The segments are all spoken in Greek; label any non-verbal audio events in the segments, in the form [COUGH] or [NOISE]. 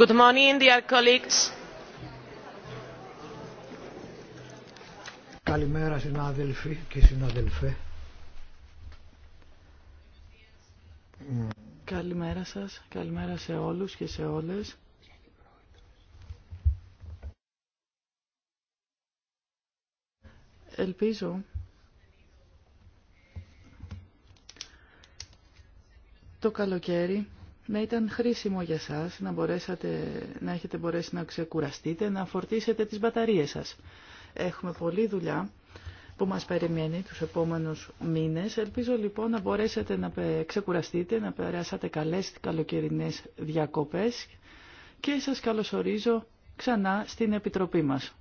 Good morning, dear colleagues. Καλημέρα συνάδελφοι και συναδελφέ. Καλημέρα σας, καλημέρα σε όλους και σε όλες. Ελπίζω το καλοκαίρι να ήταν χρήσιμο για σας να, μπορέσατε, να έχετε μπορέσει να ξεκουραστείτε, να φορτίσετε τις μπαταρίες σας. Έχουμε πολλή δουλειά που μας περιμένει τους επόμενους μήνες. Ελπίζω λοιπόν να μπορέσετε να ξεκουραστείτε, να περάσατε καλές καλοκαιρινές διακοπές και σας καλωσορίζω ξανά στην Επιτροπή μας.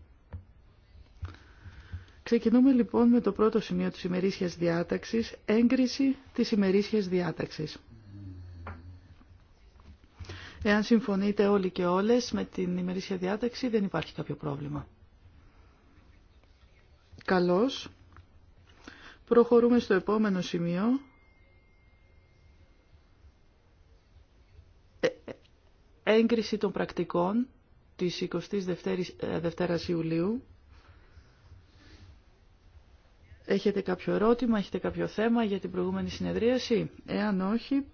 Ξεκινούμε λοιπόν με το πρώτο σημείο της ημερήσιας διάταξης, έγκριση της ημερήσιας διάταξης. Εάν συμφωνείτε όλοι και όλες με την ημερήσια διάταξη δεν υπάρχει κάποιο πρόβλημα. Καλώς. Προχωρούμε στο επόμενο σημείο. Ε, ε, έγκριση των πρακτικών της 22ης ε, Ιουλίου. Έχετε κάποιο ερώτημα, έχετε κάποιο θέμα για την προηγούμενη συνεδρίαση. Εάν όχι,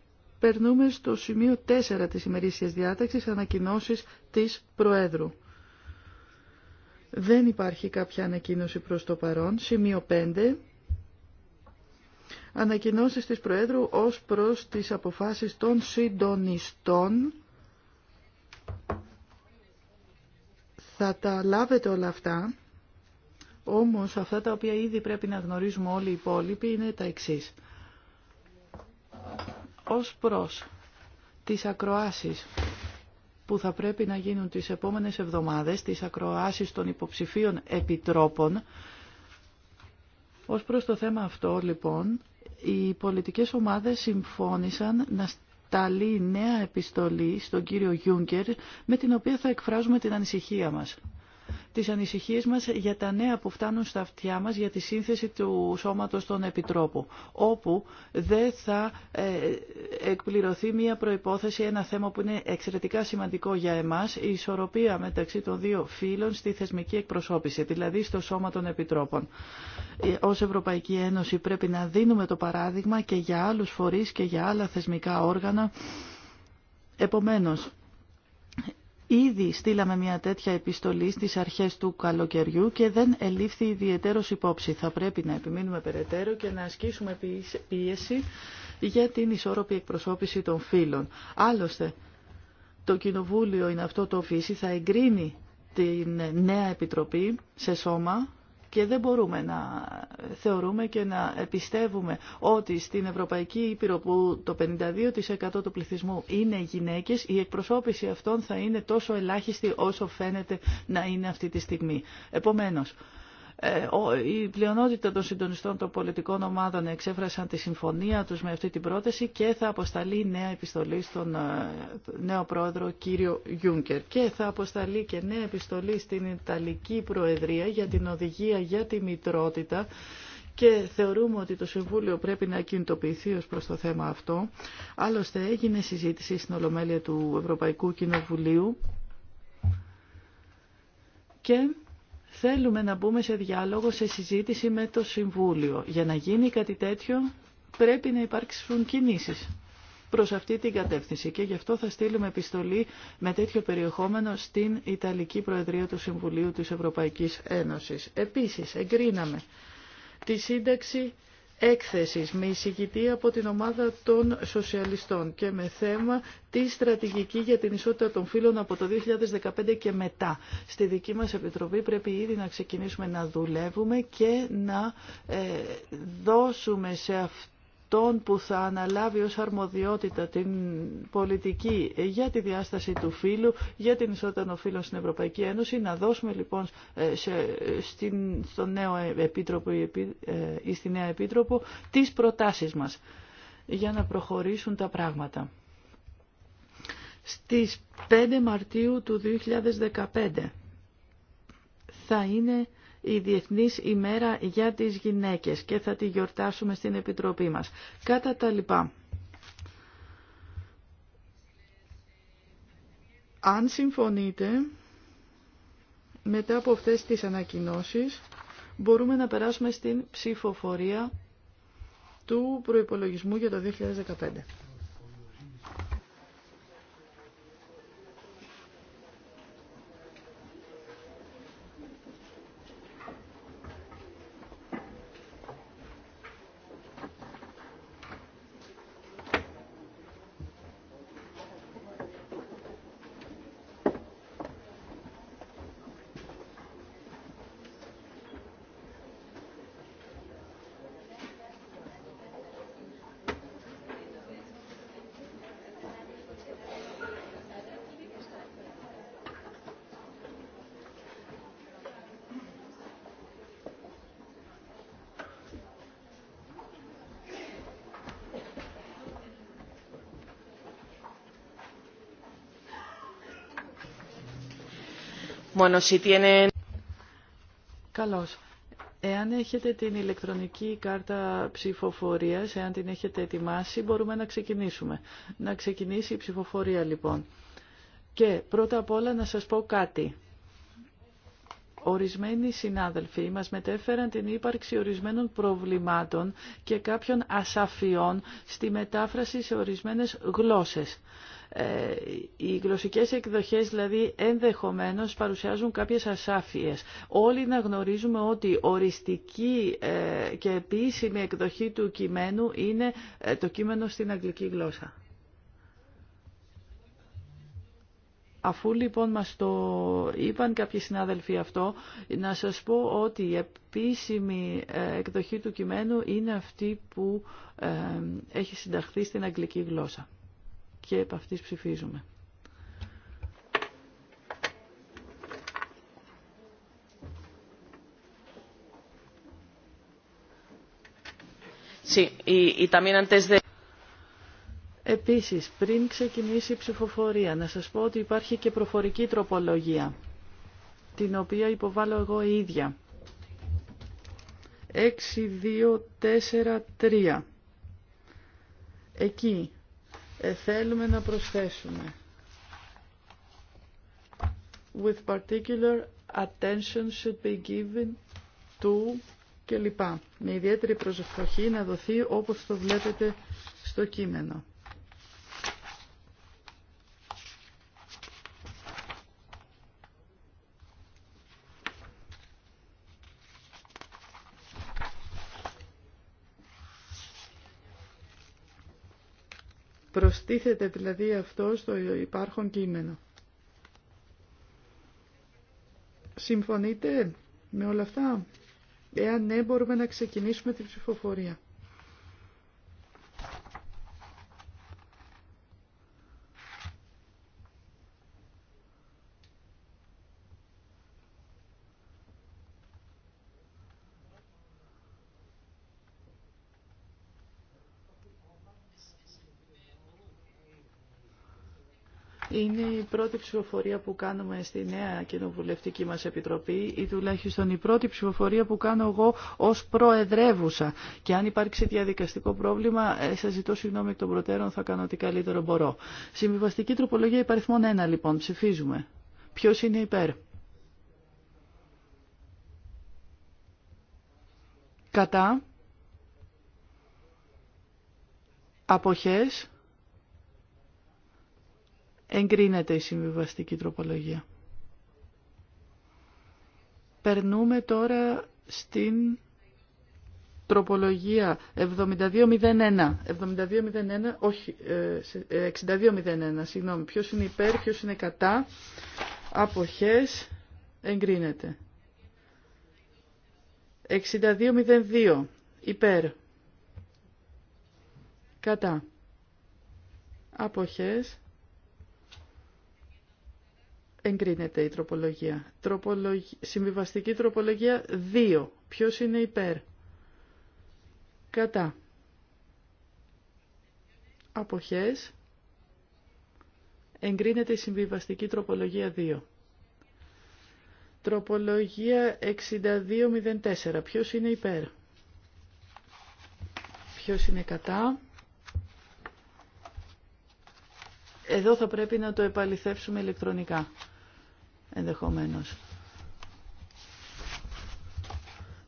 Περνούμε στο σημείο 4 της ημερήσιας διάταξης, ανακοινώσεις της Προέδρου. Δεν υπάρχει κάποια ανακοίνωση προς το παρόν. Σημείο 5. Ανακοινώσεις της Προέδρου ως προς τις αποφάσεις των συντονιστών. Θα τα λάβετε όλα αυτά, όμως αυτά τα οποία ήδη πρέπει να γνωρίζουμε όλοι οι υπόλοιποι είναι τα εξής. Ως προς τις ακροάσεις που θα πρέπει να γίνουν τις επόμενες εβδομάδες, τις ακροάσεις των υποψηφίων επιτρόπων, ως προς το θέμα αυτό, λοιπόν, οι πολιτικές ομάδες συμφώνησαν να σταλεί νέα επιστολή στον κύριο Γιούγκερ, με την οποία θα εκφράζουμε την ανησυχία μας τις ανησυχίες μας για τα νέα που φτάνουν στα αυτιά μας για τη σύνθεση του σώματος των επιτρόπων, όπου δεν θα ε, εκπληρωθεί μία προϋπόθεση, ένα θέμα που είναι εξαιρετικά σημαντικό για εμάς, η ισορροπία μεταξύ των δύο φύλων στη θεσμική εκπροσώπηση, δηλαδή στο σώμα των επιτρόπων. Ε, ως Ευρωπαϊκή Ένωση πρέπει να δίνουμε το παράδειγμα και για άλλους φορείς και για άλλα θεσμικά όργανα. Επομένως, Ήδη στείλαμε μια τέτοια επιστολή στις αρχές του καλοκαιριού και δεν ελήφθη ιδιαίτερος υπόψη. Θα πρέπει να επιμείνουμε περαιτέρω και να ασκήσουμε πίεση για την ισόρροπη εκπροσώπηση των φύλων. Άλλωστε, το Κοινοβούλιο είναι αυτό το φύση, θα εγκρίνει την νέα επιτροπή σε σώμα και δεν μπορούμε να θεωρούμε και να πιστεύουμε ότι στην Ευρωπαϊκή Ήπειρο που το 52% του πληθυσμού είναι γυναίκες, η εκπροσώπηση αυτών θα είναι τόσο ελάχιστη όσο φαίνεται να είναι αυτή τη στιγμή. Επομένως, ε, η πλειονότητα των συντονιστών των πολιτικών ομάδων εξέφρασαν τη συμφωνία τους με αυτή την πρόταση και θα αποσταλεί νέα επιστολή στον ε, νέο πρόεδρο κύριο Γιούνκερ και θα αποσταλεί και νέα επιστολή στην Ιταλική Προεδρία για την οδηγία για τη μητρότητα και θεωρούμε ότι το Συμβούλιο πρέπει να κινητοποιηθεί ως προς το θέμα αυτό. Άλλωστε έγινε συζήτηση στην Ολομέλεια του Ευρωπαϊκού Κοινοβουλίου και Θέλουμε να μπούμε σε διάλογο, σε συζήτηση με το Συμβούλιο. Για να γίνει κάτι τέτοιο πρέπει να υπάρξουν κινήσεις προς αυτή την κατεύθυνση και γι' αυτό θα στείλουμε επιστολή με τέτοιο περιεχόμενο στην Ιταλική Προεδρία του Συμβουλίου της Ευρωπαϊκής Ένωσης. Επίσης, εγκρίναμε τη σύνταξη έκθεσης με εισηγητή από την ομάδα των σοσιαλιστών και με θέμα τη στρατηγική για την ισότητα των φύλων από το 2015 και μετά. Στη δική μας Επιτροπή πρέπει ήδη να ξεκινήσουμε να δουλεύουμε και να ε, δώσουμε σε αυτό που θα αναλάβει ως αρμοδιότητα την πολιτική για τη διάσταση του φύλου, για την ισότητα των φύλων στην Ευρωπαϊκή Ένωση. Να δώσουμε λοιπόν ε, σε, στην, στον νέο επίτροπο ή, ε, ή στη νέα επίτροπο τις προτάσεις μας για να προχωρήσουν τα πράγματα. Στις 5 Μαρτίου του 2015 θα είναι η Διεθνής ημέρα για τις γυναίκες και θα τη γιορτάσουμε στην Επιτροπή μας. Κατά τα λοιπά. Αν συμφωνείτε, μετά από αυτές τις ανακοινώσεις, μπορούμε να περάσουμε στην ψηφοφορία του προϋπολογισμού για το 2015. bueno, Καλώς. Εάν έχετε την ηλεκτρονική κάρτα ψηφοφορίας, εάν την έχετε ετοιμάσει, μπορούμε να ξεκινήσουμε. Να ξεκινήσει η ψηφοφορία λοιπόν. Και πρώτα απ' όλα να σα πω κάτι. Ορισμένοι συνάδελφοι μας μετέφεραν την ύπαρξη ορισμένων προβλημάτων και κάποιων ασαφιών στη μετάφραση σε ορισμένες γλώσσες. Ε, οι γλωσσικές εκδοχές δηλαδή ενδεχομένως παρουσιάζουν κάποιες ασάφειες. Όλοι να γνωρίζουμε ότι οριστική ε, και επίσημη εκδοχή του κειμένου είναι ε, το κείμενο στην αγγλική γλώσσα. Αφού λοιπόν μας το είπαν κάποιοι συνάδελφοι αυτό, να σας πω ότι η επίσημη εκδοχή του κειμένου είναι αυτή που έχει συνταχθεί στην αγγλική γλώσσα και επ' αυτής ψηφίζουμε. Επίσης, πριν ξεκινήσει η ψηφοφορία, να σας πω ότι υπάρχει και προφορική τροπολογία, την οποία υποβάλλω εγώ ίδια. 6, 2, 4, 3. Εκεί ε, θέλουμε να προσθέσουμε. With particular attention should be given to Με ιδιαίτερη προσοχή να δοθεί όπως το βλέπετε στο κείμενο. Αντιστήθεται δηλαδή αυτό στο υπάρχον κείμενο. Συμφωνείτε με όλα αυτά. Εάν ναι, μπορούμε να ξεκινήσουμε την ψηφοφορία. η πρώτη ψηφοφορία που κάνουμε στη νέα κοινοβουλευτική μας επιτροπή ή τουλάχιστον η πρώτη ψηφοφορία που κάνω εγώ ως προεδρεύουσα. Και αν υπάρξει διαδικαστικό πρόβλημα, ε, σας ζητώ συγγνώμη εκ των προτέρων, θα κάνω ό,τι καλύτερο μπορώ. Συμβιβαστική τροπολογία υπαριθμών 1 λοιπόν, ψηφίζουμε. Ποιο είναι υπέρ. Κατά. Αποχές. Εγκρίνεται η συμβιβαστική τροπολογία. Περνούμε τώρα στην τροπολογία 7201. 7201, όχι, 6201, ε, ε, συγγνώμη. Ποιος είναι υπέρ, ποιος είναι κατά. Αποχές, εγκρίνεται. 6202, υπέρ. Κατά. Αποχές, εγκρίνεται η τροπολογία. Τροπολογ... Συμβιβαστική τροπολογία 2. Ποιος είναι υπέρ. Κατά. Αποχές. Εγκρίνεται η συμβιβαστική τροπολογία 2. Τροπολογία 6204. Ποιος είναι υπέρ. Ποιος είναι κατά. Εδώ θα πρέπει να το επαληθεύσουμε ηλεκτρονικά ενδεχομένως.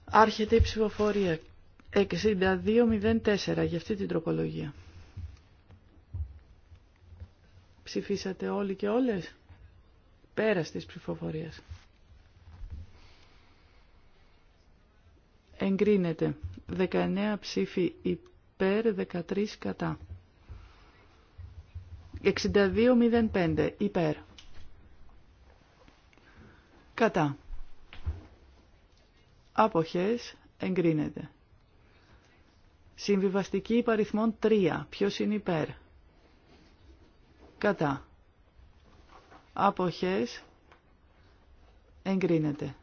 Άρχεται η ψηφοφορία 6204 για αυτή την τροπολογία. Ψηφίσατε όλοι και όλες πέρας της ψηφοφορίας. Εγκρίνεται 19 ψήφοι υπέρ 13 κατά. 62-05 υπέρ. Κατά. Αποχές εγκρίνεται. Συμβιβαστική υπαριθμών 3. Ποιος είναι υπέρ. Κατά. Αποχές εγκρίνεται.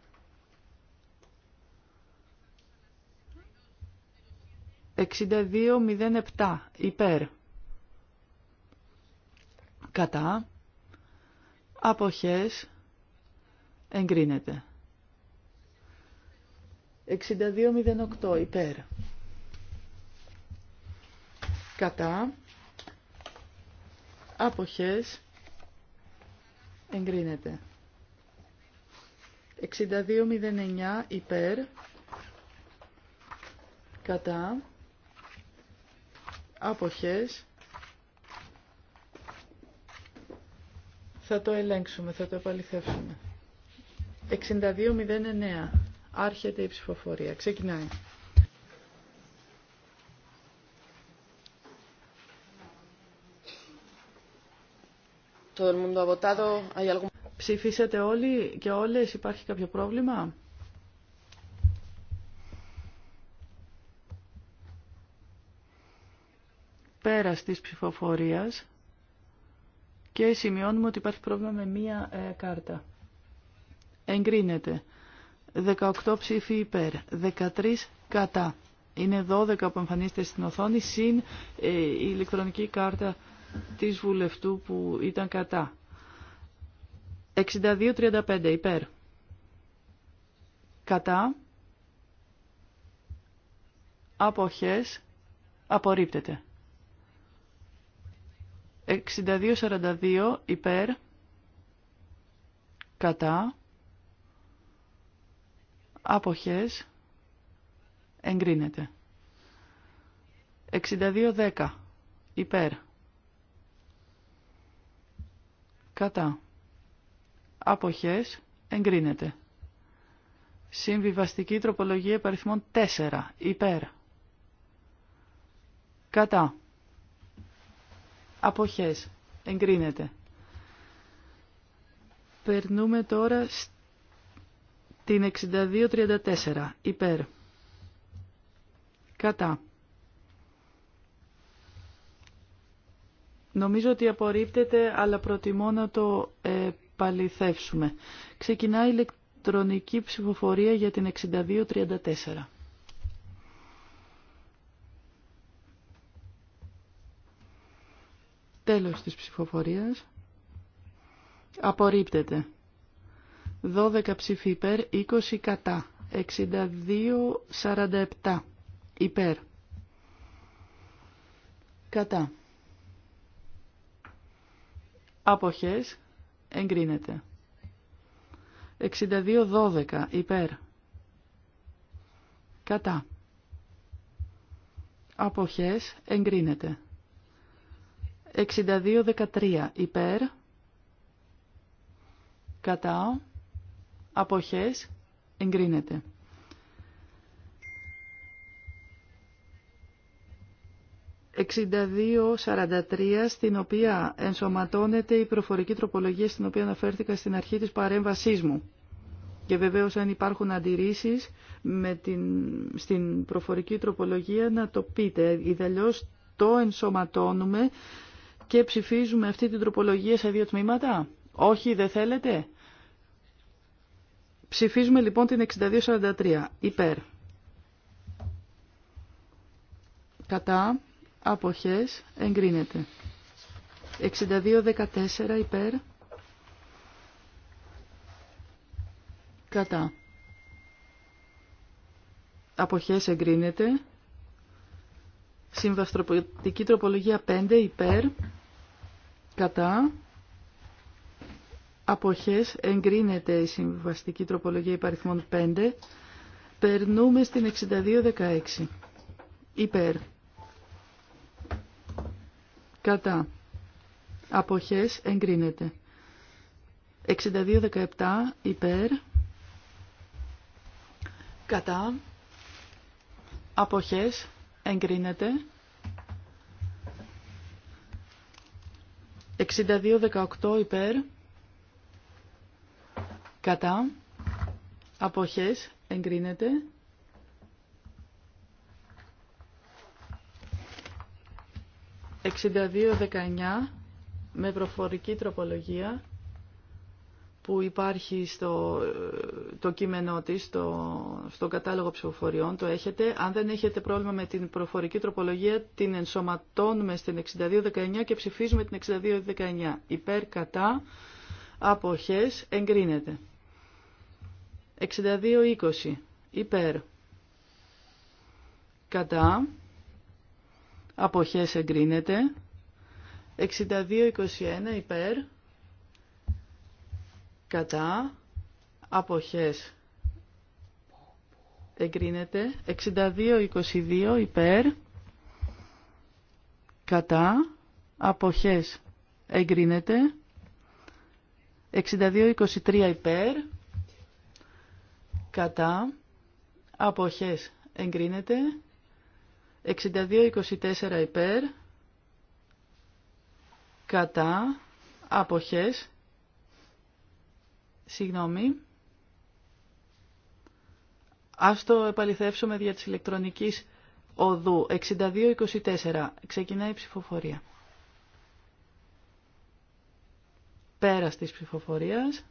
«62.07 υπέρ» κατά «αποχές εγκρίνεται. 6208 υπέρ. Κατά. Αποχές. Εγκρίνεται. 6209 υπέρ. Κατά. Αποχές. Θα το ελέγξουμε, θα το επαληθεύσουμε. 6209. Άρχεται η ψηφοφορία. Ξεκινάει. Ψηφίσατε όλοι και όλες. Υπάρχει κάποιο πρόβλημα. Πέρας της ψηφοφορίας και σημειώνουμε ότι υπάρχει πρόβλημα με μία ε, κάρτα εγκρίνεται. 18 ψήφοι υπέρ, 13 κατά. Είναι 12 που εμφανίζεται στην οθόνη, συν ε, η ηλεκτρονική κάρτα της βουλευτού που ήταν κατά. 62-35 υπέρ. Κατά. Αποχές. Απορρίπτεται. 62-42 υπέρ. Κατά. Αποχές. Εγκρίνεται. 62-10. Υπέρ. Κατά. Αποχές. Εγκρίνεται. Συμβιβαστική τροπολογία υπαριθμών 4. Υπέρ. Κατά. Αποχές. Εγκρίνεται. Περνούμε τώρα την 6234 υπέρ κατά Νομίζω ότι απορρίπτεται, αλλά προτιμώ να το παληθεύσουμε. Ξεκινά η ηλεκτρονική ψηφοφορία για την 6234. Τέλος της ψηφοφορίας. Απορρίπτεται. 12 ψηφί, υπέρ, 20 κατά. 62-47 υπέρ. Κατά. Αποχές εγκρίνεται. 62-12 υπέρ. Κατά. Αποχές εγκρίνεται. 62-13 υπέρ. Κατά αποχές εγκρίνεται. στην οποία ενσωματώνεται η προφορική τροπολογία στην οποία αναφέρθηκα στην αρχή της παρέμβασής μου. Και βεβαίως αν υπάρχουν αντιρρήσεις με στην προφορική τροπολογία να το πείτε. Ιδαλλιώς το ενσωματώνουμε και ψηφίζουμε αυτή την τροπολογία σε δύο τμήματα. Όχι, δεν θέλετε. Ψηφίζουμε λοιπόν την 6243. Υπέρ. Κατά. Αποχές. Εγκρίνεται. 6214 υπέρ. Κατά. Αποχές εγκρίνεται. Συμβαστροποτική τροπολογία 5 υπέρ. Κατά αποχές εγκρίνεται η συμβαστική τροπολογία υπαριθμών 5. Περνούμε στην 6216. Υπέρ. Κατά. Αποχές εγκρίνεται. 6217 υπέρ. Κατά. Αποχές εγκρίνεται. 6218 υπέρ κατά, αποχές, 6219 με προφορική τροπολογία που υπάρχει στο ε, το κείμενό της, στο, στο κατάλογο ψηφοφοριών, το έχετε. Αν δεν έχετε πρόβλημα με την προφορική τροπολογία, την ενσωματώνουμε στην 6219 και ψηφίζουμε την 6219. Υπέρ, κατά, αποχές, εγκρίνεται. 62-20 υπέρ κατά αποχές εγκρίνεται 62-21 υπέρ κατά αποχές εγκρίνεται 62-22 υπέρ κατά αποχές εγκρίνεται 62-23 υπέρ κατά, αποχές εγκρίνεται, 62-24 υπέρ, κατά, αποχές, συγγνώμη, ας το επαληθεύσουμε δια της ηλεκτρονικής οδού, 62-24, ξεκινάει η ψηφοφορία. Πέρας της ψηφοφορίας,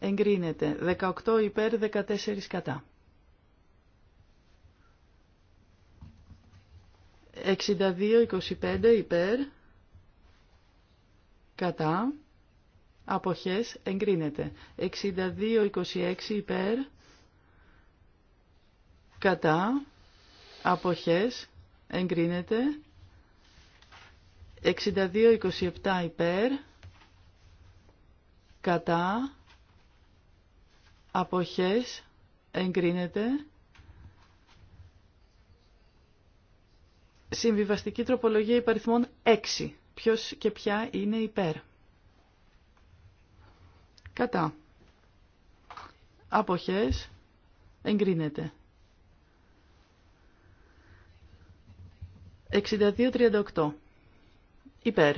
εγκρίνεται 18 υπέρ 14 κατά. 62-25 υπέρ κατά αποχές εγκρίνεται. 62-26 υπέρ κατά αποχές εγκρίνεται. 62-27 υπέρ κατά αποχές εγκρίνεται. Συμβιβαστική τροπολογία υπαριθμών 6. Ποιος και ποια είναι υπέρ. Κατά. Αποχές εγκρίνεται. 62-38. Υπέρ.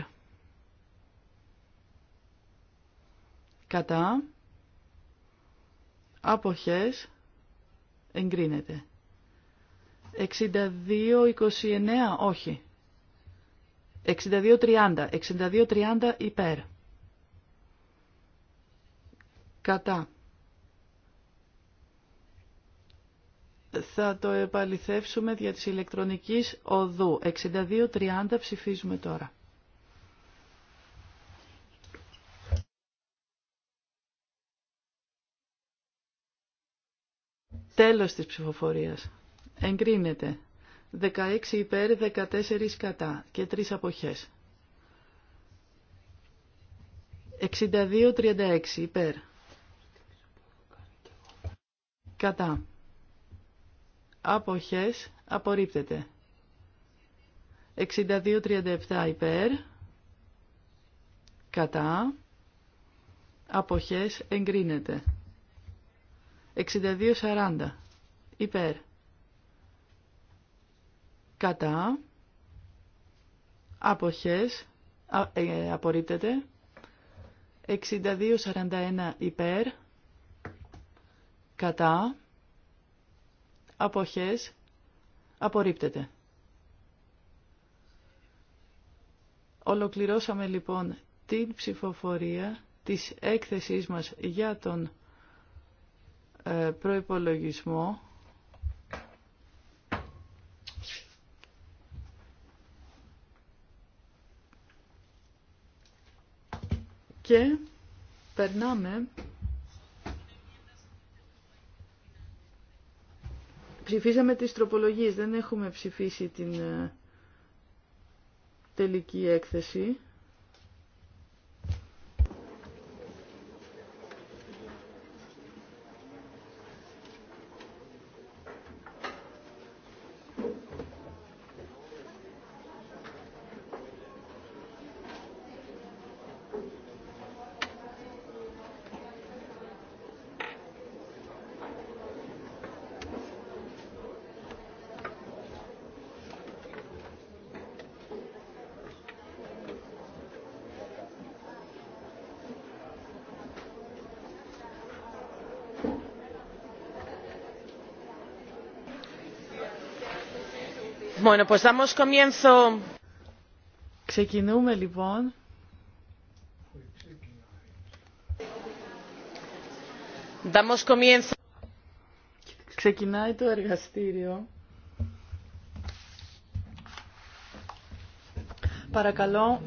Κατά. Αποχές. Εγκρίνεται. 62-29. Όχι. 62-30. 62-30 υπέρ. Κατά. Θα το επαληθεύσουμε για της ηλεκτρονικής οδού. 62-30 ψηφίζουμε τώρα. Τέλος της ψηφοφορίας. Εγκρίνεται. 16 υπέρ, 14 κατά και 3 αποχές. 62-36 υπέρ. Κατά. Αποχές απορρίπτεται. 62-37 υπέρ. Κατά. Αποχές εγκρίνεται. 62-40 υπέρ κατά αποχές α, ε, απορρίπτεται 62-41 υπέρ κατά αποχές απορρίπτεται Ολοκληρώσαμε λοιπόν την ψηφοφορία της έκθεσής μας για τον ε, προϋπολογισμό και περνάμε ψηφίσαμε τις τροπολογίες δεν έχουμε ψηφίσει την ε, τελική έκθεση Bueno, pues damos comienzo. Ξεκινούμε λοιπόν. Damos comienzo. Ξεκινάει το εργαστήριο. Παρακαλώ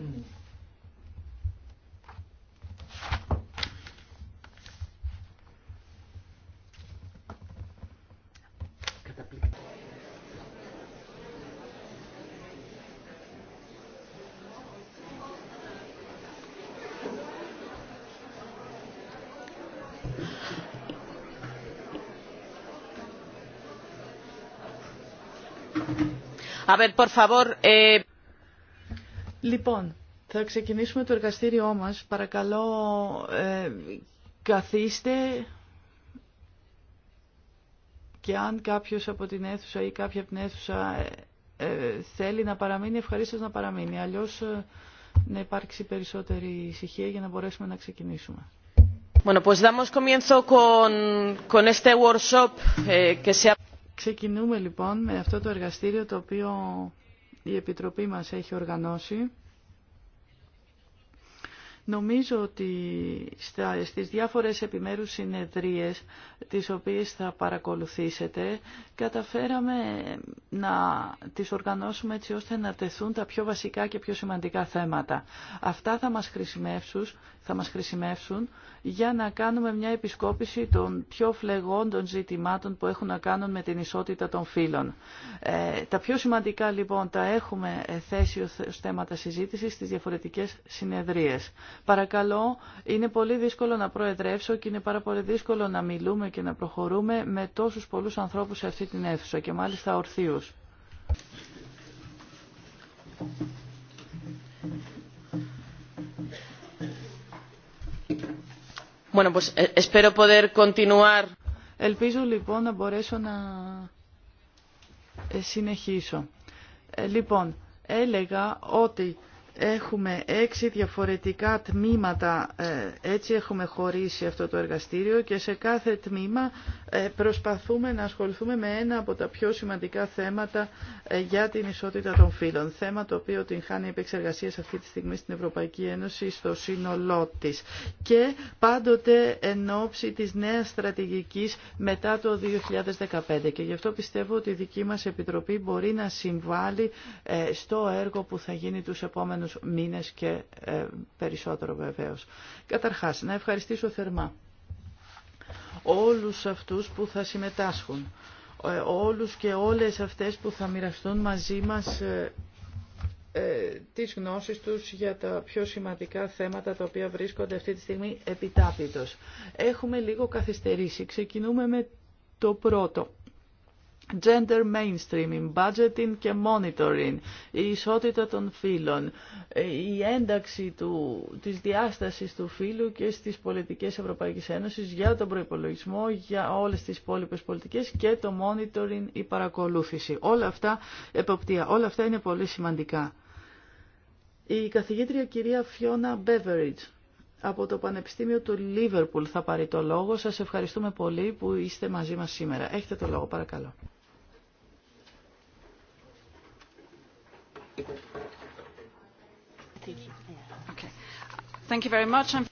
Eh, λοιπόν, θα ξεκινήσουμε το εργαστήριό μας. Παρακαλώ, ε, καθίστε και αν κάποιος από την αίθουσα ή κάποια από την αίθουσα ε, ε, θέλει να παραμείνει, ευχαρίστως να παραμείνει. Αλλιώς να υπάρξει περισσότερη ησυχία για να μπορέσουμε να ξεκινήσουμε. Bueno, pues damos comienzo con, con este workshop eh, que se Ξεκινούμε λοιπόν με αυτό το εργαστήριο το οποίο η Επιτροπή μας έχει οργανώσει. Νομίζω ότι στις διάφορες επιμέρους συνεδρίες τις οποίες θα παρακολουθήσετε καταφέραμε να τις οργανώσουμε έτσι ώστε να τεθούν τα πιο βασικά και πιο σημαντικά θέματα. Αυτά θα μας χρησιμεύσουν θα μας χρησιμεύσουν για να κάνουμε μια επισκόπηση των πιο φλεγόντων ζητημάτων που έχουν να κάνουν με την ισότητα των φύλων. Ε, τα πιο σημαντικά λοιπόν τα έχουμε θέσει ως θέματα συζήτησης στις διαφορετικές συνεδρίες. Παρακαλώ, είναι πολύ δύσκολο να προεδρεύσω και είναι πάρα πολύ δύσκολο να μιλούμε και να προχωρούμε με τόσους πολλούς ανθρώπους σε αυτή την αίθουσα και μάλιστα ορθίους. Eh, Ελπίζω λοιπόν να μπορέσω να ε, συνεχίσω. Ε, λοιπόν, έλεγα ότι Έχουμε έξι διαφορετικά τμήματα, ε, έτσι έχουμε χωρίσει αυτό το εργαστήριο και σε κάθε τμήμα ε, προσπαθούμε να ασχοληθούμε με ένα από τα πιο σημαντικά θέματα ε, για την ισότητα των φύλων. Θέμα το οποίο την χάνει επεξεργασία σε αυτή τη στιγμή στην Ευρωπαϊκή Ένωση στο σύνολό τη. Και πάντοτε εν ώψη της νέας στρατηγικής μετά το 2015. Και γι' αυτό πιστεύω ότι η δική μας Επιτροπή μπορεί να συμβάλλει στο έργο που θα γίνει τους επόμενους επόμενους μήνες και ε, περισσότερο βεβαίως. Καταρχάς, να ευχαριστήσω θερμά όλους αυτούς που θα συμμετάσχουν, ε, όλους και όλες αυτές που θα μοιραστούν μαζί μας ε, τις γνώσεις τους για τα πιο σημαντικά θέματα τα οποία βρίσκονται αυτή τη στιγμή επιτάπητος. Έχουμε λίγο καθυστερήσει. Ξεκινούμε με το πρώτο gender mainstreaming, budgeting και monitoring, η ισότητα των φύλων, η ένταξη του, της διάστασης του φύλου και στις πολιτικές Ευρωπαϊκής Ένωσης για τον προϋπολογισμό, για όλες τις υπόλοιπες πολιτικές και το monitoring, η παρακολούθηση. Όλα αυτά, εποπτεία, όλα αυτά είναι πολύ σημαντικά. Η καθηγήτρια κυρία Φιώνα Μπέβεριτς, από το Πανεπιστήμιο του Λίβερπουλ θα πάρει το λόγο. Σας ευχαριστούμε πολύ που είστε μαζί μας σήμερα. Έχετε το λόγο παρακαλώ.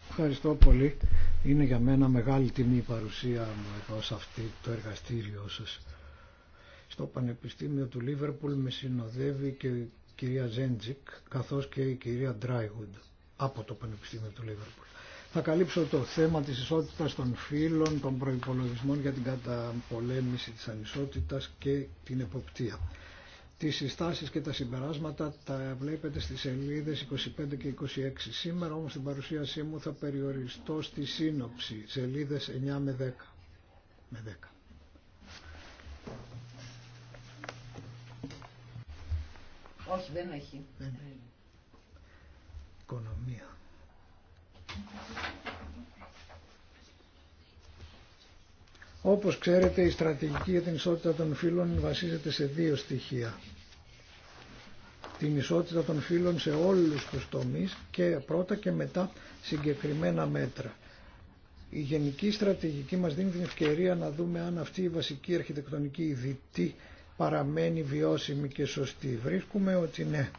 Ευχαριστώ πολύ. Είναι για μένα μεγάλη τιμή η παρουσία μου εδώ σε αυτή το εργαστήριό σας. Στο Πανεπιστήμιο του Λίβερπουλ με συνοδεύει και η κυρία Ζέντζικ καθώς και η κυρία Ντράιγουντ από το Πανεπιστήμιο του Λίβερπουλ. Θα καλύψω το θέμα της ισότητας των φύλων, των προϋπολογισμών για την καταπολέμηση της ανισότητας και την εποπτεία. Τις συστάσεις και τα συμπεράσματα τα βλέπετε στις σελίδες 25 και 26. Σήμερα όμως στην παρουσίασή μου θα περιοριστώ στη σύνοψη σελίδες 9 με 10. Με 10. Όχι, δεν έχει. Δεν. Οικονομία. Όπως ξέρετε η στρατηγική για την ισότητα των φύλων βασίζεται σε δύο στοιχεία την ισότητα των φύλων σε όλους τους τομείς και πρώτα και μετά συγκεκριμένα μέτρα. Η γενική στρατηγική μας δίνει την ευκαιρία να δούμε αν αυτή η βασική αρχιτεκτονική δυτή παραμένει βιώσιμη και σωστή. Βρίσκουμε ότι ναι.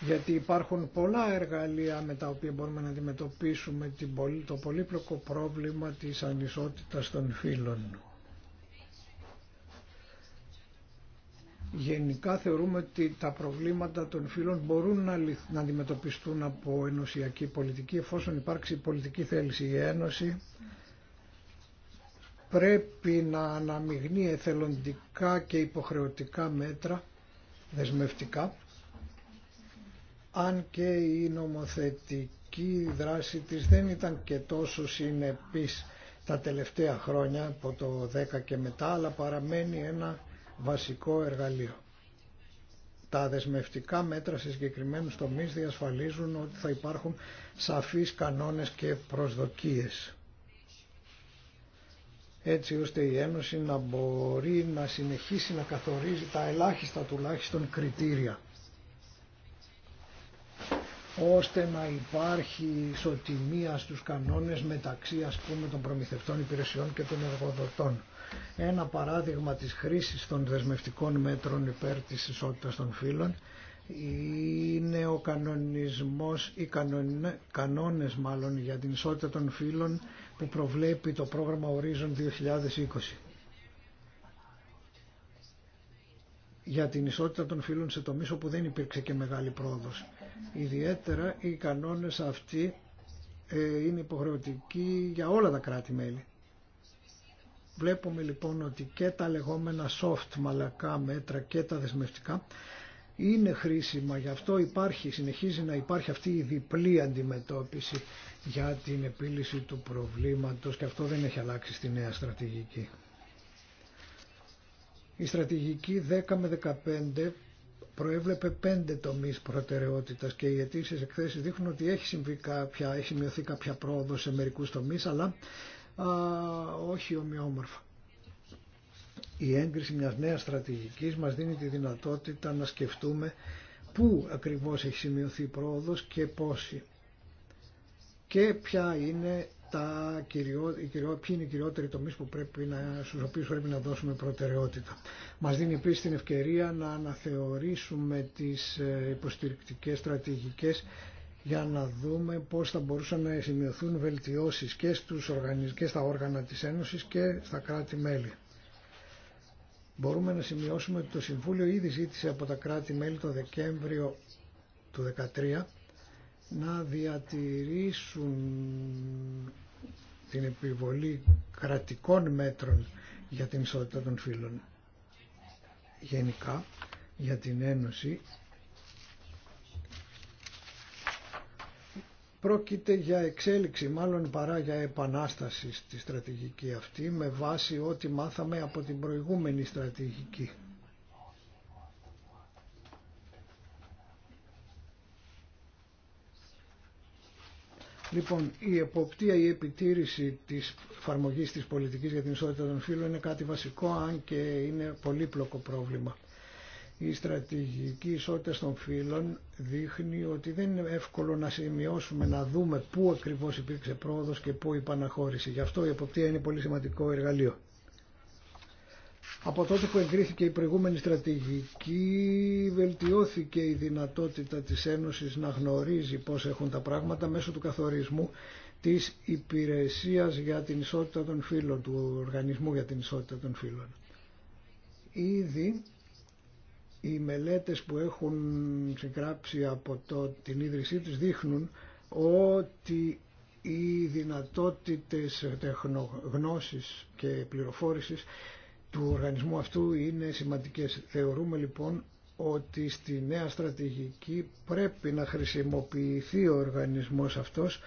Γιατί υπάρχουν πολλά εργαλεία με τα οποία μπορούμε να αντιμετωπίσουμε το πολύπλοκο πρόβλημα της ανισότητας των φύλων. Γενικά θεωρούμε ότι τα προβλήματα των φύλων μπορούν να, να αντιμετωπιστούν από ενωσιακή πολιτική εφόσον υπάρξει πολιτική θέληση. Η Ένωση πρέπει να αναμειγνύει εθελοντικά και υποχρεωτικά μέτρα δεσμευτικά αν και η νομοθετική δράση της δεν ήταν και τόσο συνεπής τα τελευταία χρόνια από το 10 και μετά αλλά παραμένει ένα βασικό εργαλείο. Τα δεσμευτικά μέτρα σε συγκεκριμένους τομείς διασφαλίζουν ότι θα υπάρχουν σαφείς κανόνες και προσδοκίες έτσι ώστε η Ένωση να μπορεί να συνεχίσει να καθορίζει τα ελάχιστα τουλάχιστον κριτήρια ώστε να υπάρχει ισοτιμία στους κανόνες μεταξύ ας πούμε των προμηθευτών υπηρεσιών και των εργοδοτών. Ένα παράδειγμα της χρήσης των δεσμευτικών μέτρων υπέρ της ισότητας των φύλων είναι ο κανονισμός, ή κανόνες μάλλον για την ισότητα των φύλων που προβλέπει το πρόγραμμα Horizon 2020. για την ισότητα των φύλων σε τομείς όπου δεν υπήρξε και μεγάλη πρόοδος. Ιδιαίτερα οι κανόνες αυτοί ε, είναι υποχρεωτικοί για όλα τα κράτη-μέλη. Βλέπουμε λοιπόν ότι και τα λεγόμενα soft μαλακά μέτρα και τα δεσμευτικά είναι χρήσιμα. Γι' αυτό υπάρχει, συνεχίζει να υπάρχει αυτή η διπλή αντιμετώπιση για την επίλυση του προβλήματος και αυτό δεν έχει αλλάξει στη νέα στρατηγική. Η στρατηγική 10 με 15 προέβλεπε πέντε τομεί προτεραιότητας και οι αιτήσει εκθέσει δείχνουν ότι έχει συμβεί κάποια, έχει μειωθεί κάποια πρόοδο σε μερικού τομεί, αλλά α, όχι ομοιόμορφα. Η έγκριση μιας νέας στρατηγικής μας δίνει τη δυνατότητα να σκεφτούμε πού ακριβώς έχει σημειωθεί η πρόοδος και πόση και ποια είναι τα κυριό, ποιοι είναι οι κυριότεροι τομείς που πρέπει να, στους οποίους πρέπει να δώσουμε προτεραιότητα. Μας δίνει επίσης την ευκαιρία να αναθεωρήσουμε τις ε, υποστηρικτικές στρατηγικές για να δούμε πώς θα μπορούσαν να σημειωθούν βελτιώσεις και, και στα όργανα της Ένωσης και στα κράτη-μέλη. Μπορούμε να σημειώσουμε ότι το Συμβούλιο ήδη ζήτησε από τα κράτη-μέλη το Δεκέμβριο του 2013 να διατηρήσουν την επιβολή κρατικών μέτρων για την ισότητα των φύλων γενικά για την Ένωση Πρόκειται για εξέλιξη, μάλλον παρά για επανάσταση στη στρατηγική αυτή, με βάση ό,τι μάθαμε από την προηγούμενη στρατηγική. Λοιπόν, η εποπτεία, η επιτήρηση της εφαρμογή της πολιτικής για την ισότητα των φύλων είναι κάτι βασικό, αν και είναι πολύπλοκο πρόβλημα. Η στρατηγική ισότητα των φύλων δείχνει ότι δεν είναι εύκολο να σημειώσουμε, να δούμε πού ακριβώς υπήρξε πρόοδος και πού η παναχώρηση. Γι' αυτό η εποπτεία είναι πολύ σημαντικό εργαλείο. Από τότε που εγκρίθηκε η προηγούμενη στρατηγική βελτιώθηκε η δυνατότητα της Ένωσης να γνωρίζει πώς έχουν τα πράγματα μέσω του καθορισμού της Υπηρεσίας για την Ισότητα των Φύλων, του Οργανισμού για την Ισότητα των Φύλων. Ήδη οι μελέτες που έχουν συγκράψει από το, την ίδρυσή τους δείχνουν ότι οι δυνατότητες τεχνογνώσης και πληροφόρησης του οργανισμού αυτού είναι σημαντικές. Θεωρούμε λοιπόν ότι στη νέα στρατηγική πρέπει να χρησιμοποιηθεί ο οργανισμός αυτός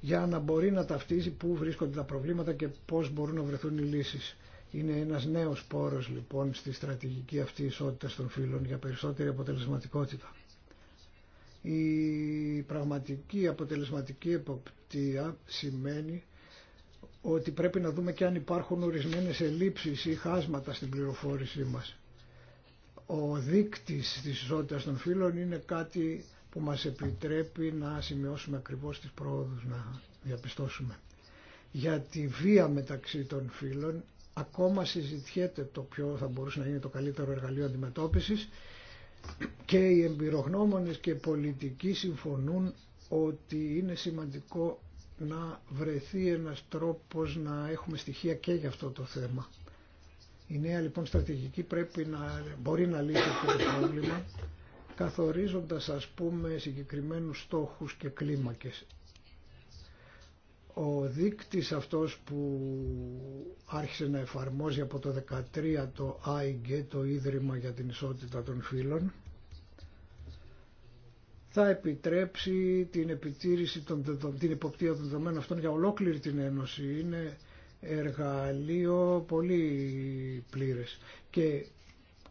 για να μπορεί να ταυτίζει πού βρίσκονται τα προβλήματα και πώς μπορούν να βρεθούν οι λύσεις. Είναι ένας νέος πόρος λοιπόν στη στρατηγική αυτή ισότητα των φύλων για περισσότερη αποτελεσματικότητα. Η πραγματική αποτελεσματική εποπτεία σημαίνει ότι πρέπει να δούμε και αν υπάρχουν ορισμένες ελλείψεις ή χάσματα στην πληροφόρησή μας. Ο δείκτης της ισότητας των φύλων είναι κάτι που μας επιτρέπει να σημειώσουμε ακριβώς τις πρόοδους, να διαπιστώσουμε. Για τη βία μεταξύ των φύλων ακόμα συζητιέται το ποιο θα μπορούσε να είναι το καλύτερο εργαλείο αντιμετώπισης και οι εμπειρογνώμονες και οι πολιτικοί συμφωνούν ότι είναι σημαντικό να βρεθεί ένας τρόπος να έχουμε στοιχεία και για αυτό το θέμα. Η νέα λοιπόν στρατηγική πρέπει να μπορεί να λύσει αυτό το πρόβλημα καθορίζοντας ας πούμε συγκεκριμένους στόχους και κλίμακες. Ο δείκτης αυτός που άρχισε να εφαρμόζει από το 13 το ΆΙΓΕ, το Ίδρυμα για την Ισότητα των Φύλων, θα επιτρέψει την επιτήρηση, των, την υποπτία των δεδομένων αυτών για ολόκληρη την Ένωση. Είναι εργαλείο πολύ πλήρες και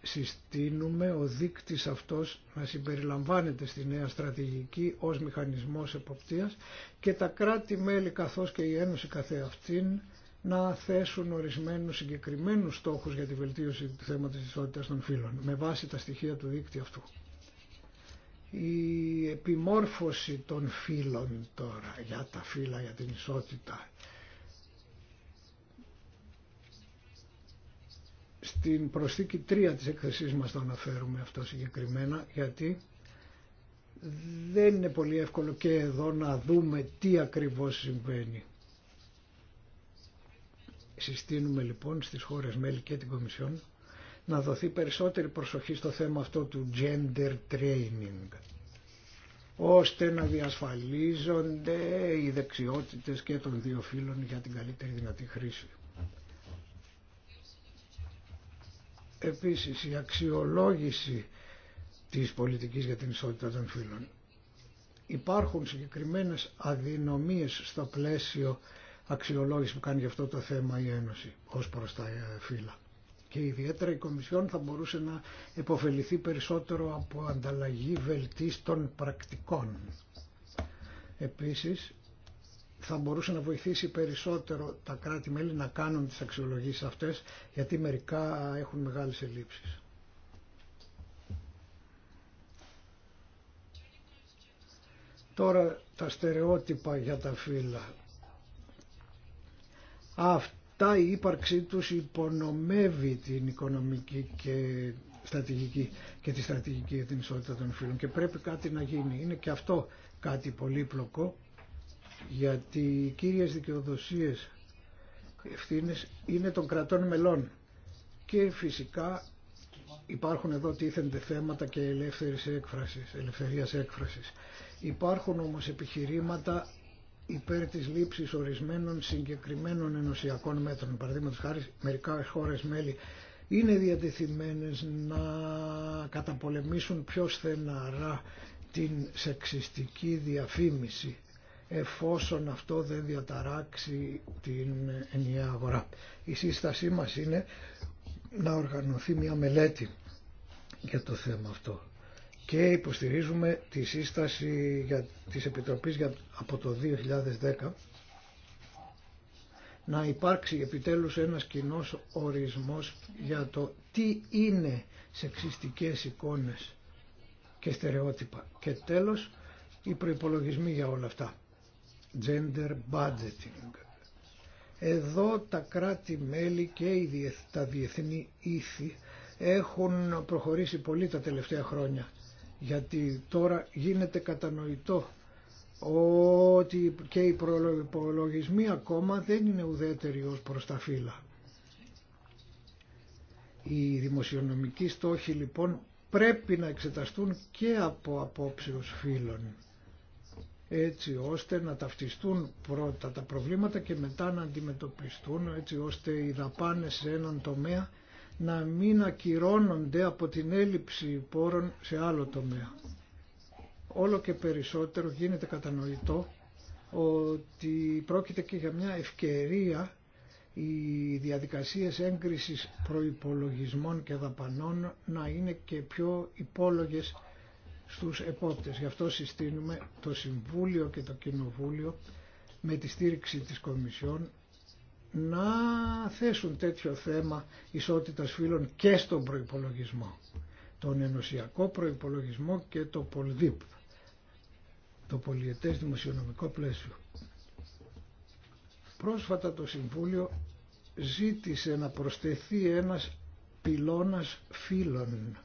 συστήνουμε ο δίκτυς αυτός να συμπεριλαμβάνεται στη νέα στρατηγική ως μηχανισμός εποπτείας και τα κράτη-μέλη καθώς και η Ένωση καθεαυτήν να θέσουν ορισμένους συγκεκριμένους στόχους για τη βελτίωση του θέματος της ισότητας των φύλων με βάση τα στοιχεία του δείκτη αυτού. Η επιμόρφωση των φύλων τώρα για τα φύλλα, για την ισότητα Στην προσθήκη 3 της εκθεσής μας το αναφέρουμε αυτό συγκεκριμένα γιατί δεν είναι πολύ εύκολο και εδώ να δούμε τι ακριβώς συμβαίνει. Συστήνουμε λοιπόν στις χώρες μέλη και την Κομισιόν να δοθεί περισσότερη προσοχή στο θέμα αυτό του gender training ώστε να διασφαλίζονται οι δεξιότητες και των δύο φύλων για την καλύτερη δυνατή χρήση. Επίσης η αξιολόγηση της πολιτικής για την ισότητα των φύλων. Υπάρχουν συγκεκριμένες αδυναμίες στο πλαίσιο αξιολόγηση που κάνει γι' αυτό το θέμα η Ένωση ως προς τα ε, φύλλα. Και ιδιαίτερα η Κομισιόν θα μπορούσε να επωφεληθεί περισσότερο από ανταλλαγή βελτίστων πρακτικών. Επίσης, θα μπορούσε να βοηθήσει περισσότερο τα κράτη-μέλη να κάνουν τις αξιολογήσεις αυτές, γιατί μερικά έχουν μεγάλες ελλείψεις. Τώρα τα στερεότυπα για τα φύλλα. Αυτά η ύπαρξή τους υπονομεύει την οικονομική και στρατηγική και τη στρατηγική για την ισότητα των φύλων και πρέπει κάτι να γίνει. Είναι και αυτό κάτι πολύπλοκο γιατί οι κύριες δικαιοδοσίες ευθύνε είναι των κρατών μελών και φυσικά υπάρχουν εδώ τίθενται θέματα και ελεύθερης έκφρασης, ελευθερίας έκφρασης. Υπάρχουν όμως επιχειρήματα υπέρ της λήψης ορισμένων συγκεκριμένων ενωσιακών μέτρων. Παραδείγματος χάρη μερικά χώρες μέλη είναι διατεθειμένες να καταπολεμήσουν πιο στεναρά την σεξιστική διαφήμιση εφόσον αυτό δεν διαταράξει την ενιαία αγορά. Η σύστασή μας είναι να οργανωθεί μια μελέτη για το θέμα αυτό και υποστηρίζουμε τη σύσταση για, της Επιτροπής για, από το 2010 να υπάρξει επιτέλους ένας κοινός ορισμός για το τι είναι σεξιστικές εικόνες και στερεότυπα. Και τέλος, οι προϋπολογισμοί για όλα αυτά gender budgeting. Εδώ τα κράτη-μέλη και τα διεθνή ήθη έχουν προχωρήσει πολύ τα τελευταία χρόνια γιατί τώρα γίνεται κατανοητό ότι και οι προλογισμοί ακόμα δεν είναι ουδέτεροι ως προς τα φύλλα. Οι δημοσιονομικοί στόχοι λοιπόν πρέπει να εξεταστούν και από απόψεως φύλων έτσι ώστε να ταυτιστούν πρώτα τα προβλήματα και μετά να αντιμετωπιστούν έτσι ώστε οι δαπάνες σε έναν τομέα να μην ακυρώνονται από την έλλειψη πόρων σε άλλο τομέα. Όλο και περισσότερο γίνεται κατανοητό ότι πρόκειται και για μια ευκαιρία οι διαδικασίες έγκρισης προϋπολογισμών και δαπανών να είναι και πιο υπόλογες στους επόπτες. Γι' αυτό συστήνουμε το Συμβούλιο και το Κοινοβούλιο με τη στήριξη της Κομισιόν να θέσουν τέτοιο θέμα ισότητας φίλων και στον προϋπολογισμό. Τον ενωσιακό προϋπολογισμό και το ΠολΔΙΠ, το πολιετές δημοσιονομικό πλαίσιο. Πρόσφατα το Συμβούλιο ζήτησε να προσθεθεί ένας πυλώνας φύλων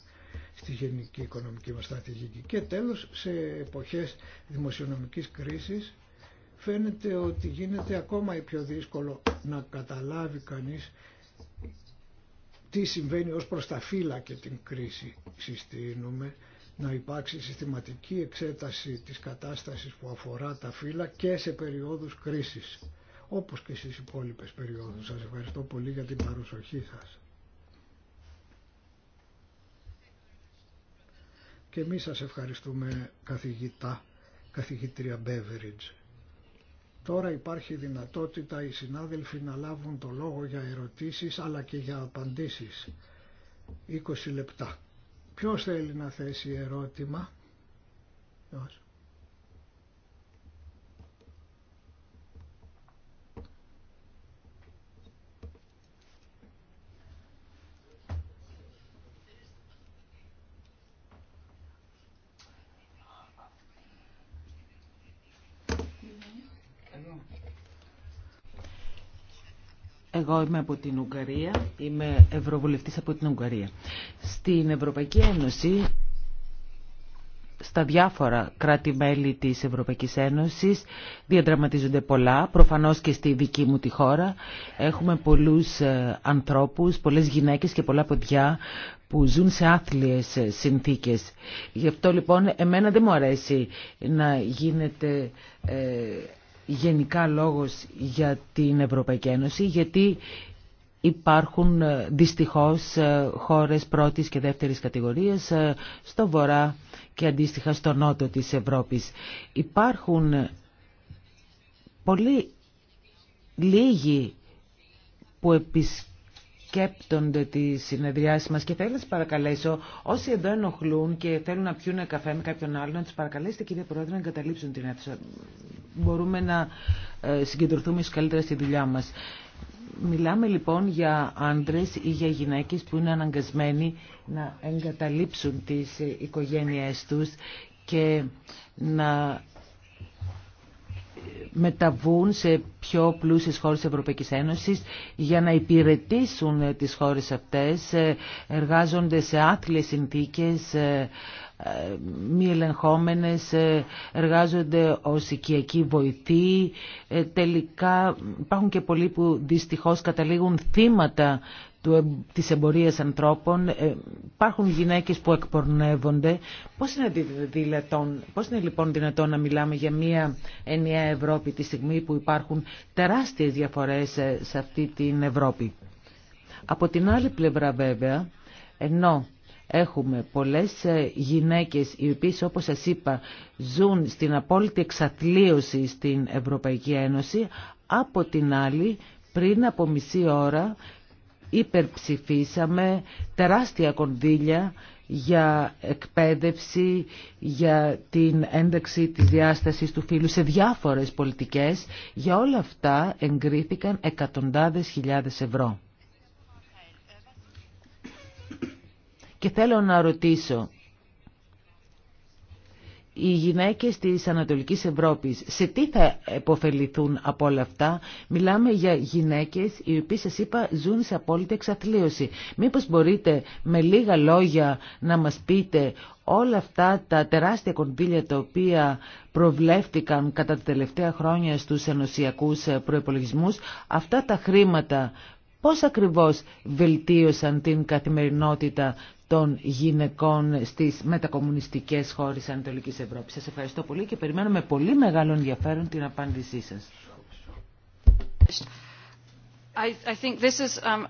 στη γενική οικονομική μας στρατηγική. Και τέλος, σε εποχές δημοσιονομικής κρίσης φαίνεται ότι γίνεται ακόμα πιο δύσκολο να καταλάβει κανείς τι συμβαίνει ως προς τα φύλλα και την κρίση συστήνουμε να υπάρξει συστηματική εξέταση της κατάστασης που αφορά τα φύλλα και σε περιόδους κρίσης όπως και στις υπόλοιπες περιόδους. Σας ευχαριστώ πολύ για την παρουσοχή σας. Και εμείς σας ευχαριστούμε καθηγητά, καθηγήτρια Μπέβεριτζ. Τώρα υπάρχει δυνατότητα οι συνάδελφοι να λάβουν το λόγο για ερωτήσεις αλλά και για απαντήσεις. 20 λεπτά. Ποιος θέλει να θέσει ερώτημα. Εγώ είμαι από την Ουγγαρία, είμαι ευρωβουλευτής από την Ουγγαρία. Στην Ευρωπαϊκή Ένωση, στα διάφορα κράτη-μέλη της Ευρωπαϊκής Ένωσης διαδραματίζονται πολλά, προφανώς και στη δική μου τη χώρα. Έχουμε πολλούς ε, ανθρώπους, πολλές γυναίκες και πολλά παιδιά που ζουν σε άθλιες ε, συνθήκες. Γι' αυτό λοιπόν εμένα δεν μου αρέσει να γίνεται ε, γενικά λόγος για την Ευρωπαϊκή Ένωση γιατί υπάρχουν ε, δυστυχώς ε, χώρες πρώτης και δεύτερης κατηγορίας ε, στο βορρά και αντίστοιχα στο νότο της Ευρώπης. Υπάρχουν πολύ λίγοι που επισκέπτονται σκέπτονται τι συνεδριάση μας και θέλω να σας παρακαλέσω όσοι εδώ ενοχλούν και θέλουν να πιούν καφέ με κάποιον άλλον να τους παρακαλέσετε κύριε Πρόεδρε να εγκαταλείψουν την αίθουσα. Μπορούμε να ε, συγκεντρωθούμε καλύτερα στη δουλειά μας. Μιλάμε λοιπόν για άντρες ή για γυναίκες που είναι αναγκασμένοι να εγκαταλείψουν τις ε, οικογένειές τους και να μεταβούν σε πιο πλούσιες χώρες της Ευρωπαϊκής Ένωσης για να υπηρετήσουν τις χώρες αυτές, ε, εργάζονται σε άθλιες συνθήκες, ε, ε, μη ελεγχόμενες, εργάζονται ως οικιακοί βοηθοί. Τελικά υπάρχουν και πολλοί που δυστυχώς καταλήγουν θύματα του, της εμπορίας ανθρώπων. Ε, υπάρχουν γυναίκες που εκπορνεύονται. Πώς είναι, δυνατόν, πώς είναι λοιπόν δυνατόν να μιλάμε για μια ενιαία Ευρώπη τη στιγμή που υπάρχουν τεράστιες διαφορές ε, σε αυτή την Ευρώπη. Από την άλλη πλευρά βέβαια, ενώ έχουμε πολλές ε, γυναίκες οι οποίες όπως σας είπα ζουν στην απόλυτη εξατλίωση στην Ευρωπαϊκή Ένωση, από την άλλη πριν από μισή ώρα υπερψηφίσαμε τεράστια κονδύλια για εκπαίδευση, για την ένταξη της διάστασης του φύλου σε διάφορες πολιτικές. Για όλα αυτά εγκρίθηκαν εκατοντάδες χιλιάδες ευρώ. Και θέλω να ρωτήσω, οι γυναίκες της Ανατολικής Ευρώπης σε τι θα επωφεληθούν από όλα αυτά. Μιλάμε για γυναίκες οι οποίες σας είπα ζουν σε απόλυτη εξαθλίωση. Μήπως μπορείτε με λίγα λόγια να μας πείτε όλα αυτά τα τεράστια κονδύλια τα οποία προβλέφτηκαν κατά τα τελευταία χρόνια στους ενωσιακούς προϋπολογισμούς, αυτά τα χρήματα πώς ακριβώς βελτίωσαν την καθημερινότητα των γυναικών στις μετακομμουνιστικές χώρες Ανατολικής Ευρώπης. Σας ευχαριστώ πολύ και περιμένω με πολύ μεγάλο ενδιαφέρον την απάντησή σας. I, I think this is, um,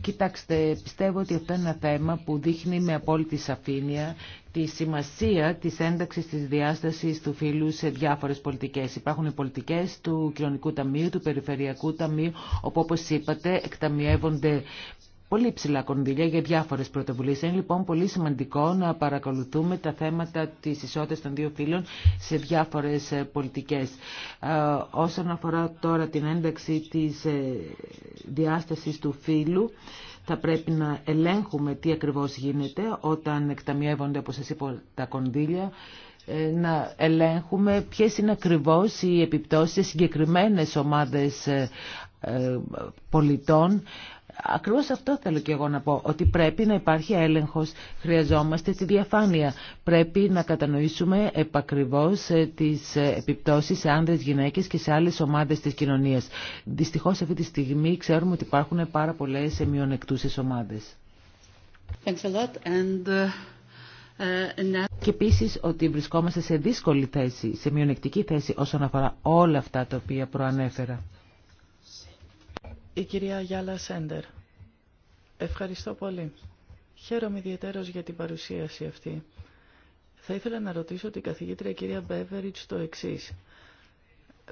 Κοιτάξτε, πιστεύω ότι αυτό είναι ένα θέμα που δείχνει με απόλυτη σαφήνεια τη σημασία της ένταξης της διάστασης του φύλου σε διάφορες πολιτικές. Υπάρχουν οι πολιτικές του Κοινωνικού Ταμείου, του Περιφερειακού Ταμείου, όπου όπως είπατε εκταμιεύονται πολύ ψηλά κονδύλια για διάφορες πρωτοβουλίες. Είναι λοιπόν πολύ σημαντικό να παρακολουθούμε τα θέματα της ισότητας των δύο φίλων σε διάφορες ε, πολιτικές. Ε, όσον αφορά τώρα την ένταξη της ε, διάστασης του φίλου, θα πρέπει να ελέγχουμε τι ακριβώς γίνεται όταν εκταμιεύονται, όπως σας είπα, τα κονδύλια να ελέγχουμε ποιες είναι ακριβώς οι επιπτώσεις σε συγκεκριμένες ομάδες πολιτών Ακριβώς αυτό θέλω και εγώ να πω, ότι πρέπει να υπάρχει έλεγχος, χρειαζόμαστε τη διαφάνεια. Πρέπει να κατανοήσουμε επακριβώς ε, τις ε, επιπτώσεις σε άνδρες, γυναίκες και σε άλλες ομάδες της κοινωνίας. Δυστυχώς αυτή τη στιγμή ξέρουμε ότι υπάρχουν πάρα πολλές μειονεκτούσες ομάδες. Uh, uh, και επίση ότι βρισκόμαστε σε δύσκολη θέση, σε μειονεκτική θέση όσον αφορά όλα αυτά τα οποία προανέφερα. Η κυρία Γιάλα Σέντερ. Ευχαριστώ πολύ. Χαίρομαι ιδιαίτερος για την παρουσίαση αυτή. Θα ήθελα να ρωτήσω την καθηγήτρια κυρία Μπέβεριτς το εξής.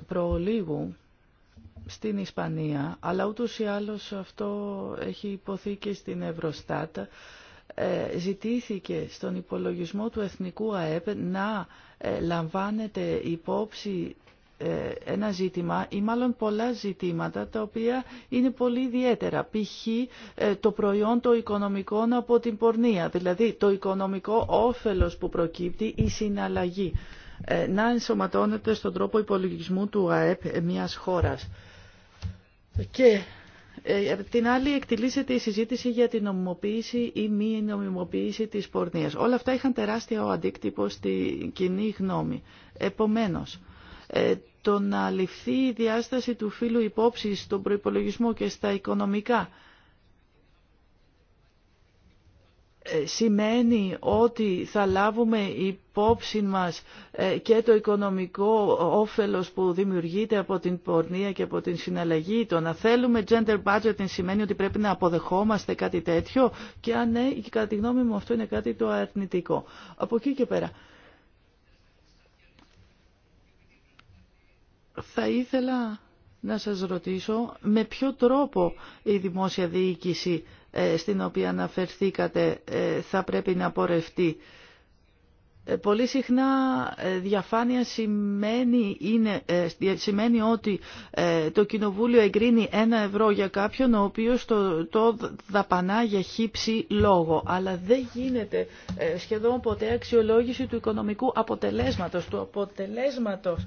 Προλίγου στην Ισπανία, αλλά ούτως ή άλλως αυτό έχει υποθεί και στην Ευρωστάτα, ε, ζητήθηκε στον υπολογισμό του Εθνικού ΑΕΠ να ε, λαμβάνεται υπόψη ε, ένα ζήτημα ή μάλλον πολλά ζητήματα τα οποία είναι πολύ ιδιαίτερα. Π.χ. Ε, το προϊόν το οικονομικό από την πορνεία, δηλαδή το οικονομικό όφελος που προκύπτει η συναλλαγή ε, να ενσωματώνεται στον τρόπο υπολογισμού του ΑΕΠ μιας χώρας. Και την άλλη εκτιλήσεται η συζήτηση για την νομιμοποίηση ή μη νομιμοποίηση της πορνείας. Όλα αυτά είχαν τεράστια αντίκτυπο στη κοινή γνώμη. Επομένως, ε, το να ληφθεί η διάσταση του φύλου υπόψη στον προϋπολογισμό και στα οικονομικά ε, σημαίνει ότι θα λάβουμε υπόψη μας ε, και το οικονομικό όφελος που δημιουργείται από την πορνεία και από την συναλλαγή. Το να θέλουμε gender budgeting σημαίνει ότι πρέπει να αποδεχόμαστε κάτι τέτοιο και αν ναι, κατά τη γνώμη μου αυτό είναι κάτι το αρνητικό. Από εκεί και πέρα. θα ήθελα να σας ρωτήσω με ποιο τρόπο η δημόσια διοίκηση ε, στην οποία αναφερθήκατε ε, θα πρέπει να πορευτεί. Ε, πολύ συχνά διαφάνεια σημαίνει, είναι, ότι το Κοινοβούλιο εγκρίνει ένα ευρώ για κάποιον ο οποίος το, το δαπανά για χύψη λόγο. Αλλά δεν γίνεται σχεδόν ποτέ αξιολόγηση του οικονομικού αποτελέσματος, του αποτελέσματος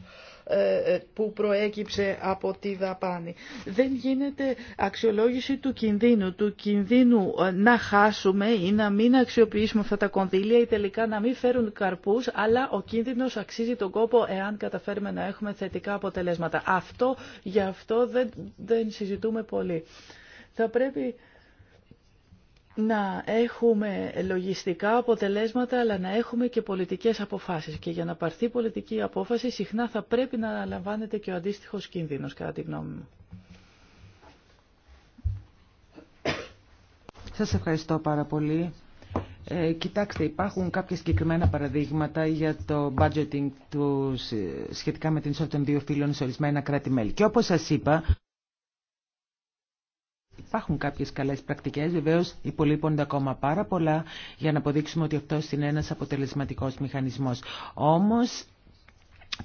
ε, ε, που προέκυψε από τη δαπάνη. Δεν γίνεται αξιολόγηση του κινδύνου, του κινδύνου ε, να χάσουμε ή να μην αξιοποιήσουμε αυτά τα κονδύλια ή τελικά να μην φέρουν καρπούς, αλλά ο κίνδυνος αξίζει τον κόπο εάν καταφέρουμε να έχουμε θετικά αποτελέσματα. Αυτό, γι' αυτό δεν, δεν συζητούμε πολύ. Θα πρέπει να έχουμε λογιστικά αποτελέσματα αλλά να έχουμε και πολιτικές αποφάσεις και για να πάρθει πολιτική απόφαση συχνά θα πρέπει να αναλαμβάνεται και ο αντίστοιχος κίνδυνος κατά τη γνώμη μου. Σας ευχαριστώ πάρα πολύ. Ε, κοιτάξτε, υπάρχουν κάποια συγκεκριμένα παραδείγματα για το budgeting του, ε, σχετικά με την ισότητα των δύο φύλων σε ορισμένα κράτη-μέλη. Και όπως σας είπα, Υπάρχουν κάποιε καλέ πρακτικέ. Βεβαίω υπολείπονται ακόμα πάρα πολλά για να αποδείξουμε ότι αυτό είναι ένα αποτελεσματικό μηχανισμό. Όμω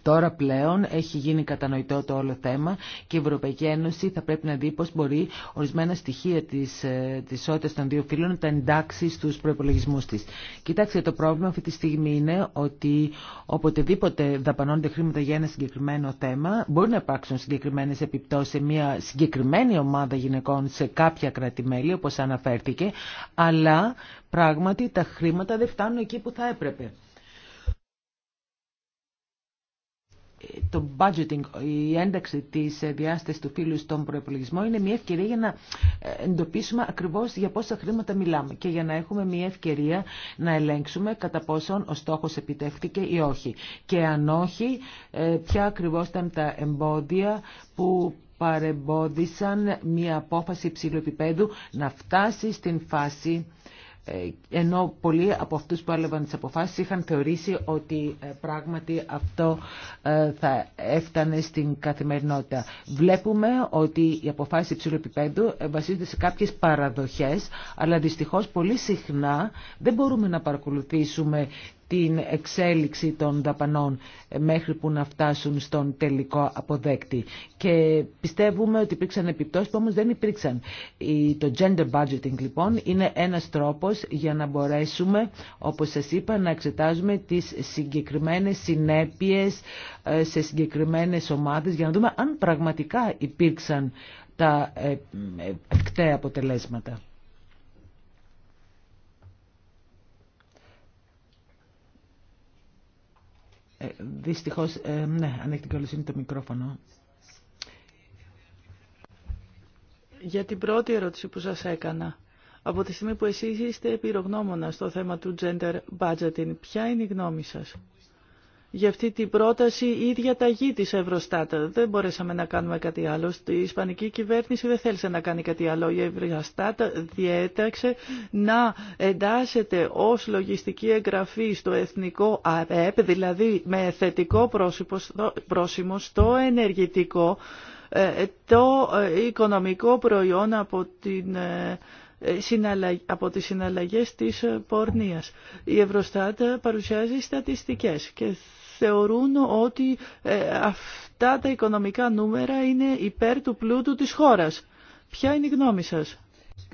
Τώρα πλέον έχει γίνει κατανοητό το όλο θέμα και η Ευρωπαϊκή Ένωση θα πρέπει να δει πώς μπορεί ορισμένα στοιχεία της, ε, της ισότητας των δύο φύλων να τα εντάξει στους προϋπολογισμούς της. Κοιτάξτε, το πρόβλημα αυτή τη στιγμή είναι ότι οποτεδήποτε δαπανώνται χρήματα για ένα συγκεκριμένο θέμα μπορεί να υπάρξουν συγκεκριμένες επιπτώσεις σε μια συγκεκριμένη ομάδα γυναικών σε κάποια κρατημέλη όπως αναφέρθηκε αλλά πράγματι τα χρήματα δεν φτάνουν εκεί που θα έπρεπε. το budgeting, η ένταξη της διάστασης του φύλου στον προπολογισμό είναι μια ευκαιρία για να ε, εντοπίσουμε ακριβώς για πόσα χρήματα μιλάμε και για να έχουμε μια ευκαιρία να ελέγξουμε κατά πόσον ο στόχος επιτεύχθηκε ή όχι. Και αν όχι, ε, ποια ακριβώς ήταν τα εμπόδια που παρεμπόδισαν μια απόφαση υψηλού επίπεδου να φτάσει στην φάση ε, ενώ πολλοί από αυτούς που έλαβαν τις αποφάσεις είχαν θεωρήσει ότι ε, πράγματι αυτό ε, θα έφτανε στην καθημερινότητα. Βλέπουμε ότι οι αποφάσεις υψηλού επίπεδου βασίζονται σε κάποιες παραδοχές, αλλά δυστυχώς πολύ συχνά δεν μπορούμε να παρακολουθήσουμε την εξέλιξη των δαπανών μέχρι που να φτάσουν στον τελικό αποδέκτη. Και πιστεύουμε ότι υπήρξαν επιπτώσεις που όμως δεν υπήρξαν. Το gender budgeting λοιπόν είναι ένας τρόπος για να μπορέσουμε, όπως σας είπα, να εξετάζουμε τις συγκεκριμένες συνέπειες ε, σε συγκεκριμένες ομάδες για να δούμε αν πραγματικά υπήρξαν τα εκτέ ε, αποτελέσματα. Ε, δυστυχώς, ε, ναι, αν έχετε καλώς το μικρόφωνο. Για την πρώτη ερώτηση που σας έκανα, από τη στιγμή που εσείς είστε επιρρογνώμονα στο θέμα του gender budgeting, ποια είναι η γνώμη σας για αυτή την πρόταση η ίδια τα γη της Ευρωστάτ. Δεν μπορέσαμε να κάνουμε κάτι άλλο. Η Ισπανική κυβέρνηση δεν θέλησε να κάνει κάτι άλλο. Η Ευρωστάτ διέταξε να εντάσσεται ως λογιστική εγγραφή στο εθνικό ΑΕΠ, δηλαδή με θετικό πρόσημο στο ενεργητικό, ε, το ε, οικονομικό προϊόν από την ε, από τις συναλλαγές της πορνείας. Η Ευρωστάτα παρουσιάζει στατιστικές θεωρούν ότι ε, αυτά τα οικονομικά νούμερα είναι υπέρ του πλούτου της χώρας. Ποια είναι η γνώμη σας.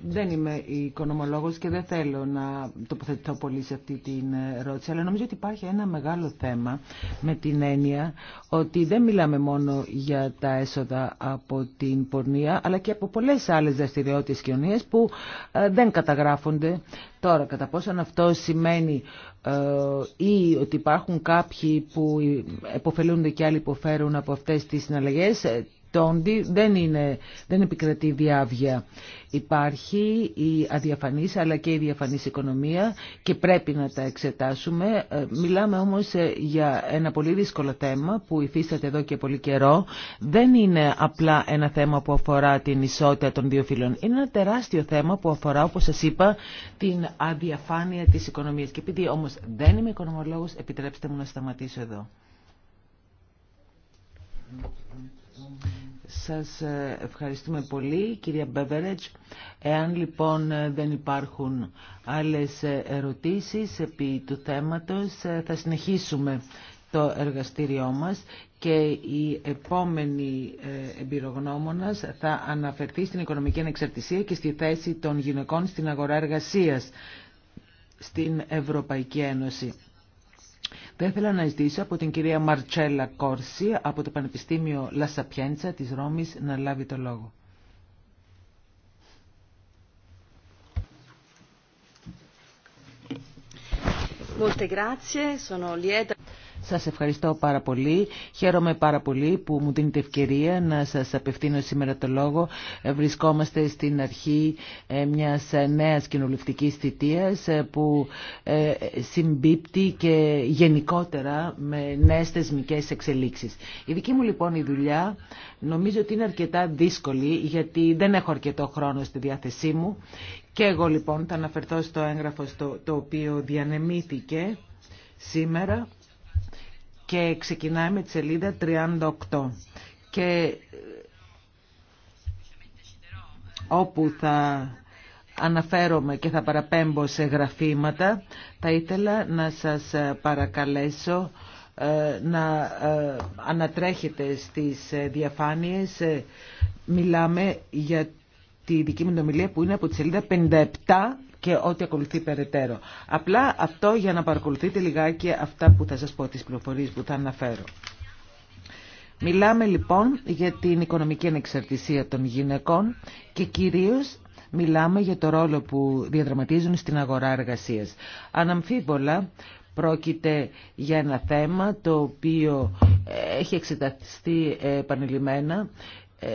Δεν είμαι οικονομολόγος και δεν θέλω να τοποθετηθώ πολύ σε αυτή την ερώτηση, αλλά νομίζω ότι υπάρχει ένα μεγάλο θέμα με την έννοια ότι δεν μιλάμε μόνο για τα έσοδα από την πορνεία, αλλά και από πολλές άλλες δραστηριότητες που ε, δεν καταγράφονται. Τώρα, κατά πόσον αυτό σημαίνει ε, ή ότι υπάρχουν κάποιοι που επωφελούνται και άλλοι υποφέρουν από αυτές τις συναλλαγές ε, Τόντι δεν, είναι, δεν επικρατεί διάβια. Υπάρχει η αδιαφανής αλλά και η διαφανής οικονομία και πρέπει να τα εξετάσουμε. Ε, μιλάμε όμως ε, για ένα πολύ δύσκολο θέμα που υφίσταται εδώ και πολύ καιρό. Δεν είναι απλά ένα θέμα που αφορά την ισότητα των δύο φύλων. Είναι ένα τεράστιο θέμα που αφορά, όπως σας είπα, την αδιαφάνεια της οικονομίας. Και επειδή όμως δεν είμαι οικονομολόγος, επιτρέψτε μου να σταματήσω εδώ. Σας ε, ευχαριστούμε πολύ, κυρία Μπεβερέτς. Εάν λοιπόν ε, δεν υπάρχουν άλλες ε, ερωτήσεις επί του θέματος, θα συνεχίσουμε το εργαστήριό μας και η επόμενη εμπειρογνώμονας θα αναφερθεί στην οικονομική ανεξαρτησία και στη θέση των γυναικών στην αγορά εργασίας στην Ευρωπαϊκή Ένωση. Θα ήθελα να ζητήσω από την κυρία Μαρτσέλα Κόρση από το Πανεπιστήμιο Λασαπιέντσα της Ρώμης να λάβει το λόγο. Σας ευχαριστώ πάρα πολύ. Χαίρομαι πάρα πολύ που μου δίνετε ευκαιρία να σας απευθύνω σήμερα το λόγο. Ε, βρισκόμαστε στην αρχή ε, μιας ε, νέας κοινοβουλευτικής θητείας που συμπίπτει και γενικότερα με νέες θεσμικές εξελίξεις. Η δική μου λοιπόν η δουλειά νομίζω ότι είναι αρκετά δύσκολη γιατί δεν έχω αρκετό χρόνο στη διάθεσή μου και εγώ λοιπόν θα αναφερθώ στο έγγραφο το οποίο διανεμήθηκε σήμερα και ξεκινάει με τη σελίδα 38 και ε, όπου θα αναφέρομαι και θα παραπέμπω σε γραφήματα θα ήθελα να σας ε, παρακαλέσω ε, να ανατρέχετε στις διαφάνειες μιλάμε για τη δική μου νομιλία που είναι από τη σελίδα 57 και ό,τι ακολουθεί περαιτέρω. Απλά αυτό για να παρακολουθείτε λιγάκι αυτά που θα σας πω, τις πληροφορίες που θα αναφέρω. Μιλάμε λοιπόν για την οικονομική ανεξαρτησία των γυναικών και κυρίως μιλάμε για το ρόλο που διαδραματίζουν στην αγορά εργασίας. Αναμφίβολα πρόκειται για ένα θέμα το οποίο ε, έχει εξεταστεί ε, επανειλημμένα ε,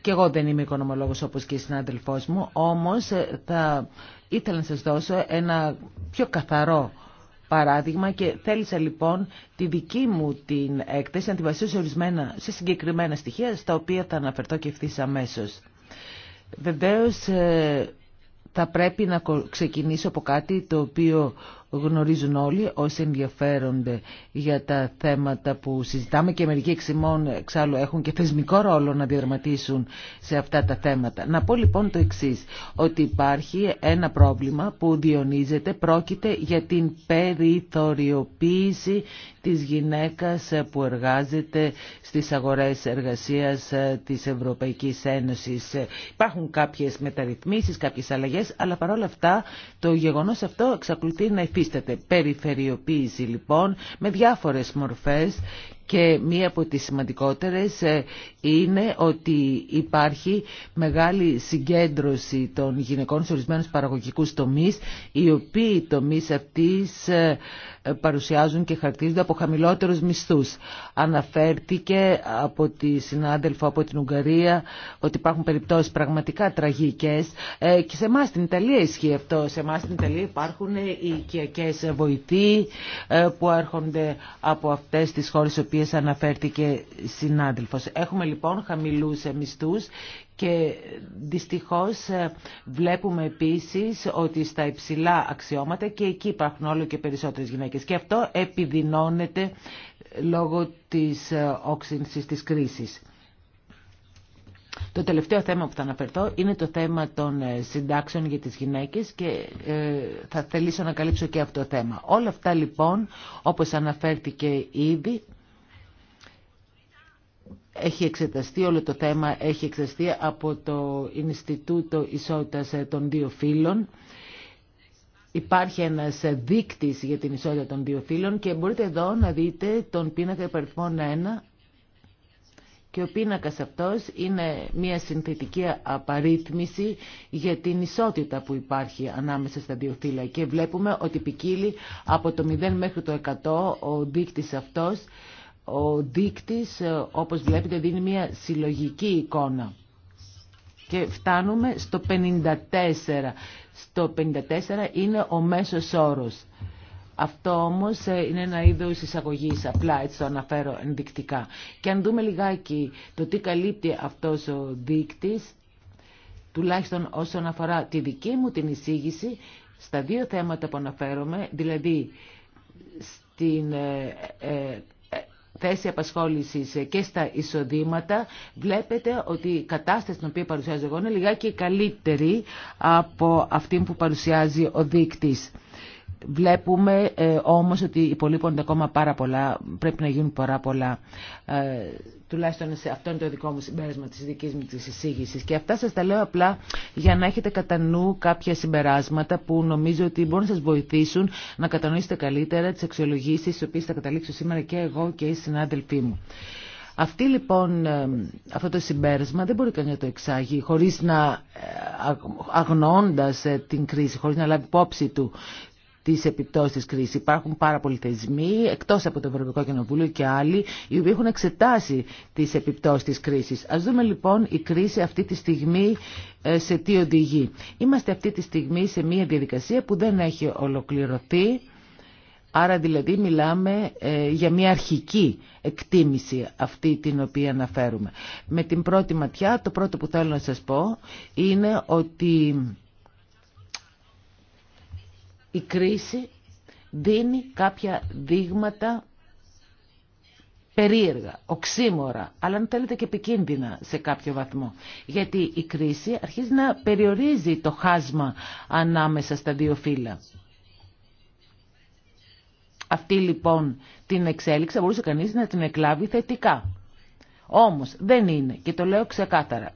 και εγώ δεν είμαι οικονομολόγος όπως και η συνάδελφός μου, όμως θα Ήθελα να σας δώσω ένα πιο καθαρό παράδειγμα και θέλησα λοιπόν τη δική μου την έκθεση να τη βασίσω σε, ορισμένα, σε συγκεκριμένα στοιχεία στα οποία θα αναφερθώ και ευθύ αμέσω. Βεβαίως ε, θα πρέπει να ξεκινήσω από κάτι το οποίο γνωρίζουν όλοι όσοι ενδιαφέρονται για τα θέματα που συζητάμε και μερικοί εξημών εξάλλου έχουν και θεσμικό ρόλο να διαδραματίσουν σε αυτά τα θέματα. Να πω λοιπόν το εξή ότι υπάρχει ένα πρόβλημα που διονύζεται, πρόκειται για την περιθωριοποίηση της γυναίκας ε, που εργάζεται στις αγορές εργασίας ε, της Ευρωπαϊκής Ένωσης. Ε, υπάρχουν κάποιες μεταρρυθμίσεις, κάποιες αλλαγές, αλλά παρόλα αυτά το γεγονός αυτό εξακολουθεί να υφίσταται. Περιφερειοποίηση λοιπόν με διάφορες μορφές και μία από τις σημαντικότερες ε, είναι ότι υπάρχει μεγάλη συγκέντρωση των γυναικών σε ορισμένου παραγωγικούς τομείς οι οποίοι τομείς αυτής ε, παρουσιάζουν και χαρακτηρίζονται από χαμηλότερους μισθούς. Αναφέρθηκε από τη συνάδελφο από την Ουγγαρία ότι υπάρχουν περιπτώσεις πραγματικά τραγικές ε, και σε εμά στην Ιταλία ισχύει αυτό. Σε εμά στην Ιταλία υπάρχουν οι οικιακές βοηθοί που έρχονται από αυτές τις χώρες οποίες αναφέρθηκε συνάδελφος. Έχουμε λοιπόν χαμηλούς μισθούς και δυστυχώς βλέπουμε επίσης ότι στα υψηλά αξιώματα και εκεί υπάρχουν όλο και περισσότερες γυναίκες. Και αυτό επιδεινώνεται λόγω της ε, όξυνσης της κρίσης. Το τελευταίο θέμα που θα αναφερθώ είναι το θέμα των ε, συντάξεων για τις γυναίκες και ε, θα θελήσω να καλύψω και αυτό το θέμα. Όλα αυτά λοιπόν, όπως αναφέρθηκε ήδη, έχει εξεταστεί, όλο το θέμα έχει εξεταστεί από το Ινστιτούτο Ισότητας ε, των Δύο Φύλων. Υπάρχει ένας ε, δείκτης για την ισότητα των δύο φύλων και μπορείτε εδώ να δείτε τον πίνακα υπαριθμών 1 και ο πίνακας αυτός είναι μια συνθετική απαρίθμηση για την ισότητα που υπάρχει ανάμεσα στα δύο φύλλα και βλέπουμε ότι ποικίλει από το 0 μέχρι το 100 ο δείκτης αυτός ο δείκτης, ε, όπως βλέπετε, δίνει μια συλλογική εικόνα. Και φτάνουμε στο 54. Στο 54 είναι ο μέσος όρος. Αυτό όμως ε, είναι ένα είδος εισαγωγής, απλά έτσι το αναφέρω ενδεικτικά. Και αν δούμε λιγάκι το τι καλύπτει αυτός ο δείκτης, τουλάχιστον όσον αφορά τη δική μου την εισήγηση, στα δύο θέματα που αναφέρομαι, δηλαδή στην ε, θέση απασχόλησης και στα εισοδήματα, βλέπετε ότι η κατάσταση την οποία παρουσιάζω εγώ είναι λιγάκι καλύτερη από αυτή που παρουσιάζει ο δείκτης. Βλέπουμε ε, όμως ότι υπολείπονται ακόμα πάρα πολλά, πρέπει να γίνουν πάρα πολλά. Ε, τουλάχιστον σε αυτό είναι το δικό μου συμπέρασμα της δικής μου της εισήγησης. Και αυτά σας τα λέω απλά για να έχετε κατά νου κάποια συμπεράσματα που νομίζω ότι μπορούν να σας βοηθήσουν να κατανοήσετε καλύτερα τις αξιολογήσεις τις οποίες θα καταλήξω σήμερα και εγώ και οι συνάδελφοί μου. Αυτή λοιπόν, ε, αυτό το συμπέρασμα δεν μπορεί κανένα να το εξάγει χωρίς να ε, αγνώντας ε, την κρίση, χωρίς να λάβει υπόψη του τη επιπτώσεις της κρίσης. Υπάρχουν πάρα πολλοί θεσμοί, εκτός από το Ευρωπαϊκό Κοινοβούλιο και άλλοι, οι οποίοι έχουν εξετάσει τις επιπτώσεις της κρίσης. Ας δούμε λοιπόν η κρίση αυτή τη στιγμή ε, σε τι οδηγεί. Είμαστε αυτή τη στιγμή σε μια διαδικασία που δεν έχει ολοκληρωθεί. Άρα δηλαδή μιλάμε ε, για μια αρχική εκτίμηση αυτή την οποία αναφέρουμε. Με την πρώτη ματιά το πρώτο που θέλω να σας πω είναι ότι η κρίση δίνει κάποια δείγματα περίεργα, οξύμορα, αλλά αν θέλετε και επικίνδυνα σε κάποιο βαθμό. Γιατί η κρίση αρχίζει να περιορίζει το χάσμα ανάμεσα στα δύο φύλλα. Αυτή λοιπόν την εξέλιξη θα μπορούσε κανείς να την εκλάβει θετικά. Όμως δεν είναι, και το λέω ξεκάθαρα,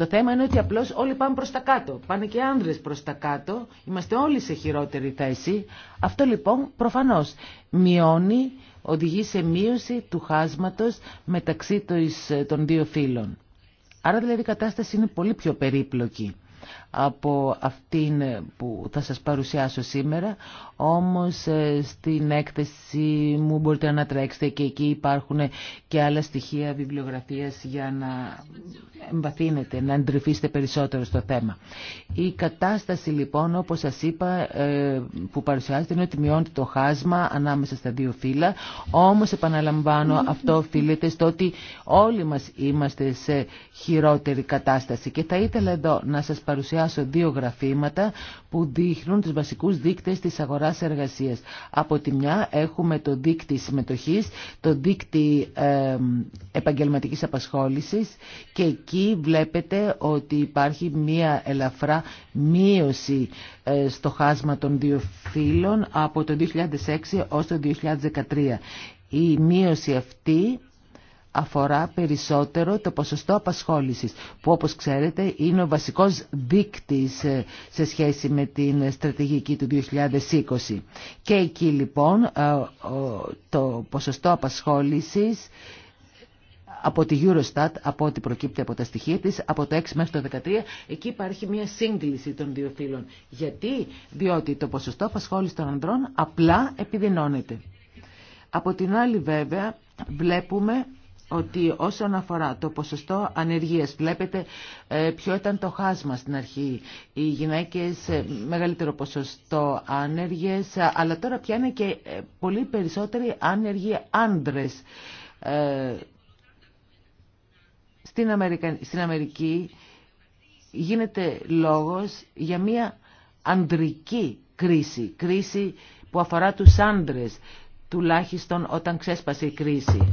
το θέμα είναι ότι απλώς όλοι πάμε προς τα κάτω. Πάνε και άνδρες προς τα κάτω. Είμαστε όλοι σε χειρότερη θέση. Αυτό λοιπόν προφανώς μειώνει, οδηγεί σε μείωση του χάσματος μεταξύ των δύο φύλων. Άρα δηλαδή η κατάσταση είναι πολύ πιο περίπλοκη από αυτήν που θα σας παρουσιάσω σήμερα, όμως ε, στην έκθεση μου μπορείτε να τρέξετε και εκεί υπάρχουν και άλλα στοιχεία βιβλιογραφίας για να εμβαθύνετε, να εντρυφήσετε περισσότερο στο θέμα. Η κατάσταση λοιπόν, όπως σας είπα, ε, που παρουσιάζεται είναι ότι μειώνεται το χάσμα ανάμεσα στα δύο φύλλα, όμως επαναλαμβάνω αυτό οφείλεται στο ότι όλοι μας είμαστε σε χειρότερη κατάσταση και θα ήθελα εδώ να σας παρουσιάσω παρουσιάσω δύο γραφήματα που δείχνουν τους βασικούς δείκτες της αγοράς εργασίας. Από τη μια έχουμε το δείκτη συμμετοχής, το δείκτη ε, επαγγελματικής απασχόλησης και εκεί βλέπετε ότι υπάρχει μία ελαφρά μείωση ε, στο χάσμα των δύο φύλων από το 2006 ως το 2013. Η μείωση αυτή αφορά περισσότερο το ποσοστό απασχόλησης που όπως ξέρετε είναι ο βασικός δείκτης ε, σε σχέση με την στρατηγική του 2020. Και εκεί λοιπόν ε, το ποσοστό απασχόλησης από τη Eurostat, από ό,τι προκύπτει από τα στοιχεία της, από το 6 μέχρι το 13, εκεί υπάρχει μια σύγκληση των δύο φύλων. Γιατί, διότι το ποσοστό απασχόληση των ανδρών απλά επιδεινώνεται. Από την άλλη βέβαια βλέπουμε ότι όσον αφορά το ποσοστό ανεργίας, βλέπετε ε, ποιο ήταν το χάσμα στην αρχή. Οι γυναίκες ε, μεγαλύτερο ποσοστό ανεργίας ε, αλλά τώρα πια είναι και πολύ περισσότεροι άνεργοι άντρες. Στην, στην Αμερική γίνεται λόγος για μια ανδρική κρίση, κρίση που αφορά τους άντρες τουλάχιστον όταν ξέσπασε η κρίση.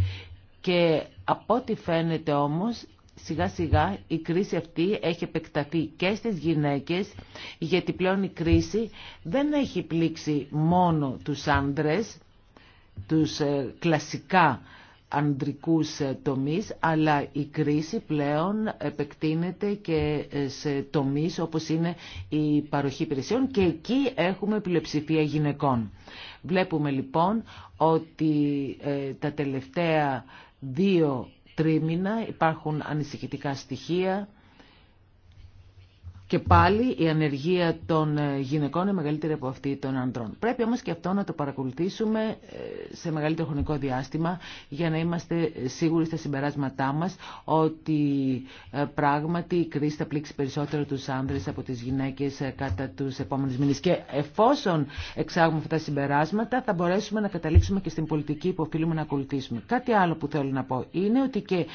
Και από ό,τι φαίνεται όμως, σιγά σιγά η κρίση αυτή έχει επεκταθεί και στις γυναίκες, γιατί πλέον η κρίση δεν έχει πλήξει μόνο τους άντρες, τους ε, κλασικά ανδρικούς ε, τομείς, αλλά η κρίση πλέον επεκτείνεται και ε, σε τομείς όπως είναι η παροχή υπηρεσιών και εκεί έχουμε πλειοψηφία γυναικών. Βλέπουμε λοιπόν ότι τα τελευταία δύο τρίμηνα υπάρχουν ανησυχητικά στοιχεία και πάλι η ανεργία των ε, γυναικών είναι μεγαλύτερη από αυτή των ανδρών. Πρέπει όμως και αυτό να το παρακολουθήσουμε ε, σε μεγαλύτερο χρονικό διάστημα για να είμαστε σίγουροι στα συμπεράσματά μας ότι ε, πράγματι η κρίση θα πλήξει περισσότερο τους άνδρες από τις γυναίκες κατά τους επόμενους μήνες. Και εφόσον εξάγουμε αυτά τα συμπεράσματα θα μπορέσουμε να καταλήξουμε και στην πολιτική που οφείλουμε να ακολουθήσουμε. Κάτι άλλο που θέλω να πω είναι ότι και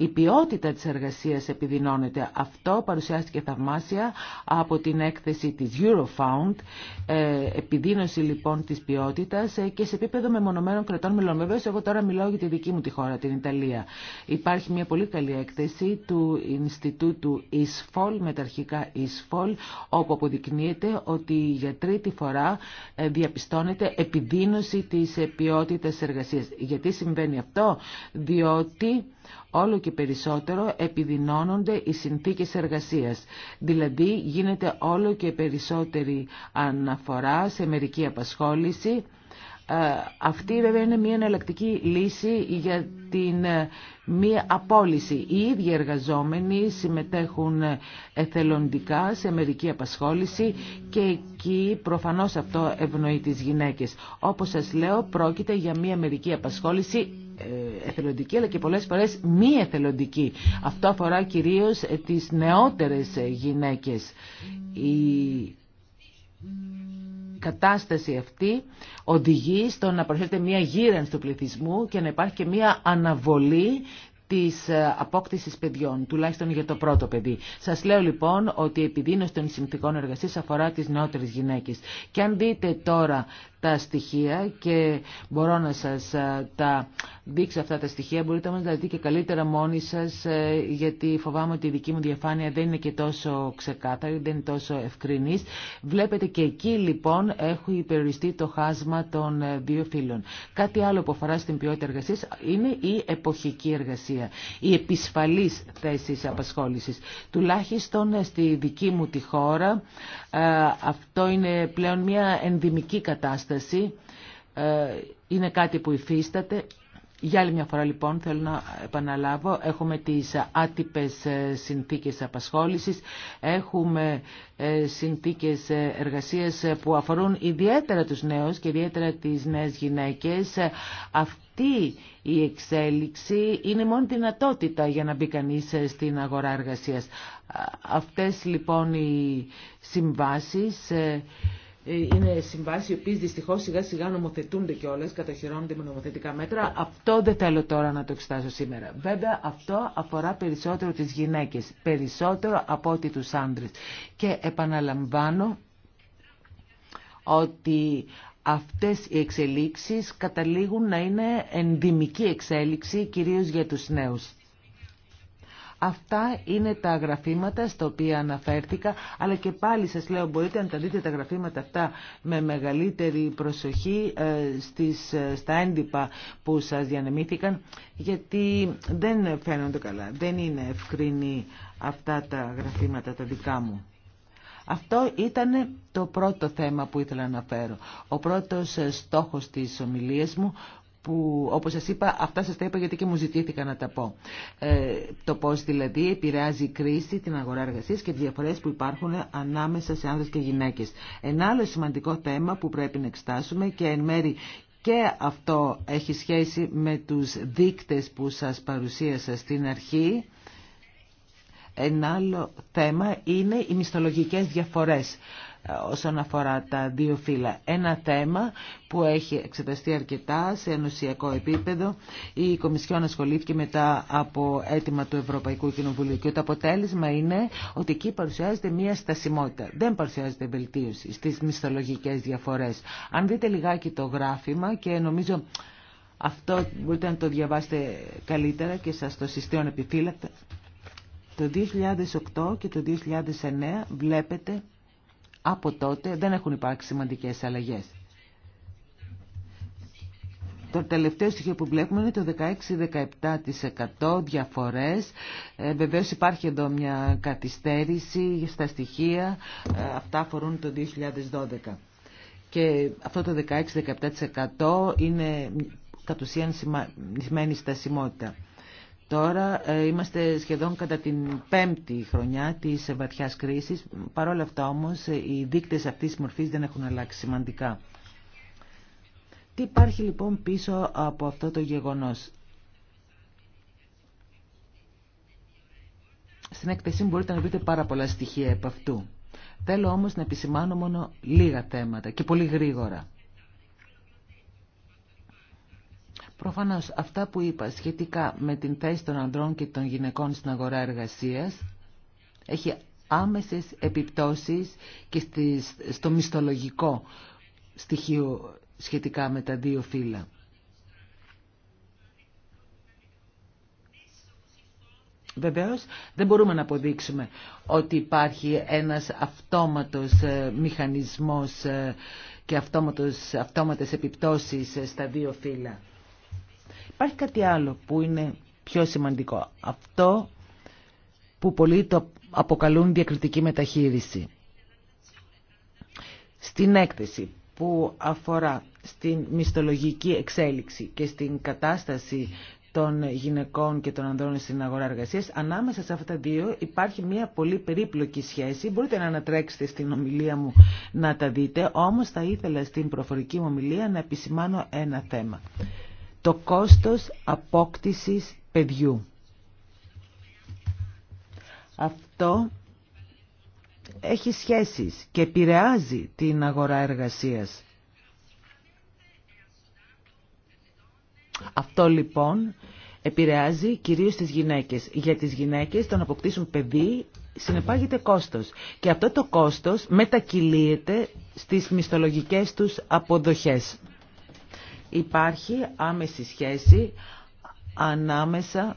η ποιότητα της εργασίας επιδεινώνεται. Αυτό παρουσιάστηκε θαυμάσια από την έκθεση της Eurofound, ε, επιδείνωση λοιπόν της ποιότητας ε, και σε επίπεδο μεμονωμένων κρατών μελών. Βεβαίως εγώ τώρα μιλάω για τη δική μου τη χώρα, την Ιταλία. Υπάρχει μια πολύ καλή έκθεση του Ινστιτούτου ISFOL, μεταρχικά ISFOL, όπου αποδεικνύεται ότι για τρίτη φορά ε, διαπιστώνεται επιδείνωση της ποιότητας εργασίας. Γιατί συμβαίνει αυτό, διότι όλο και περισσότερο επιδεινώνονται οι συνθήκες εργασίας. Δηλαδή γίνεται όλο και περισσότερη αναφορά σε μερική απασχόληση. Ε, αυτή βέβαια είναι μια εναλλακτική λύση για την ε, μία απόλυση. Οι ίδιοι εργαζόμενοι συμμετέχουν ε, εθελοντικά σε μερική απασχόληση και εκεί προφανώς αυτό ευνοεί τις γυναίκες. Όπως σας λέω πρόκειται για μία μερική απασχόληση ε, εθελοντική αλλά και πολλές φορές μη εθελοντική. Αυτό αφορά κυρίως ε, τις νεότερες ε, γυναίκες. Η κατάσταση αυτή οδηγεί στο να προσθέτει μια γύρανση του πληθυσμού και να υπάρχει και μια αναβολή της απόκτησης παιδιών, τουλάχιστον για το πρώτο παιδί. Σας λέω λοιπόν ότι η επιδείνωση των συνθηκών εργασία αφορά τις νεότερες γυναίκες. Και αν δείτε τώρα τα στοιχεία και μπορώ να σας ε, τα δείξω αυτά τα στοιχεία. Μπορείτε όμως να τα δείτε και καλύτερα μόνοι σας ε, γιατί φοβάμαι ότι η δική μου διαφάνεια δεν είναι και τόσο ξεκάθαρη, δεν είναι τόσο ευκρινής. Βλέπετε και εκεί λοιπόν έχω υπεριστεί το χάσμα των ε, δύο φύλων. Κάτι άλλο που αφορά στην ποιότητα εργασία είναι η εποχική εργασία, η επισφαλής θέση απασχόλησης. Τουλάχιστον στη δική μου τη χώρα αυτό είναι πλέον μια ενδυμική κατάσταση ε, είναι κάτι που υφίσταται. Για άλλη μια φορά λοιπόν θέλω να επαναλάβω, έχουμε τις άτυπες ε, συνθήκες απασχόλησης, έχουμε ε, συνθήκες ε, εργασίας που αφορούν ιδιαίτερα τους νέους και ιδιαίτερα τις νέες γυναίκες. Αυτή η εξέλιξη είναι μόνη δυνατότητα για να μπει κανεί στην αγορά εργασίας. Αυτές λοιπόν οι συμβάσεις είναι συμβάσει οι οποίε δυστυχώ σιγά σιγά νομοθετούνται κιόλα, καταχειρώνονται με νομοθετικά μέτρα. Αυτό δεν θέλω τώρα να το εξετάσω σήμερα. Βέβαια αυτό αφορά περισσότερο τι γυναίκε, περισσότερο από ότι του άντρε. Και επαναλαμβάνω ότι αυτές οι εξελίξεις καταλήγουν να είναι ενδυμική εξέλιξη κυρίως για τους νέους. Αυτά είναι τα γραφήματα στα οποία αναφέρθηκα, αλλά και πάλι σας λέω μπορείτε να τα δείτε τα γραφήματα αυτά με μεγαλύτερη προσοχή ε, στις, ε, στα έντυπα που σας διανεμήθηκαν, γιατί δεν φαίνονται καλά, δεν είναι ευκρινή αυτά τα γραφήματα τα δικά μου. Αυτό ήταν το πρώτο θέμα που ήθελα να φέρω. Ο πρώτος ε, στόχος της ομιλίας μου που όπως σας είπα αυτά σας τα είπα γιατί και μου ζητήθηκα να τα πω. Ε, το πώς δηλαδή επηρεάζει η κρίση την αγορά εργασίας και τις διαφορές που υπάρχουν ανάμεσα σε άνδρες και γυναίκες. Ένα άλλο σημαντικό θέμα που πρέπει να εξτάσουμε και εν μέρη και αυτό έχει σχέση με τους δείκτες που σας παρουσίασα στην αρχή. Ένα άλλο θέμα είναι οι μισθολογικές διαφορές όσον αφορά τα δύο φύλλα. Ένα θέμα που έχει εξεταστεί αρκετά σε ενωσιακό επίπεδο. Η Κομισιόν ασχολήθηκε μετά από αίτημα του Ευρωπαϊκού Κοινοβουλίου και το αποτέλεσμα είναι ότι εκεί παρουσιάζεται μία στασιμότητα. Δεν παρουσιάζεται βελτίωση στις μισθολογικές διαφορές. Αν δείτε λιγάκι το γράφημα και νομίζω αυτό μπορείτε να το διαβάσετε καλύτερα και σας το συστήνω επιφύλακτα. Το 2008 και το 2009 βλέπετε από τότε δεν έχουν υπάρξει σημαντικές αλλαγές. Το τελευταίο στοιχείο που βλέπουμε είναι το 16-17% διαφορές. Ε, βεβαίως υπάρχει εδώ μια καθυστέρηση στα στοιχεία. Ε, αυτά αφορούν το 2012. Και αυτό το 16-17% είναι κατ' ουσίαν σημαίνει στασιμότητα. Τώρα ε, είμαστε σχεδόν κατά την πέμπτη χρονιά της βαθιάς κρίσης. Παρ' όλα αυτά όμως ε, οι δείκτες αυτής της μορφής δεν έχουν αλλάξει σημαντικά. Τι υπάρχει λοιπόν πίσω από αυτό το γεγονός. Στην έκθεση μπορείτε να βρείτε πάρα πολλά στοιχεία από αυτού. Θέλω όμως να επισημάνω μόνο λίγα θέματα και πολύ γρήγορα. Προφανώς αυτά που είπα σχετικά με την θέση των ανδρών και των γυναικών στην αγορά εργασίας έχει άμεσες επιπτώσεις και στο μισθολογικό στοιχείο σχετικά με τα δύο φύλλα. Βεβαίως δεν μπορούμε να αποδείξουμε ότι υπάρχει ένας αυτόματος ε, μηχανισμός ε, και αυτόματος, αυτόματες επιπτώσεις ε, στα δύο φύλλα. Υπάρχει κάτι άλλο που είναι πιο σημαντικό. Αυτό που πολλοί το αποκαλούν διακριτική μεταχείριση. Στην έκθεση που αφορά στην μισθολογική εξέλιξη και στην κατάσταση των γυναικών και των ανδρών στην αγορά εργασίας. Ανάμεσα σε αυτά τα δύο υπάρχει μια πολύ περίπλοκη σχέση. Μπορείτε να ανατρέξετε στην ομιλία μου να τα δείτε, όμως θα ήθελα στην προφορική μου ομιλία να επισημάνω ένα θέμα το κόστος απόκτησης παιδιού. Αυτό έχει σχέσεις και επηρεάζει την αγορά εργασίας. Αυτό λοιπόν επηρεάζει κυρίως τις γυναίκες. Για τις γυναίκες το να αποκτήσουν παιδί συνεπάγεται κόστος. Και αυτό το κόστος μετακυλείεται στις μισθολογικές τους αποδοχές υπάρχει άμεση σχέση ανάμεσα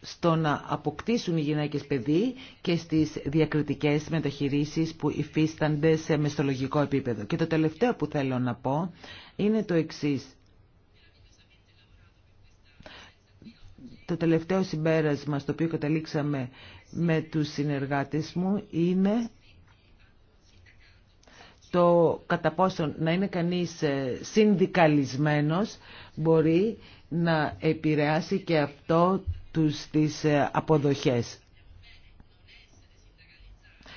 στο να αποκτήσουν οι γυναίκες παιδί και στις διακριτικές μεταχειρήσεις που υφίστανται σε μεστολογικό επίπεδο. Και το τελευταίο που θέλω να πω είναι το εξής. Το τελευταίο συμπέρασμα στο οποίο καταλήξαμε με τους συνεργάτες μου είναι το κατά πόσο να είναι κανείς ε, συνδικαλισμένος μπορεί να επηρεάσει και αυτό τους, τις ε, αποδοχές.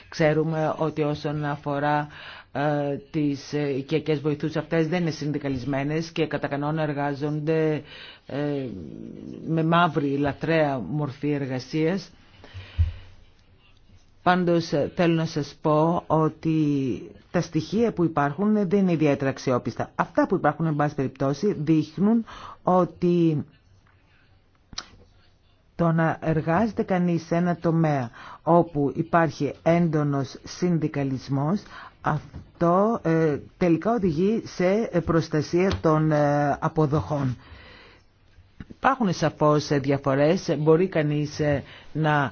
Ξέρουμε ότι όσον αφορά ε, τις οικιακές βοηθούς αυτές δεν είναι συνδικαλισμένες και κατά κανόνα εργάζονται με μαύρη λατρέα μορφή εργασίας. Πάντως ε, θέλω να σας πω ότι τα στοιχεία που υπάρχουν ε, δεν είναι ιδιαίτερα αξιόπιστα. Αυτά που υπάρχουν, εν πάση περιπτώσει, δείχνουν ότι το να εργάζεται κανείς σε ένα τομέα όπου υπάρχει έντονος συνδικαλισμός, αυτό ε, τελικά οδηγεί σε προστασία των αποδοχών. Υπάρχουν σαφώς διαφορές, μπορεί κανείς να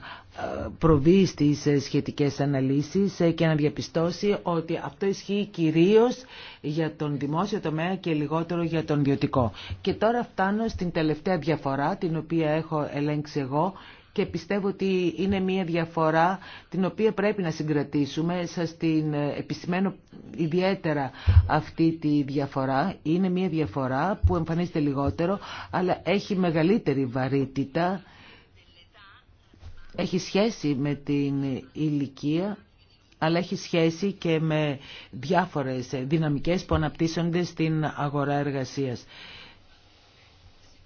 προβεί στις ε, σχετικές αναλύσεις ε, και να διαπιστώσει ότι αυτό ισχύει κυρίως για τον δημόσιο τομέα και λιγότερο για τον ιδιωτικό. Και τώρα φτάνω στην τελευταία διαφορά την οποία έχω ελέγξει εγώ και πιστεύω ότι είναι μια διαφορά την οποία πρέπει να συγκρατήσουμε. Σας την ε, επισημαίνω ιδιαίτερα αυτή τη διαφορά. Είναι μια διαφορά που εμφανίζεται λιγότερο αλλά έχει μεγαλύτερη βαρύτητα έχει σχέση με την ηλικία αλλά έχει σχέση και με διάφορες δυναμικές που αναπτύσσονται στην αγορά εργασίας.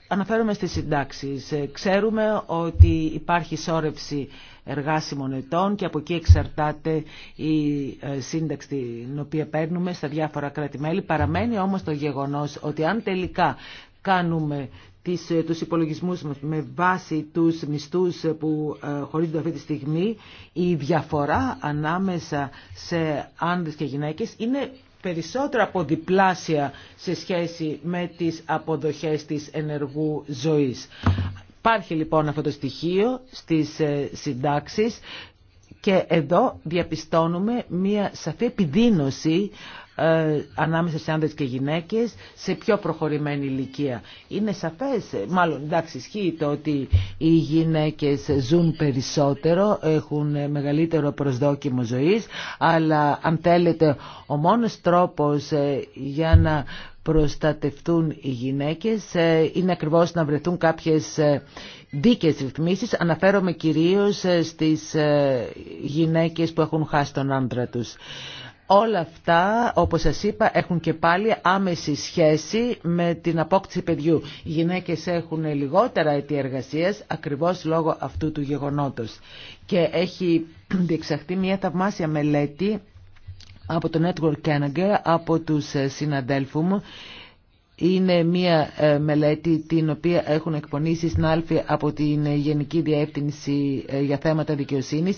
Αναφέρομαι στις συντάξεις. Ξέρουμε ότι υπάρχει σώρευση εργάσιμων ετών και από εκεί εξαρτάται η ε, σύνταξη την οποία παίρνουμε στα διάφορα κράτη-μέλη. Παραμένει όμως το γεγονός ότι αν τελικά κάνουμε τις, ε, τους υπολογισμούς με βάση τους μισθούς ε, που ε, χωρίζονται αυτή τη στιγμή, η διαφορά ανάμεσα σε άνδρες και γυναίκες είναι περισσότερο από διπλάσια σε σχέση με τις αποδοχές της ενεργού ζωής. Υπάρχει λοιπόν αυτό το στοιχείο στις συντάξεις και εδώ διαπιστώνουμε μία σαφή επιδείνωση ε, ανάμεσα σε άνδρες και γυναίκες σε πιο προχωρημένη ηλικία. Είναι σαφές, ε, μάλλον εντάξει ισχύει το ότι οι γυναίκες ζουν περισσότερο, έχουν μεγαλύτερο προσδόκιμο ζωής, αλλά αν θέλετε ο μόνος τρόπος ε, για να προστατευτούν οι γυναίκες είναι ακριβώς να βρεθούν κάποιες δίκαιες ρυθμίσεις. Αναφέρομαι κυρίως στις γυναίκες που έχουν χάσει τον άντρα τους. Όλα αυτά, όπως σας είπα, έχουν και πάλι άμεση σχέση με την απόκτηση παιδιού. Οι γυναίκες έχουν λιγότερα αιτία εργασίας, ακριβώς λόγω αυτού του γεγονότος. Και έχει [CLEARS THROAT] διεξαχθεί μια θαυμάσια μελέτη από το Network Canada, από τους συναδέλφου μου, είναι μια ε, μελέτη την οποία έχουν εκπονήσει άλφη από την Γενική Διεύθυνση ε, για θέματα δικαιοσύνης.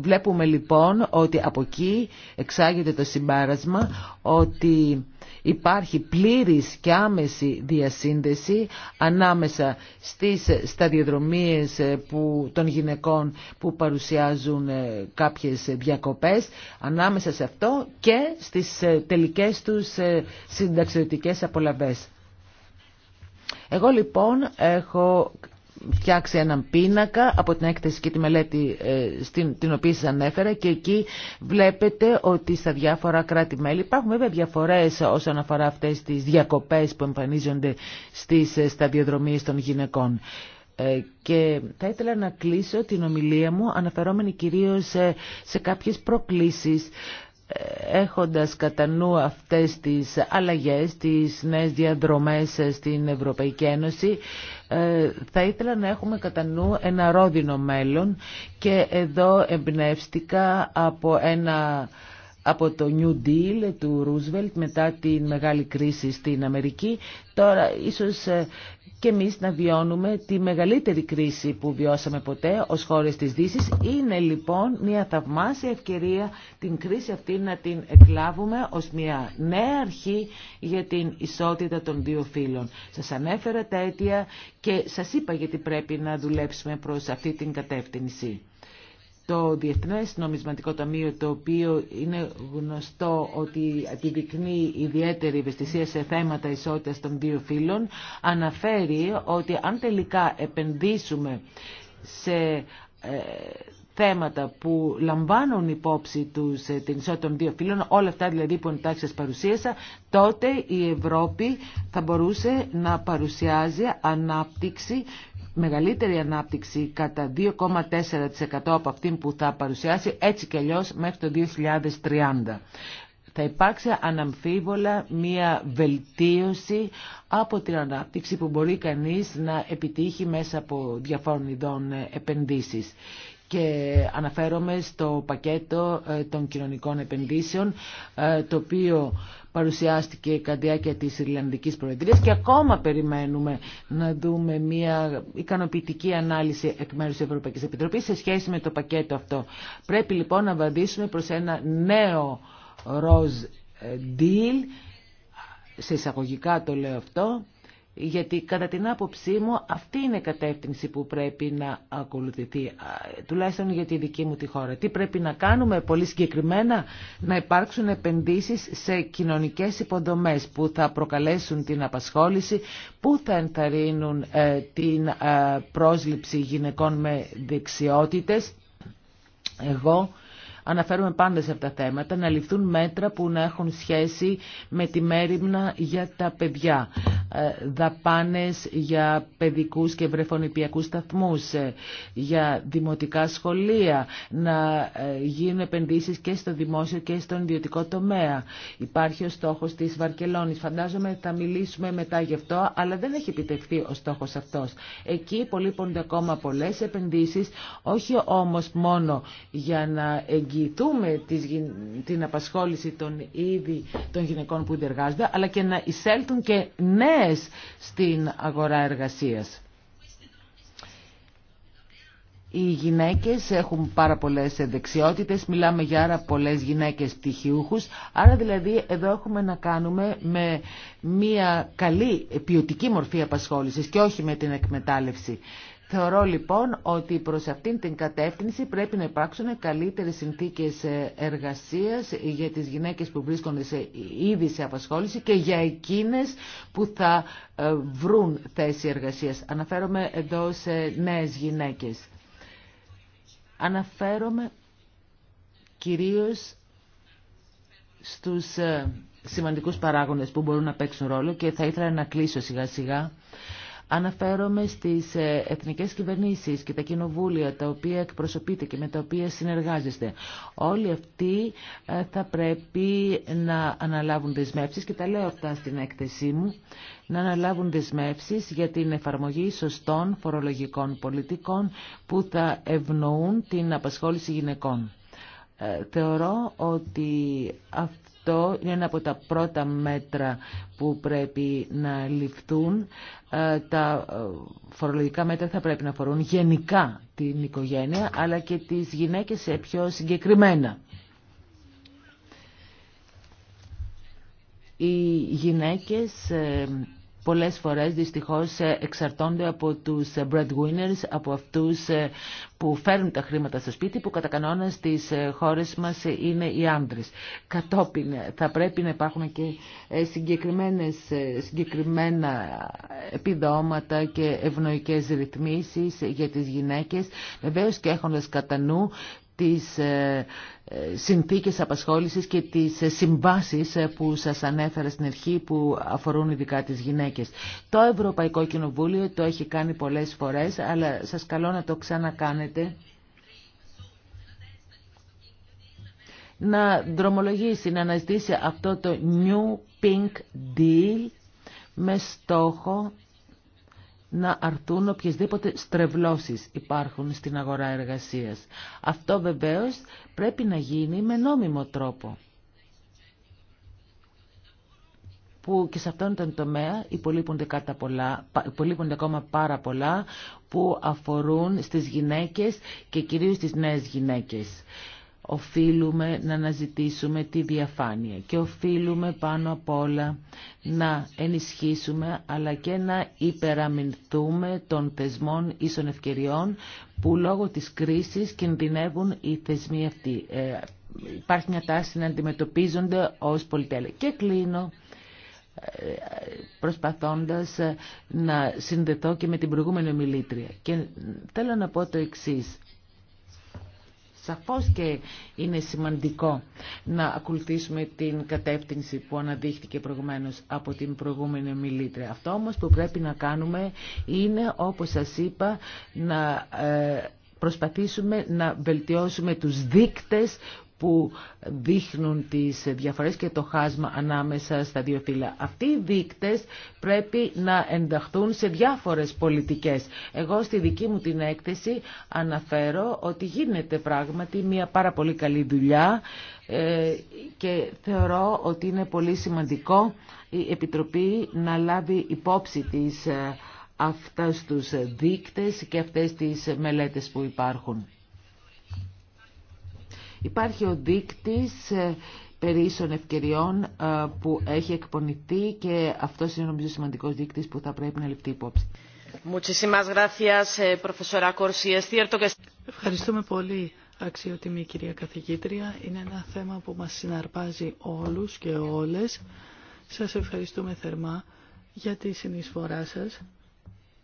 Βλέπουμε λοιπόν ότι από εκεί εξάγεται το συμπάρασμα ότι υπάρχει πλήρης και άμεση διασύνδεση ανάμεσα στις σταδιοδρομίες ε, που, των γυναικών που παρουσιάζουν ε, κάποιες διακοπές, ανάμεσα σε αυτό και στις ε, τελικές τους συνταξιωτικές απολαβές. Εγώ λοιπόν έχω φτιάξει έναν πίνακα από την έκθεση και τη μελέτη ε, στην, την οποία σας ανέφερα και εκεί βλέπετε ότι στα διάφορα κράτη-μέλη υπάρχουν βέβαια διαφορές όσον αφορά αυτές τις διακοπές που εμφανίζονται στις ε, σταδιοδρομίες των γυναικών. Ε, και θα ήθελα να κλείσω την ομιλία μου αναφερόμενη κυρίως σε, σε κάποιες προκλήσεις έχοντας κατά νου αυτές τις αλλαγές, τις νέες διαδρομές στην Ευρωπαϊκή Ένωση, ε, θα ήθελα να έχουμε κατά νου ένα ρόδινο μέλλον και εδώ εμπνεύστηκα από ένα από το New Deal του Ρούσβελτ μετά την μεγάλη κρίση στην Αμερική. Τώρα ίσως ε, και εμείς να βιώνουμε τη μεγαλύτερη κρίση που βιώσαμε ποτέ ως χώρες της δύση Είναι λοιπόν μια θαυμάσια ευκαιρία την κρίση αυτή να την εκλάβουμε ως μια νέα αρχή για την ισότητα των δύο φύλων. Σας ανέφερα τα αίτια και σας είπα γιατί πρέπει να δουλέψουμε προς αυτή την κατεύθυνση το Διεθνές Νομισματικό Ταμείο, το οποίο είναι γνωστό ότι επιδεικνύει ιδιαίτερη ευαισθησία σε θέματα ισότητας των δύο φύλων, αναφέρει ότι αν τελικά επενδύσουμε σε ε, θέματα που λαμβάνουν υπόψη τους ε, την ισότητα των δύο φύλων, όλα αυτά δηλαδή που εντάξει παρουσίασα, τότε η Ευρώπη θα μπορούσε να παρουσιάζει ανάπτυξη μεγαλύτερη ανάπτυξη κατά 2,4% από αυτήν που θα παρουσιάσει έτσι και αλλιώς μέχρι το 2030 θα υπάρξει αναμφίβολα μία βελτίωση από την ανάπτυξη που μπορεί κανείς να επιτύχει μέσα από διαφόρων ειδών ε, επενδύσεις και αναφέρομαι στο πακέτο ε, των κοινωνικών επενδύσεων ε, το οποίο παρουσιάστηκε κατά διάρκεια της Ιρλανδικής Προεδρίας και ακόμα περιμένουμε να δούμε μια ικανοποιητική ανάλυση εκ μέρους της Ευρωπαϊκής Επιτροπής σε σχέση με το πακέτο αυτό. Πρέπει λοιπόν να βαδίσουμε προς ένα νέο ροζ ε, deal, σε εισαγωγικά το λέω αυτό, γιατί κατά την άποψή μου αυτή είναι η κατεύθυνση που πρέπει να ακολουθηθεί, τουλάχιστον για τη δική μου τη χώρα. Τι πρέπει να κάνουμε πολύ συγκεκριμένα, να υπάρξουν επενδύσεις σε κοινωνικές υποδομές που θα προκαλέσουν την απασχόληση, που θα ενθαρρύνουν ε, την ε, πρόσληψη γυναικών με δεξιότητες. Εγώ αναφέρουμε πάντα σε αυτά τα θέματα, να ληφθούν μέτρα που να έχουν σχέση με τη μέρημνα για τα παιδιά. Ε, δαπάνες για παιδικούς και βρεφονιπιακούς σταθμούς, ε, για δημοτικά σχολεία, να ε, γίνουν επενδύσεις και στο δημόσιο και στον ιδιωτικό τομέα. Υπάρχει ο στόχος της Βαρκελόνης. Φαντάζομαι θα μιλήσουμε μετά γι' αυτό, αλλά δεν έχει επιτευχθεί ο στόχος αυτός. Εκεί υπολείπονται ακόμα πολλές επενδύσεις, όχι όμως μόνο για να εγγυηθούν εγγυηθούμε την απασχόληση των ήδη των γυναικών που εργάζονται, αλλά και να εισέλθουν και νέες στην αγορά εργασίας. Οι γυναίκες έχουν πάρα πολλές δεξιότητες, μιλάμε για πολλές γυναίκες πτυχιούχους, άρα δηλαδή εδώ έχουμε να κάνουμε με μια καλή ποιοτική μορφή απασχόλησης και όχι με την εκμετάλλευση. Θεωρώ λοιπόν ότι προς αυτήν την κατεύθυνση πρέπει να υπάρξουν καλύτερες συνθήκες ε, εργασίας για τις γυναίκες που βρίσκονται σε, ήδη σε απασχόληση και για εκείνες που θα ε, βρουν θέση εργασίας. Αναφέρομαι εδώ σε νέες γυναίκες. Αναφέρομαι κυρίως στους ε, σημαντικούς παράγοντες που μπορούν να παίξουν ρόλο και θα ήθελα να κλείσω σιγά σιγά Αναφέρομαι στις ε, εθνικές κυβερνήσεις και τα κοινοβούλια τα οποία εκπροσωπείτε και με τα οποία συνεργάζεστε. Όλοι αυτοί ε, θα πρέπει να αναλάβουν δεσμεύσεις και τα λέω αυτά στην έκθεσή μου να αναλάβουν δεσμεύσεις για την εφαρμογή σωστών φορολογικών πολιτικών που θα ευνοούν την απασχόληση γυναικών. Ε, θεωρώ ότι αυτό είναι ένα από τα πρώτα μέτρα που πρέπει να ληφθούν ε, τα ε, φορολογικά μέτρα θα πρέπει να αφορούν γενικά την οικογένεια αλλά και τις γυναίκες πιο συγκεκριμένα. Οι γυναίκες ε, πολλές φορές δυστυχώς ε, εξαρτώνται από τους breadwinners, από αυτούς ε, που φέρνουν τα χρήματα στο σπίτι, που κατά κανόνα στις ε, χώρες μας είναι οι άντρες. Κατόπιν θα πρέπει να υπάρχουν και συγκεκριμένα επιδόματα και ευνοϊκές ρυθμίσεις για τις γυναίκες, βεβαίως και έχοντας κατά νου τις ε, ε, συνθήκες απασχόλησης και τις ε, συμβάσεις που σας ανέφερα στην αρχή που αφορούν ειδικά τις γυναίκες. Το Ευρωπαϊκό Κοινοβούλιο το έχει κάνει πολλές φορές, αλλά σας καλώ να το ξανακάνετε. Να δρομολογήσει, να αναζητήσει αυτό το New Pink Deal με στόχο να αρτούν οποιασδήποτε στρεβλώσεις υπάρχουν στην αγορά εργασίας. Αυτό βεβαίως πρέπει να γίνει με νόμιμο τρόπο. που και σε αυτόν τον τομέα υπολείπονται, κατά πολλά, υπολείπονται ακόμα πάρα πολλά που αφορούν στις γυναίκες και κυρίως στις νέες γυναίκες οφείλουμε να αναζητήσουμε τη διαφάνεια και οφείλουμε πάνω απ' όλα να ενισχύσουμε αλλά και να υπεραμεινθούμε των θεσμών ίσων ευκαιριών που λόγω της κρίσης κινδυνεύουν οι θεσμοί αυτοί. Ε, υπάρχει μια τάση να αντιμετωπίζονται ως πολυτέλεια. Και κλείνω ε, προσπαθώντας ε, να συνδεθώ και με την προηγούμενη ομιλήτρια. Και θέλω να πω το εξής. Σαφώς και είναι σημαντικό να ακολουθήσουμε την κατεύθυνση που αναδείχθηκε προηγουμένως από την προηγούμενη μιλήτρια. Αυτό όμως που πρέπει να κάνουμε είναι, όπως σας είπα, να ε, προσπαθήσουμε να βελτιώσουμε τους δείκτες που δείχνουν τις διαφορές και το χάσμα ανάμεσα στα δύο φύλλα. Αυτοί οι δείκτες πρέπει να ενταχθούν σε διάφορες πολιτικές. Εγώ στη δική μου την έκθεση αναφέρω ότι γίνεται πράγματι μια πάρα πολύ καλή δουλειά ε, και θεωρώ ότι είναι πολύ σημαντικό η Επιτροπή να λάβει υπόψη της ε, αυτά τους δείκτες και αυτές τις μελέτες που υπάρχουν. Υπάρχει ο δείκτης ε, περί ίσων ευκαιριών ε, που έχει εκπονηθεί και αυτό είναι νομίζω σημαντικός δείκτης που θα πρέπει να ληφθεί υπόψη. Ε, ευχαριστούμε πολύ αξιότιμη κυρία καθηγήτρια. Είναι ένα θέμα που μας συναρπάζει όλους και όλες. Σας ευχαριστούμε θερμά για τη συνεισφορά σας.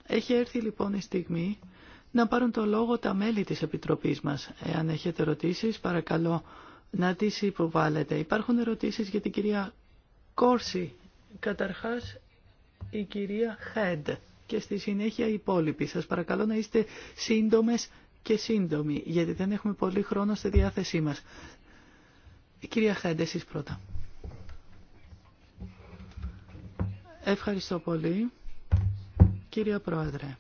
Έχει έρθει λοιπόν η στιγμή να πάρουν το λόγο τα μέλη της Επιτροπής μας. Εάν έχετε ερωτήσεις, παρακαλώ να τις υποβάλλετε. Υπάρχουν ερωτήσεις για την κυρία Κόρση, καταρχάς η κυρία Χέντ και στη συνέχεια οι υπόλοιποι. Σας παρακαλώ να είστε σύντομες και σύντομοι, γιατί δεν έχουμε πολύ χρόνο στη διάθεσή μας. Η κυρία Χέντ, εσείς πρώτα. Ευχαριστώ πολύ, κύριε Πρόεδρε.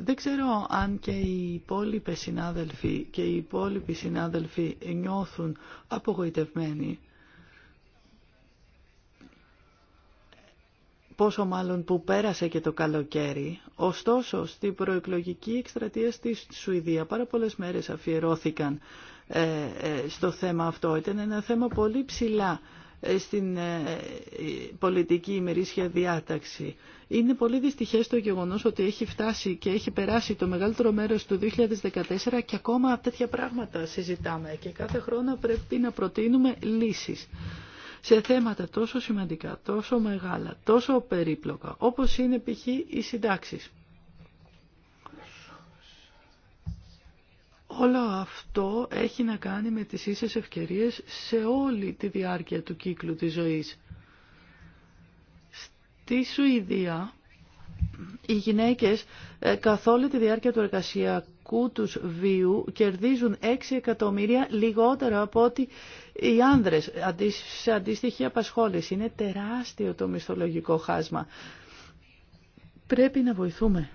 Δεν ξέρω αν και οι υπόλοιποι συνάδελφοι και οι υπόλοιποι συνάδελφοι νιώθουν απογοητευμένοι. Πόσο μάλλον που πέρασε και το καλοκαίρι. Ωστόσο, στην προεκλογική εκστρατεία στη Σουηδία πάρα πολλές μέρες αφιερώθηκαν ε, ε, στο θέμα αυτό. Ήταν ένα θέμα πολύ ψηλά στην ε, πολιτική ημερήσια διάταξη. Είναι πολύ δυστυχές το γεγονός ότι έχει φτάσει και έχει περάσει το μεγαλύτερο μέρος του 2014 και ακόμα τέτοια πράγματα συζητάμε και κάθε χρόνο πρέπει να προτείνουμε λύσεις σε θέματα τόσο σημαντικά, τόσο μεγάλα, τόσο περίπλοκα, όπως είναι π.χ. οι συντάξεις. Όλο αυτό έχει να κάνει με τις ίσες ευκαιρίες σε όλη τη διάρκεια του κύκλου της ζωής. Στη Σουηδία οι γυναίκες ε, καθ' όλη τη διάρκεια του εργασιακού τους βίου κερδίζουν 6 εκατομμύρια λιγότερο από ότι οι άνδρες σε αντίστοιχη απασχόληση. Είναι τεράστιο το μισθολογικό χάσμα. Πρέπει να βοηθούμε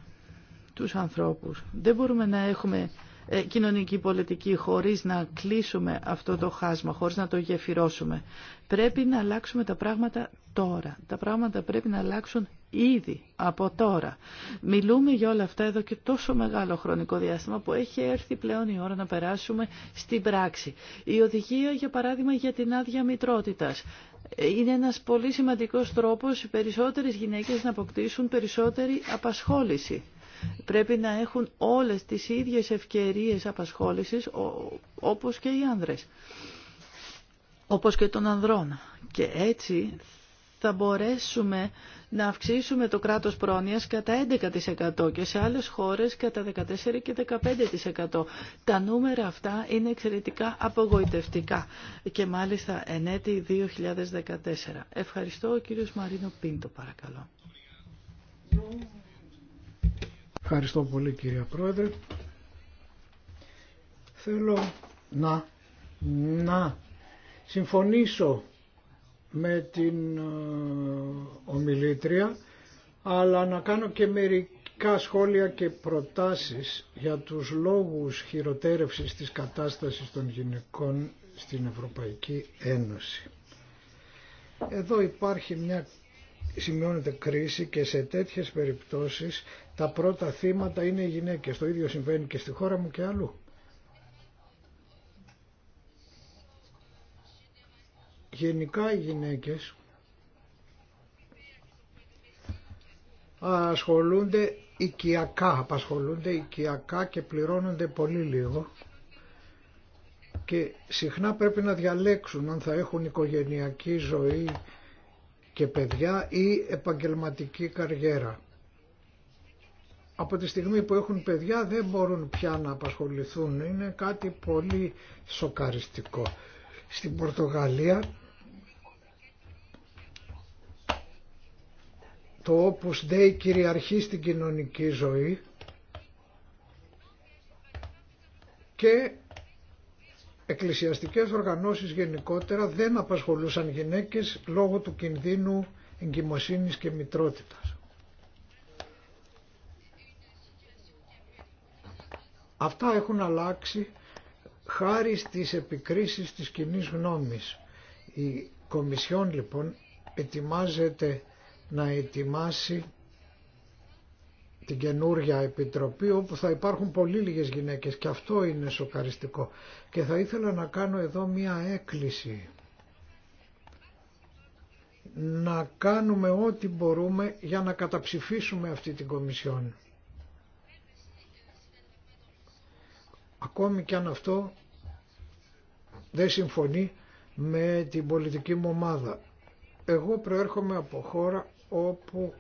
τους ανθρώπους. Δεν μπορούμε να έχουμε ε, κοινωνική πολιτική χωρίς να κλείσουμε αυτό το χάσμα, χωρίς να το γεφυρώσουμε. Πρέπει να αλλάξουμε τα πράγματα τώρα. Τα πράγματα πρέπει να αλλάξουν ήδη από τώρα. Μιλούμε για όλα αυτά εδώ και τόσο μεγάλο χρονικό διάστημα που έχει έρθει πλέον η ώρα να περάσουμε στην πράξη. Η οδηγία για παράδειγμα για την άδεια μητρότητας είναι ένας πολύ σημαντικός τρόπος οι περισσότερες γυναίκες να αποκτήσουν περισσότερη απασχόληση πρέπει να έχουν όλες τις ίδιες ευκαιρίες απασχόλησης όπως και οι άνδρες, όπως και τον ανδρών. Και έτσι θα μπορέσουμε να αυξήσουμε το κράτος πρόνοιας κατά 11% και σε άλλες χώρες κατά 14% και 15%. Τα νούμερα αυτά είναι εξαιρετικά απογοητευτικά και μάλιστα εν έτη 2014. Ευχαριστώ ο κύριος Μαρίνο Πίντο παρακαλώ. Ευχαριστώ πολύ κύριε Πρόεδρε. Θέλω να, να συμφωνήσω με την ε, ομιλήτρια αλλά να κάνω και μερικά σχόλια και προτάσεις για τους λόγους χειροτέρευσης της κατάστασης των γυναικών στην Ευρωπαϊκή Ένωση. Εδώ υπάρχει μια σημειώνεται κρίση και σε τέτοιες περιπτώσεις τα πρώτα θύματα είναι οι γυναίκες. Το ίδιο συμβαίνει και στη χώρα μου και αλλού. Γενικά οι γυναίκες ασχολούνται οικιακά, απασχολούνται οικιακά και πληρώνονται πολύ λίγο και συχνά πρέπει να διαλέξουν αν θα έχουν οικογενειακή ζωή και παιδιά ή επαγγελματική καριέρα από τη στιγμή που έχουν παιδιά δεν μπορούν πια να απασχοληθούν. Είναι κάτι πολύ σοκαριστικό. Στην Πορτογαλία το Opus δεν κυριαρχεί στην κοινωνική ζωή και εκκλησιαστικές οργανώσεις γενικότερα δεν απασχολούσαν γυναίκες λόγω του κινδύνου εγκυμοσύνης και μητρότητας. Αυτά έχουν αλλάξει χάρη στις επικρίσεις της κοινή γνώμης. Η Κομισιόν λοιπόν ετοιμάζεται να ετοιμάσει την καινούρια επιτροπή όπου θα υπάρχουν πολύ λίγες γυναίκες και αυτό είναι σοκαριστικό και θα ήθελα να κάνω εδώ μία έκκληση να κάνουμε ό,τι μπορούμε για να καταψηφίσουμε αυτή την Κομισιόν ακόμη και αν αυτό δεν συμφωνεί με την πολιτική μου ομάδα. Εγώ προέρχομαι από χώρα όπου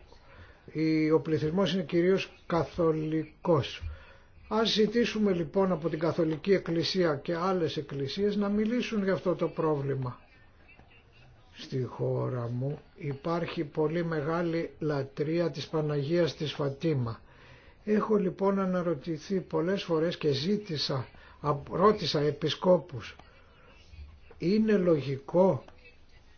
ο πληθυσμός είναι κυρίως καθολικός. Ας ζητήσουμε λοιπόν από την Καθολική Εκκλησία και άλλες εκκλησίες να μιλήσουν για αυτό το πρόβλημα. Στη χώρα μου υπάρχει πολύ μεγάλη λατρεία της Παναγίας της Φατίμα Έχω λοιπόν αναρωτηθεί πολλές φορές και ζήτησα, ρώτησα επισκόπους, είναι λογικό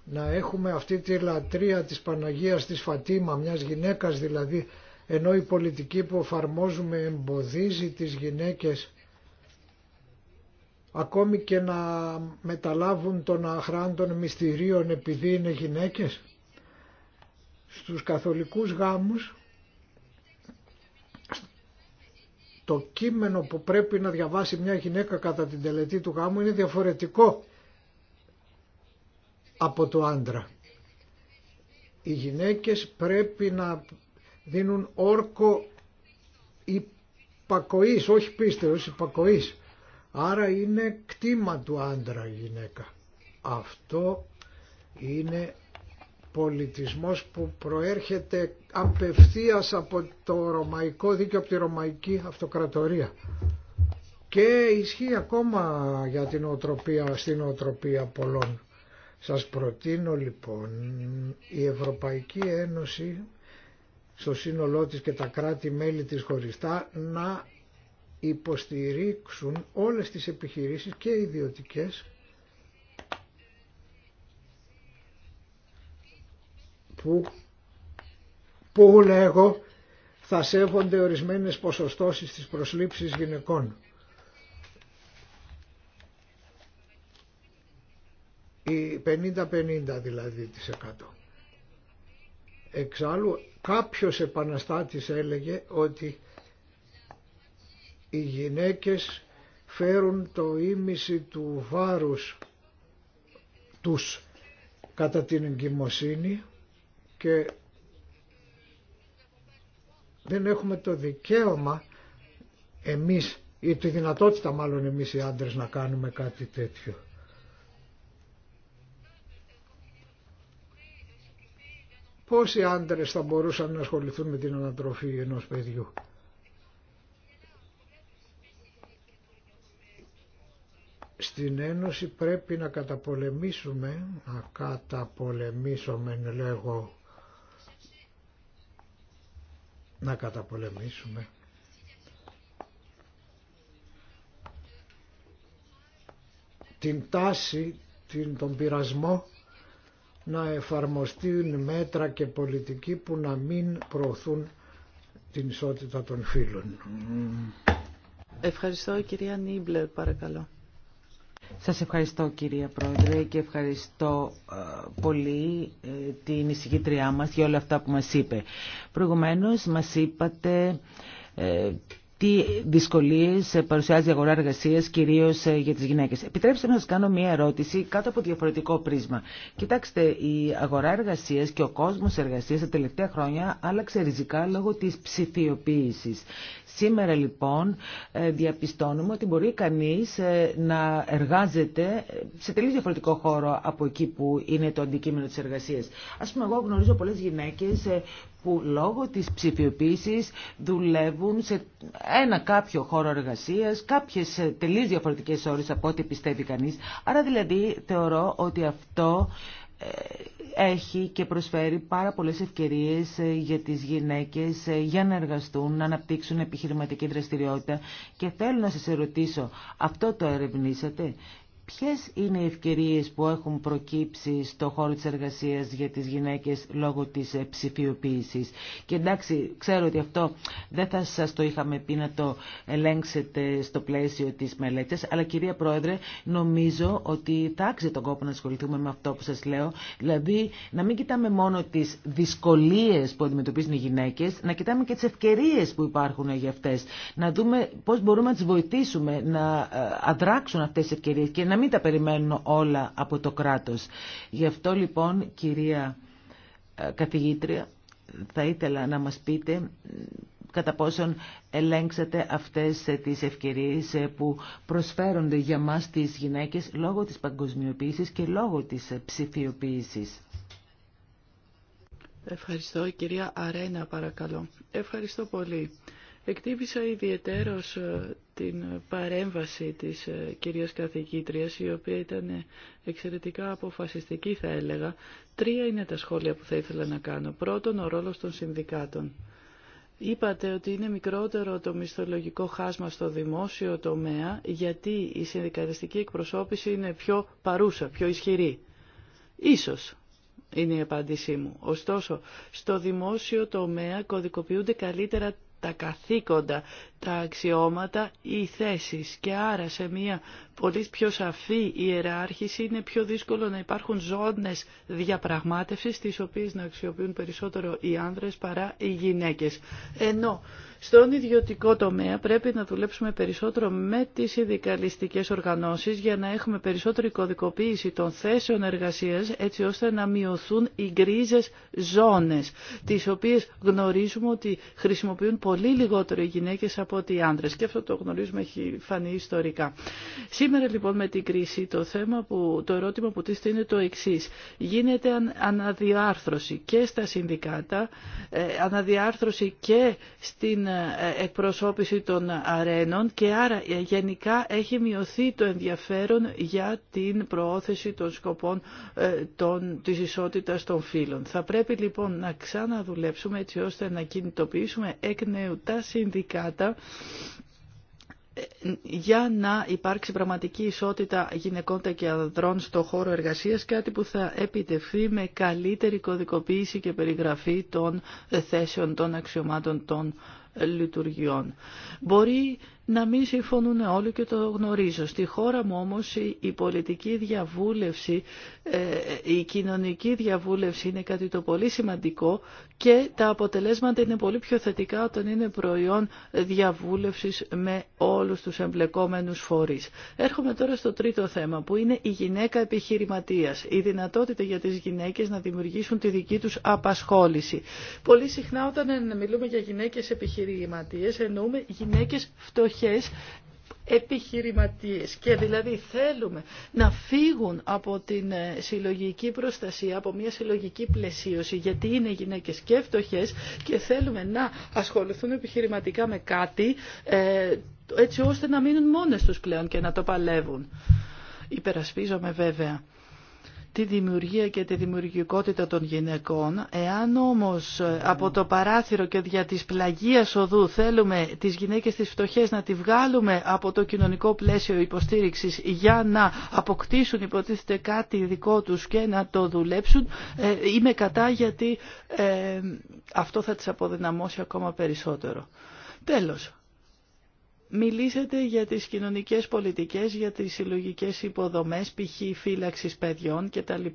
να έχουμε αυτή τη λατρεία της Παναγίας της Φατίμα, μιας γυναίκας δηλαδή, ενώ η πολιτική που εφαρμόζουμε εμποδίζει τις γυναίκες ακόμη και να μεταλάβουν των αχράντων μυστηρίων επειδή είναι γυναίκες. Στους καθολικούς γάμους το κείμενο που πρέπει να διαβάσει μια γυναίκα κατά την τελετή του γάμου είναι διαφορετικό από το άντρα. Οι γυναίκες πρέπει να δίνουν όρκο υπακοής, όχι πίστεως, υπακοής. Άρα είναι κτήμα του άντρα η γυναίκα. Αυτό είναι πολιτισμός που προέρχεται απευθείας από το ρωμαϊκό δίκαιο, από τη ρωμαϊκή αυτοκρατορία. Και ισχύει ακόμα για την οτροπία, στην οτροπία πολλών. Σας προτείνω λοιπόν η Ευρωπαϊκή Ένωση στο σύνολό της και τα κράτη-μέλη της χωριστά να υποστηρίξουν όλες τις επιχειρήσεις και ιδιωτικές που, που λέγω θα σέβονται ορισμένες ποσοστώσεις της προσλήψης γυναικών. Οι 50-50 δηλαδή της 100. Εξάλλου κάποιος επαναστάτης έλεγε ότι οι γυναίκες φέρουν το ίμιση του βάρους τους κατά την εγκυμοσύνη και δεν έχουμε το δικαίωμα εμείς ή τη δυνατότητα μάλλον εμείς οι άντρες να κάνουμε κάτι τέτοιο. Πόσοι άντρες θα μπορούσαν να ασχοληθούν με την ανατροφή ενός παιδιού. Στην Ένωση πρέπει να καταπολεμήσουμε, να καταπολεμήσουμε λέγω να καταπολεμήσουμε την τάση, την, τον πειρασμό να εφαρμοστούν μέτρα και πολιτική που να μην προωθούν την ισότητα των φύλων. Ευχαριστώ κυρία Νίμπλερ παρακαλώ. Σας ευχαριστώ κυρία Πρόεδρε και ευχαριστώ ε, πολύ ε, την εισηγήτριά μας για όλα αυτά που μας είπε. Προηγουμένως μας είπατε ε, τι δυσκολίες παρουσιάζει η αγορά εργασία κυρίως ε, για τις γυναίκες. Επιτρέψτε να σας κάνω μία ερώτηση κάτω από διαφορετικό πρίσμα. Κοιτάξτε, η αγορά εργασίας και ο κόσμος εργασίας τα τελευταία χρόνια άλλαξε ριζικά λόγω της ψηφιοποίησης. Σήμερα λοιπόν ε, διαπιστώνουμε ότι μπορεί κανείς ε, να εργάζεται σε τελείως διαφορετικό χώρο από εκεί που είναι το αντικείμενο της εργασίας. Ας πούμε εγώ γνωρίζω πολλές γυναίκες που λόγω της ψηφιοποίησης δουλεύουν σε ένα κάποιο χώρο εργασίας, κάποιες ε, τελείως διαφορετικές ώρες από ό,τι πιστεύει κανείς. Άρα δηλαδή θεωρώ ότι αυτό ε, έχει και προσφέρει πάρα πολλές ευκαιρίες ε, για τις γυναίκες για να εργαστούν, να αναπτύξουν επιχειρηματική δραστηριότητα και θέλω να σας ερωτήσω, αυτό το ερευνήσατε Ποιες είναι οι ευκαιρίες που έχουν προκύψει στο χώρο της εργασίας για τις γυναίκες λόγω της ε, ψηφιοποίησης. Και εντάξει, ξέρω ότι αυτό δεν θα σας το είχαμε πει να το ελέγξετε στο πλαίσιο της μελέτης, αλλά κυρία Πρόεδρε, νομίζω ότι θα άξιζε τον κόπο να ασχοληθούμε με αυτό που σας λέω, δηλαδή να μην κοιτάμε μόνο τις δυσκολίες που αντιμετωπίζουν οι γυναίκες, να κοιτάμε και τις ευκαιρίες που υπάρχουν για αυτές, να δούμε πώς μπορούμε να τις βοηθήσουμε να ε, αδράξουν αυτές τις ευκαιρίες να μην τα περιμένουν όλα από το κράτος. Γι' αυτό λοιπόν κυρία ε, καθηγήτρια θα ήθελα να μας πείτε κατά πόσον ελέγξατε αυτές ε, τις ευκαιρίες ε, που προσφέρονται για μας τις γυναίκες λόγω της παγκοσμιοποίησης και λόγω της ψηφιοποίησης. Ευχαριστώ. κυρία Αρένα παρακαλώ. Ευχαριστώ πολύ. Εκτύπησα ιδιαιτέρως ε, την παρέμβαση της ε, κυρίας καθηγήτριας, η οποία ήταν εξαιρετικά αποφασιστική θα έλεγα. Τρία είναι τα σχόλια που θα ήθελα να κάνω. Πρώτον, ο ρόλος των συνδικάτων. Είπατε ότι είναι μικρότερο το μισθολογικό χάσμα στο δημόσιο τομέα, γιατί η συνδικαλιστική εκπροσώπηση είναι πιο παρούσα, πιο ισχυρή. Ίσως, είναι η απάντησή μου. Ωστόσο, στο δημόσιο τομέα κωδικοποιούνται καλύτερα τα καθήκοντα, τα αξιώματα ή θέσεις και άρα σε μια πολύ πιο σαφή η ιεράρχηση, είναι πιο δύσκολο να υπάρχουν ζώνες διαπραγμάτευσης τις οποίες να αξιοποιούν περισσότερο οι άνδρες παρά οι γυναίκες. Ενώ στον ιδιωτικό τομέα πρέπει να δουλέψουμε περισσότερο με τις ειδικαλιστικές οργανώσεις για να έχουμε περισσότερη κωδικοποίηση των θέσεων εργασίας έτσι ώστε να μειωθούν οι γκρίζες ζώνες τις οποίες γνωρίζουμε ότι χρησιμοποιούν πολύ λιγότερο οι γυναίκες από ότι οι άνδρες και αυτό το γνωρίζουμε έχει φανεί ιστορικά. Σήμερα λοιπόν με την κρίση το, θέμα που, το ερώτημα που τίστε είναι το εξής. Γίνεται αναδιάρθρωση και στα συνδικάτα, ε, αναδιάρθρωση και στην ε, εκπροσώπηση των αρένων και άρα ε, γενικά έχει μειωθεί το ενδιαφέρον για την προώθηση των σκοπών των, της ισότητας των φύλων. Θα πρέπει λοιπόν να ξαναδουλέψουμε έτσι ώστε να κινητοποιήσουμε εκ νέου τα συνδικάτα για να υπάρξει πραγματική ισότητα γυναικών και ανδρών στο χώρο εργασίας, κάτι που θα επιτευχθεί με καλύτερη κωδικοποίηση και περιγραφή των θέσεων των αξιωμάτων των λειτουργιών. Μπορεί να μην συμφωνούν όλοι και το γνωρίζω. Στη χώρα μου όμως η πολιτική διαβούλευση, ε, η κοινωνική διαβούλευση είναι κάτι το πολύ σημαντικό και τα αποτελέσματα είναι πολύ πιο θετικά όταν είναι προϊόν διαβούλευσης με όλους τους εμπλεκόμενους φορείς. Έρχομαι τώρα στο τρίτο θέμα που είναι η γυναίκα επιχειρηματίας, η δυνατότητα για τις γυναίκες να δημιουργήσουν τη δική τους απασχόληση. Πολύ συχνά όταν μιλούμε για γυναίκες επιχειρηματίες εννοούμε γυναίκες φτωχές περιοχές επιχειρηματίες και δηλαδή θέλουμε να φύγουν από την ε, συλλογική προστασία, από μια συλλογική πλαισίωση γιατί είναι γυναίκες και φτωχές και θέλουμε να ασχοληθούν επιχειρηματικά με κάτι ε, έτσι ώστε να μείνουν μόνες τους πλέον και να το παλεύουν. Υπερασπίζομαι βέβαια τη δημιουργία και τη δημιουργικότητα των γυναικών. Εάν όμως ε, από το παράθυρο και δια της πλαγίας οδού θέλουμε τις γυναίκες τις φτωχές να τη βγάλουμε από το κοινωνικό πλαίσιο υποστήριξης για να αποκτήσουν υποτίθεται κάτι δικό τους και να το δουλέψουν, ε, είμαι κατά γιατί ε, αυτό θα τις αποδυναμώσει ακόμα περισσότερο. Τέλος, Μιλήσατε για τις κοινωνικές πολιτικές, για τις συλλογικές υποδομές, π.χ. φύλαξη παιδιών κτλ.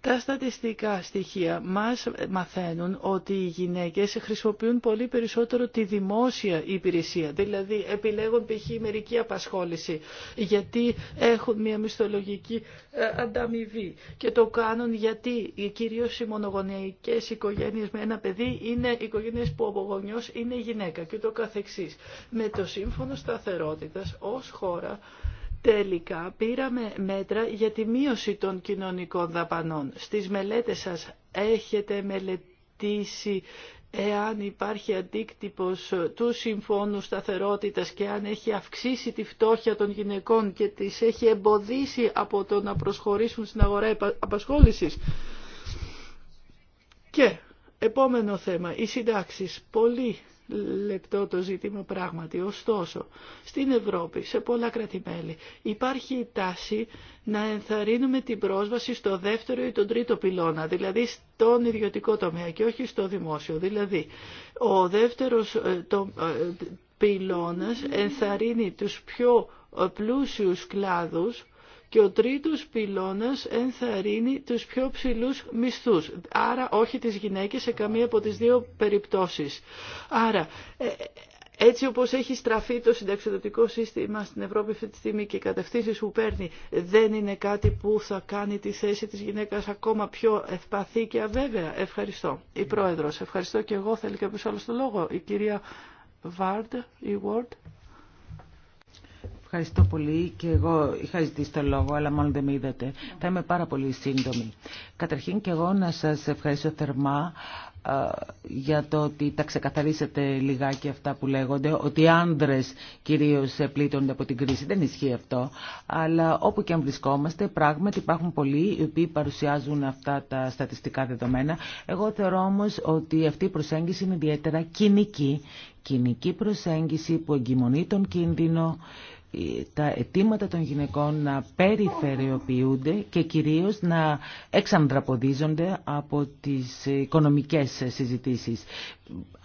Τα στατιστικά στοιχεία μας μαθαίνουν ότι οι γυναίκες χρησιμοποιούν πολύ περισσότερο τη δημόσια υπηρεσία. Δηλαδή επιλέγουν π.χ. μερική απασχόληση γιατί έχουν μια μισθολογική ε, ανταμοιβή και το κάνουν γιατί κυρίως οι μονογονεϊκές οικογένειες με ένα παιδί είναι οικογένειες που ο είναι γυναίκα και το καθεξής. Με το σύμφωνο Σταθερότητας ως χώρα τελικά πήραμε μέτρα για τη μείωση των κοινωνικών δαπανών. Στις μελέτες σας έχετε μελετήσει εάν υπάρχει αντίκτυπος του Συμφώνου Σταθερότητας και αν έχει αυξήσει τη φτώχεια των γυναικών και τις έχει εμποδίσει από το να προσχωρήσουν στην αγορά απασχόλησης. Και επόμενο θέμα, οι συντάξει. Πολλοί λεπτό το ζήτημα πράγματι. Ωστόσο, στην Ευρώπη, σε πολλά κρατημέλη, υπάρχει η τάση να ενθαρρύνουμε την πρόσβαση στο δεύτερο ή τον τρίτο πυλώνα, δηλαδή στον ιδιωτικό τομέα και όχι στο δημόσιο. Δηλαδή, ο δεύτερος ε, το, ε, πυλώνας ενθαρρύνει τους πιο πλούσιους κλάδους και ο τρίτος πυλώνας ενθαρρύνει τους πιο ψηλούς μισθούς. Άρα όχι τις γυναίκες σε καμία από τις δύο περιπτώσεις. Άρα ε, έτσι όπως έχει στραφεί το συνταξιδοτικό σύστημα στην Ευρώπη αυτή τη στιγμή και οι κατευθύνσεις που παίρνει δεν είναι κάτι που θα κάνει τη θέση της γυναίκας ακόμα πιο ευπαθή και αβέβαια. Ευχαριστώ. Η Πρόεδρος, ευχαριστώ και εγώ. Θέλει κάποιος άλλος το λόγο. Η κυρία Βάρντ, η Ευχαριστώ πολύ και εγώ είχα ζητήσει το λόγο, αλλά μάλλον δεν με είδατε. Θα είμαι πάρα πολύ σύντομη. Καταρχήν και εγώ να σας ευχαριστώ θερμά για το ότι τα ξεκαθαρίσατε λιγάκι αυτά που λέγονται, ότι οι άντρες κυρίως πλήττονται από την κρίση. Δεν ισχύει αυτό. Αλλά όπου και αν βρισκόμαστε, πράγματι υπάρχουν πολλοί οι οποίοι παρουσιάζουν αυτά τα στατιστικά δεδομένα. Εγώ θεωρώ όμως ότι αυτή η προσέγγιση είναι ιδιαίτερα κοινική. Κοινική προσέγγιση που εγκυμονεί τον κίνδυνο ε, τα αιτήματα των γυναικών να περιφερειοποιούνται και κυρίως να εξανδραποδίζονται από τις οικονομικές συζητήσεις.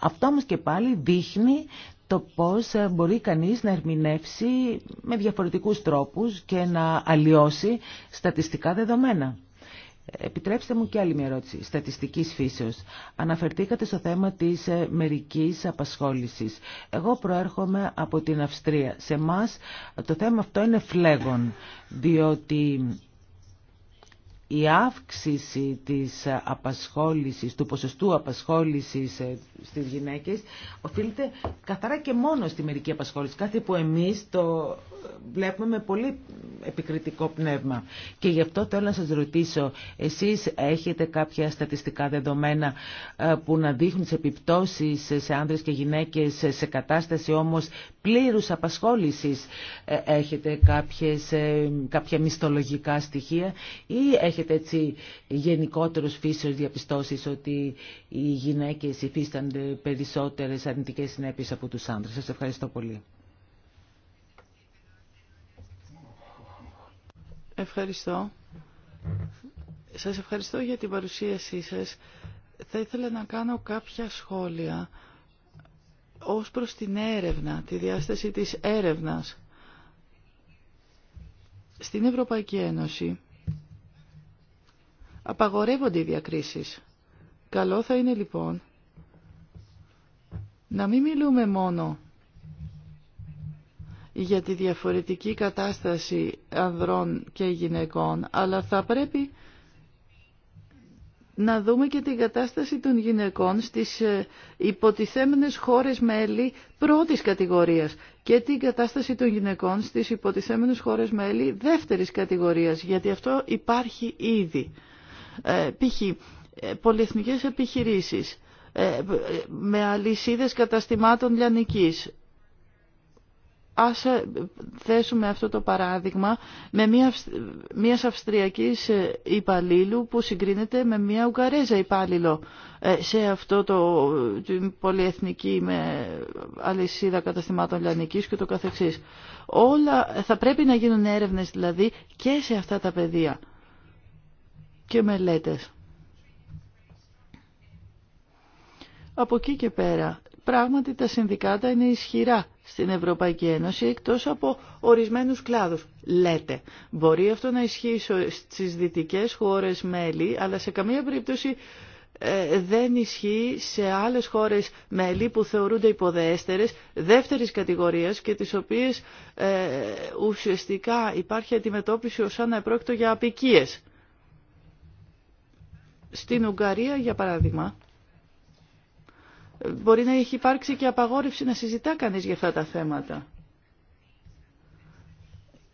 Αυτό όμως και πάλι δείχνει το πώς μπορεί κανείς να ερμηνεύσει με διαφορετικούς τρόπους και να αλλοιώσει στατιστικά δεδομένα. Επιτρέψτε μου και άλλη μια ερώτηση, στατιστικής φύσεως. Αναφερθήκατε στο θέμα της ε, μερικής απασχόλησης. Εγώ προέρχομαι από την Αυστρία. Σε εμά το θέμα αυτό είναι φλέγον, διότι η αύξηση της απασχόλησης, του ποσοστού απασχόλησης ε, στις γυναίκες οφείλεται καθαρά και μόνο στη μερική απασχόληση. Κάτι που εμείς το βλέπουμε με πολύ επικριτικό πνεύμα. Και γι' αυτό θέλω να σας ρωτήσω, εσείς έχετε κάποια στατιστικά δεδομένα ε, που να δείχνουν τις επιπτώσεις σε άνδρες και γυναίκες σε κατάσταση όμως πλήρους απασχόλησης. Ε, έχετε κάποιες, ε, κάποια μισθολογικά στοιχεία ή έχετε έτσι γενικότερους φύσεως διαπιστώσεις ότι οι γυναίκες υφίστανται περισσότερες αρνητικές συνέπειες από τους άνδρες. Σας ευχαριστώ πολύ. Ευχαριστώ. Σας ευχαριστώ για την παρουσίασή σας. Θα ήθελα να κάνω κάποια σχόλια ως προς την έρευνα, τη διάσταση της έρευνας. Στην Ευρωπαϊκή Ένωση απαγορεύονται οι διακρίσεις. Καλό θα είναι λοιπόν να μην μιλούμε μόνο για τη διαφορετική κατάσταση ανδρών και γυναικών, αλλά θα πρέπει να δούμε και την κατάσταση των γυναικών στις ε, υποτιθέμενες χώρες μέλη πρώτης κατηγορίας και την κατάσταση των γυναικών στις υποτιθέμενες χώρες μέλη δεύτερης κατηγορίας, γιατί αυτό υπάρχει ήδη. Ε, π.χ. Ε, πολυεθνικές επιχειρήσεις, ε, με αλυσίδες καταστημάτων λιανικής, ας ε, θέσουμε αυτό το παράδειγμα με μια, μιας αυστριακής ε, υπαλλήλου που συγκρίνεται με μια Ουγγαρέζα υπάλληλο ε, σε αυτό το την πολυεθνική με αλυσίδα καταστημάτων λιανικής και το καθεξής. Όλα θα πρέπει να γίνουν έρευνες δηλαδή και σε αυτά τα πεδία και μελέτες. Από εκεί και πέρα Πράγματι τα συνδικάτα είναι ισχυρά στην Ευρωπαϊκή Ένωση εκτός από ορισμένους κλάδους. Λέτε, μπορεί αυτό να ισχύει στις δυτικές χώρες μέλη, αλλά σε καμία περίπτωση ε, δεν ισχύει σε άλλες χώρες μέλη που θεωρούνται υποδέστερες δεύτερης κατηγορίας και τις οποίες ε, ουσιαστικά υπάρχει αντιμετώπιση ως αν επρόκειτο για απικίες. Στην Ουγγαρία, για παράδειγμα, μπορεί να έχει υπάρξει και απαγόρευση να συζητά κανείς για αυτά τα θέματα.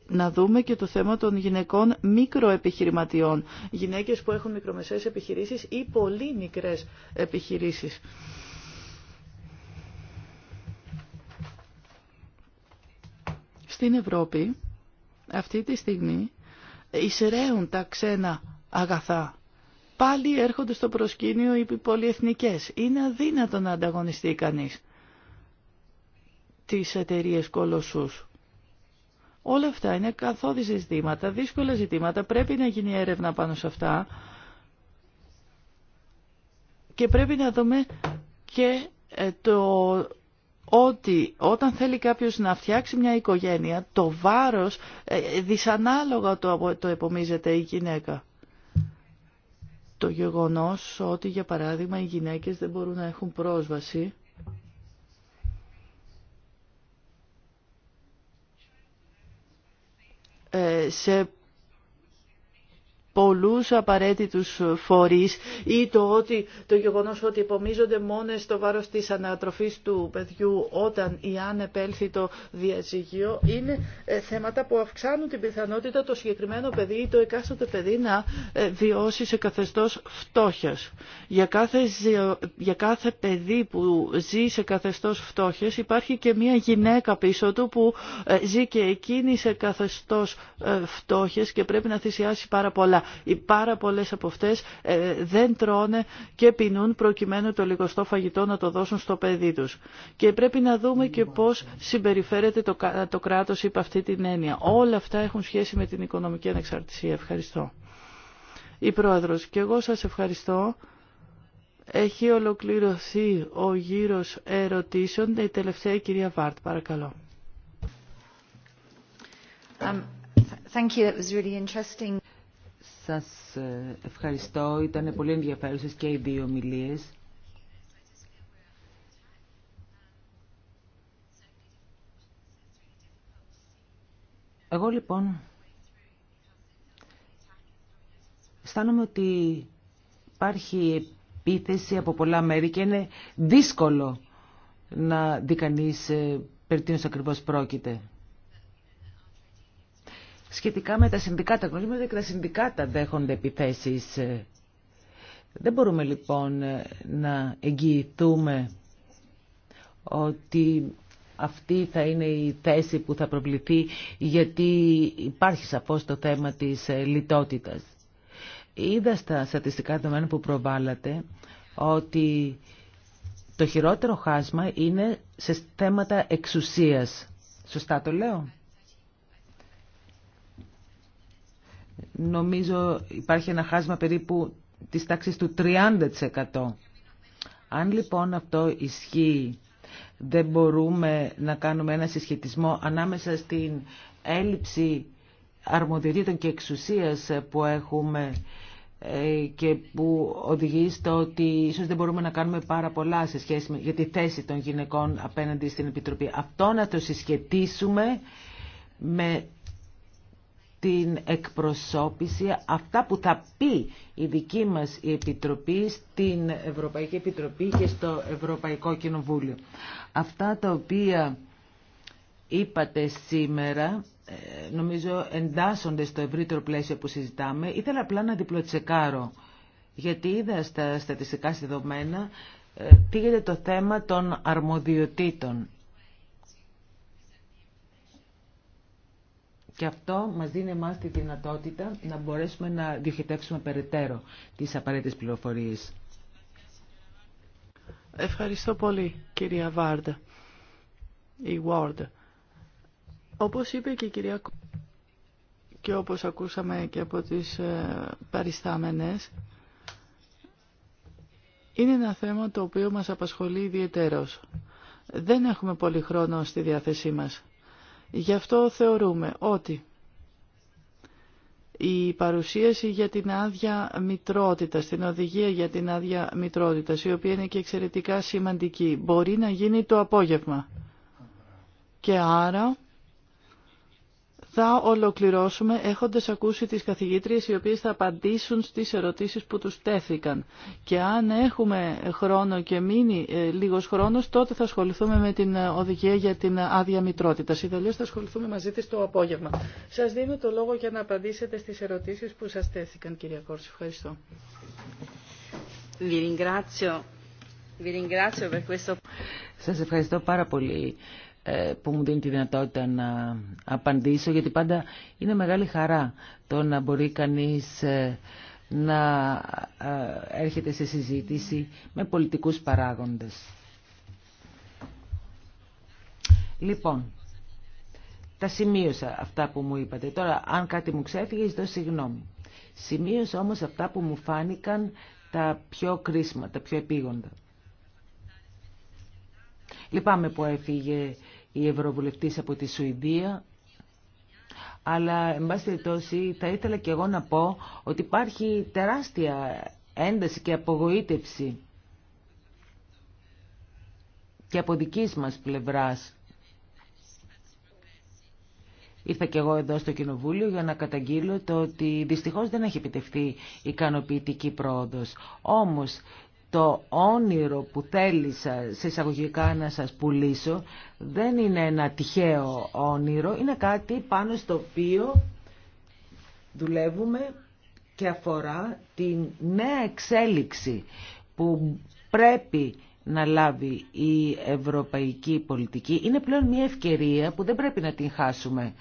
Να δούμε και το θέμα των γυναικών μικροεπιχειρηματιών. Γυναίκες που έχουν μικρομεσαίες επιχειρήσεις ή πολύ μικρές επιχειρήσεις. Στην Ευρώπη αυτή τη στιγμή εισραίουν τα ξένα αγαθά πάλι έρχονται στο προσκήνιο οι πολυεθνικές. Είναι αδύνατο να ανταγωνιστεί κανείς τις εταιρείε κολοσσούς. Όλα αυτά είναι καθόδη ζητήματα, δύσκολα ζητήματα, πρέπει να γίνει έρευνα πάνω σε αυτά και πρέπει να δούμε και ε, το ότι όταν θέλει κάποιος να φτιάξει μια οικογένεια, το βάρος ε, ε, δυσανάλογα το, το επομίζεται η γυναίκα το γεγονός ότι, για παράδειγμα, οι γυναίκες δεν μπορούν να έχουν πρόσβαση ε, σε πολλούς απαραίτητους φορείς ή το, ότι, το γεγονός ότι υπομίζονται μονο στο βάρος της ανατροφής του παιδιού όταν ή αν επέλθει το διαζυγείο είναι ε, θέματα που αυξάνουν την πιθανότητα το συγκεκριμένο παιδί ή το εκάστοτε παιδί να ε, βιώσει σε καθεστώς φτώχειας. Για κάθε, για κάθε παιδί που ζει σε καθεστώς φτώχειας υπάρχει και μια γυναίκα πίσω του που ε, ζει και εκείνη σε καθεστώς φτώχειας και πρέπει να θυσιάσει πάρα πολλά. Οι πάρα πολλές από αυτές ε, δεν τρώνε και πεινούν προκειμένου το λιγοστό φαγητό να το δώσουν στο παιδί τους. Και πρέπει να δούμε και πώς συμπεριφέρεται το, το κράτος υπ' αυτή την έννοια. Όλα αυτά έχουν σχέση με την οικονομική ανεξαρτησία. Ευχαριστώ. Η Πρόεδρος, και εγώ σας ευχαριστώ. Έχει ολοκληρωθεί ο γύρος ερωτήσεων. Η τελευταία κυρία Βάρτ, παρακαλώ. Um, σας ε, ευχαριστώ. Ήταν πολύ ενδιαφέρουσες και οι δύο ομιλίες. Εγώ λοιπόν αισθάνομαι ότι υπάρχει επίθεση από πολλά μέρη και είναι δύσκολο να δει κανείς ε, περί τίνος ακριβώς πρόκειται σχετικά με τα συνδικάτα. Γνωρίζουμε ότι τα συνδικάτα δέχονται επιθέσεις. Ε, δεν μπορούμε λοιπόν ε, να εγγυηθούμε ότι αυτή θα είναι η θέση που θα προβληθεί γιατί υπάρχει σαφώς το θέμα της ε, λιτότητας. Είδα στα στατιστικά δεδομένα που προβάλλατε ότι το χειρότερο χάσμα είναι σε θέματα εξουσίας. Σωστά το λέω. νομίζω υπάρχει ένα χάσμα περίπου της τάξης του 30%. Αν λοιπόν αυτό ισχύει, δεν μπορούμε να κάνουμε ένα συσχετισμό ανάμεσα στην έλλειψη αρμοδιοτήτων και εξουσίας που έχουμε ε, και που οδηγεί στο ότι ίσως δεν μπορούμε να κάνουμε πάρα πολλά σε σχέση με, για τη θέση των γυναικών απέναντι στην Επιτροπή. Αυτό να το συσχετίσουμε με την εκπροσώπηση, αυτά που θα πει η δική μας η Επιτροπή στην Ευρωπαϊκή Επιτροπή και στο Ευρωπαϊκό Κοινοβούλιο. Αυτά τα οποία είπατε σήμερα ε, νομίζω εντάσσονται στο ευρύτερο πλαίσιο που συζητάμε. Ήθελα απλά να διπλοτσεκάρω, γιατί είδα στα στατιστικά δεδομένα ε, τι το θέμα των αρμοδιοτήτων. Και αυτό μας δίνει εμάς τη δυνατότητα να μπορέσουμε να διοχετεύσουμε περαιτέρω τις απαραίτητες πληροφορίες. Ευχαριστώ πολύ, κυρία Βάρντ Η Ward. Όπως είπε και η κυρία και όπως ακούσαμε και από τις ε, παριστάμενες, είναι ένα θέμα το οποίο μας απασχολεί ιδιαίτερος. Δεν έχουμε πολύ χρόνο στη διάθεσή μας. Γι' αυτό θεωρούμε ότι η παρουσίαση για την άδεια μητρότητα, την οδηγία για την άδεια μητρότητα, η οποία είναι και εξαιρετικά σημαντική, μπορεί να γίνει το απόγευμα. Και άρα θα ολοκληρώσουμε έχοντας ακούσει τις καθηγήτριες οι οποίες θα απαντήσουν στις ερωτήσεις που τους τέθηκαν. Και αν έχουμε χρόνο και μείνει ε, λίγος χρόνος, τότε θα ασχοληθούμε με την ε, οδηγία για την ε, άδεια μητρότητα. Ιδαλλιώς θα ασχοληθούμε μαζί της το απόγευμα. Σας δίνω το λόγο για να απαντήσετε στις ερωτήσεις που σας τέθηκαν, κυρία Κόρση. Ευχαριστώ. Σας ευχαριστώ πάρα πολύ ε, που μου δίνει τη δυνατότητα να απαντήσω γιατί πάντα είναι μεγάλη χαρά το να μπορεί κανείς ε, να ε, έρχεται σε συζήτηση με πολιτικούς παράγοντες. Λοιπόν, τα σημείωσα αυτά που μου είπατε. Τώρα, αν κάτι μου ξέφυγε, ζητώ συγγνώμη. Σημείωσα όμως αυτά που μου φάνηκαν τα πιο κρίσιμα, τα πιο επίγοντα. Λυπάμαι που έφυγε η Ευρωβουλευτής από τη Σουηδία. Αλλά, εν πάση περιπτώσει, θα ήθελα και εγώ να πω ότι υπάρχει τεράστια ένταση και απογοήτευση και από δική μας πλευράς. Ήρθα και εγώ εδώ στο Κοινοβούλιο για να καταγγείλω το ότι δυστυχώς δεν έχει επιτευχθεί ικανοποιητική πρόοδος. Όμως το όνειρο που θέλησα ε, σε εισαγωγικά να σας πουλήσω δεν είναι ένα τυχαίο όνειρο, είναι κάτι πάνω στο οποίο δουλεύουμε και αφορά την νέα εξέλιξη που πρέπει να λάβει η ευρωπαϊκή πολιτική. Είναι πλέον μια ευκαιρία που δεν πρέπει να την χάσουμε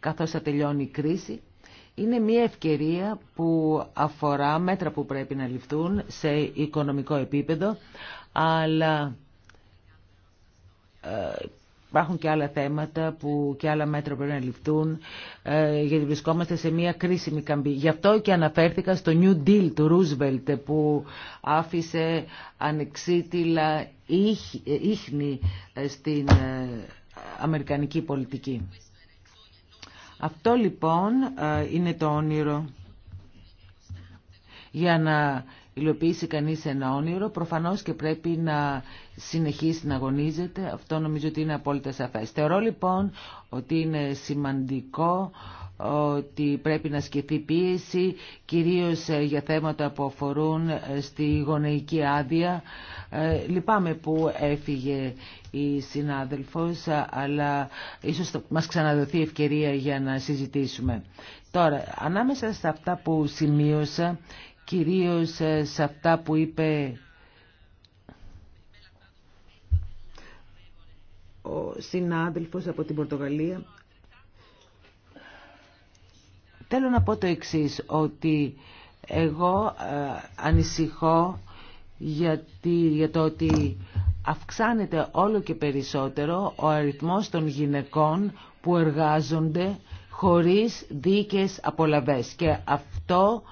καθώς θα τελειώνει η κρίση είναι μια ευκαιρία που αφορά μέτρα που πρέπει να ληφθούν σε οικονομικό επίπεδο, αλλά ε, υπάρχουν και άλλα θέματα που και άλλα μέτρα πρέπει να ληφθούν, ε, γιατί βρισκόμαστε σε μια κρίσιμη καμπή. Γι' αυτό και αναφέρθηκα στο New Deal του Ρούσβελτ που άφησε ανεξίτηλα ε, ίχνη στην αμερικανική πολιτική. Αυτό λοιπόν ε, είναι το όνειρο. Για να υλοποιήσει κανείς ένα όνειρο, προφανώς και πρέπει να συνεχίσει να αγωνίζεται. Αυτό νομίζω ότι είναι απόλυτα σαφές. Θεωρώ λοιπόν ότι είναι σημαντικό ότι πρέπει να σκεφτεί πίεση κυρίως ε, για θέματα που αφορούν ε, στη γονεϊκή άδεια. Ε, λυπάμαι που έφυγε η συνάδελφος, αλλά ίσως μας ξαναδοθεί ευκαιρία για να συζητήσουμε. Τώρα, ανάμεσα σε αυτά που σημείωσα, κυρίως σε αυτά που είπε ο συνάδελφος από την Πορτογαλία, Θέλω να πω το εξής, ότι εγώ ε, ανησυχώ για το ότι αυξάνεται όλο και περισσότερο ο αριθμός των γυναικών που εργάζονται χωρίς δίκες απολαβές. Και αυτό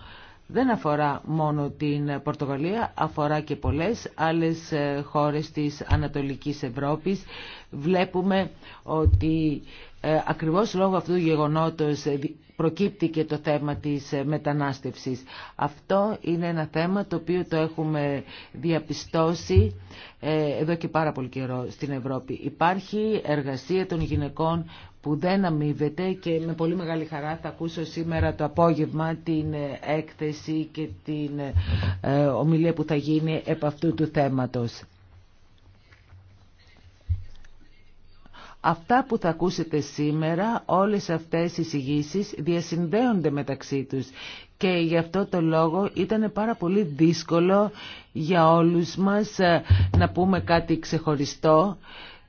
δεν αφορά μόνο την Πορτογαλία, αφορά και πολλές άλλες ε, χώρες της Ανατολικής Ευρώπης. Βλέπουμε ότι ε, ακριβώς λόγω αυτού του γεγονότος ε, προκύπτει και το θέμα της ε, μετανάστευσης. Αυτό είναι ένα θέμα το οποίο το έχουμε διαπιστώσει εδώ και πάρα πολύ καιρό στην Ευρώπη. Υπάρχει εργασία των γυναικών που δεν αμείβεται και με πολύ μεγάλη χαρά θα ακούσω σήμερα το απόγευμα την έκθεση και την ομιλία που θα γίνει επ' αυτού του θέματος. Αυτά που θα ακούσετε σήμερα, όλες αυτές οι συγγύσεις διασυνδέονται μεταξύ τους και γι' αυτό το λόγο ήταν πάρα πολύ δύσκολο για όλους μας ε, να πούμε κάτι ξεχωριστό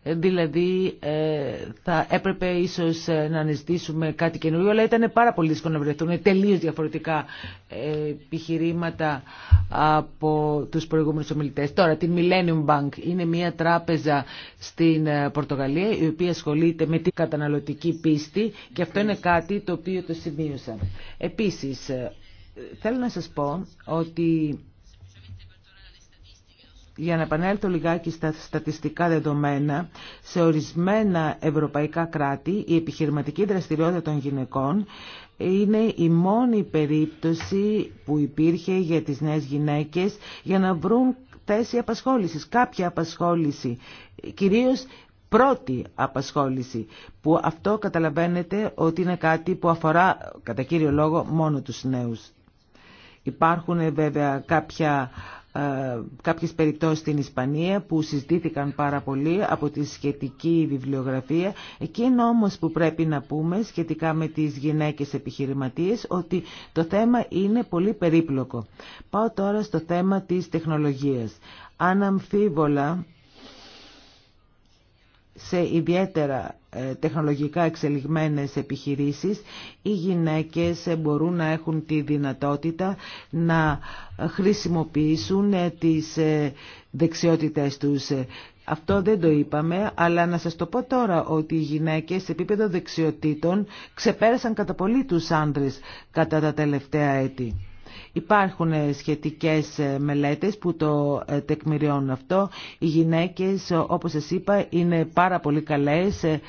Δηλαδή ε, θα έπρεπε ίσως ε, να αναζητήσουμε κάτι καινούριο, αλλά ήταν πάρα πολύ δύσκολο να βρεθούν τελείως διαφορετικά ε, επιχειρήματα από τους προηγούμενους ομιλητές. Τώρα, την Millennium Bank είναι μια τράπεζα στην Πορτογαλία, η οποία ασχολείται με την καταναλωτική πίστη και αυτό είναι κάτι το οποίο το σημείωσα. Επίσης, θέλω να σας πω ότι για να επανέλθω λιγάκι στα στατιστικά δεδομένα, σε ορισμένα ευρωπαϊκά κράτη η επιχειρηματική δραστηριότητα των γυναικών είναι η μόνη περίπτωση που υπήρχε για τις νέες γυναίκες για να βρουν θέση απασχόλησης, κάποια απασχόληση, κυρίως πρώτη απασχόληση, που αυτό καταλαβαίνετε ότι είναι κάτι που αφορά κατά κύριο λόγο μόνο τους νέους. Υπάρχουν βέβαια κάποια ε, κάποιες περιπτώσεις στην Ισπανία που συζητήθηκαν πάρα πολύ από τη σχετική βιβλιογραφία. Εκείνο όμως που πρέπει να πούμε σχετικά με τις γυναίκες επιχειρηματίες ότι το θέμα είναι πολύ περίπλοκο. Πάω τώρα στο θέμα της τεχνολογίας. Αναμφίβολα σε ιδιαίτερα ε, τεχνολογικά εξελιγμένες επιχειρήσεις οι γυναίκες μπορούν να έχουν τη δυνατότητα να χρησιμοποιήσουν ε, τις ε, δεξιότητες τους. Αυτό δεν το είπαμε, αλλά να σας το πω τώρα ότι οι γυναίκες σε επίπεδο δεξιοτήτων ξεπέρασαν κατά πολύ τους άντρες κατά τα τελευταία έτη. Υπάρχουν ε, σχετικές ε, μελέτες που το ε, τεκμηριώνουν αυτό. Οι γυναίκες, όπως σας είπα, είναι πάρα πολύ καλές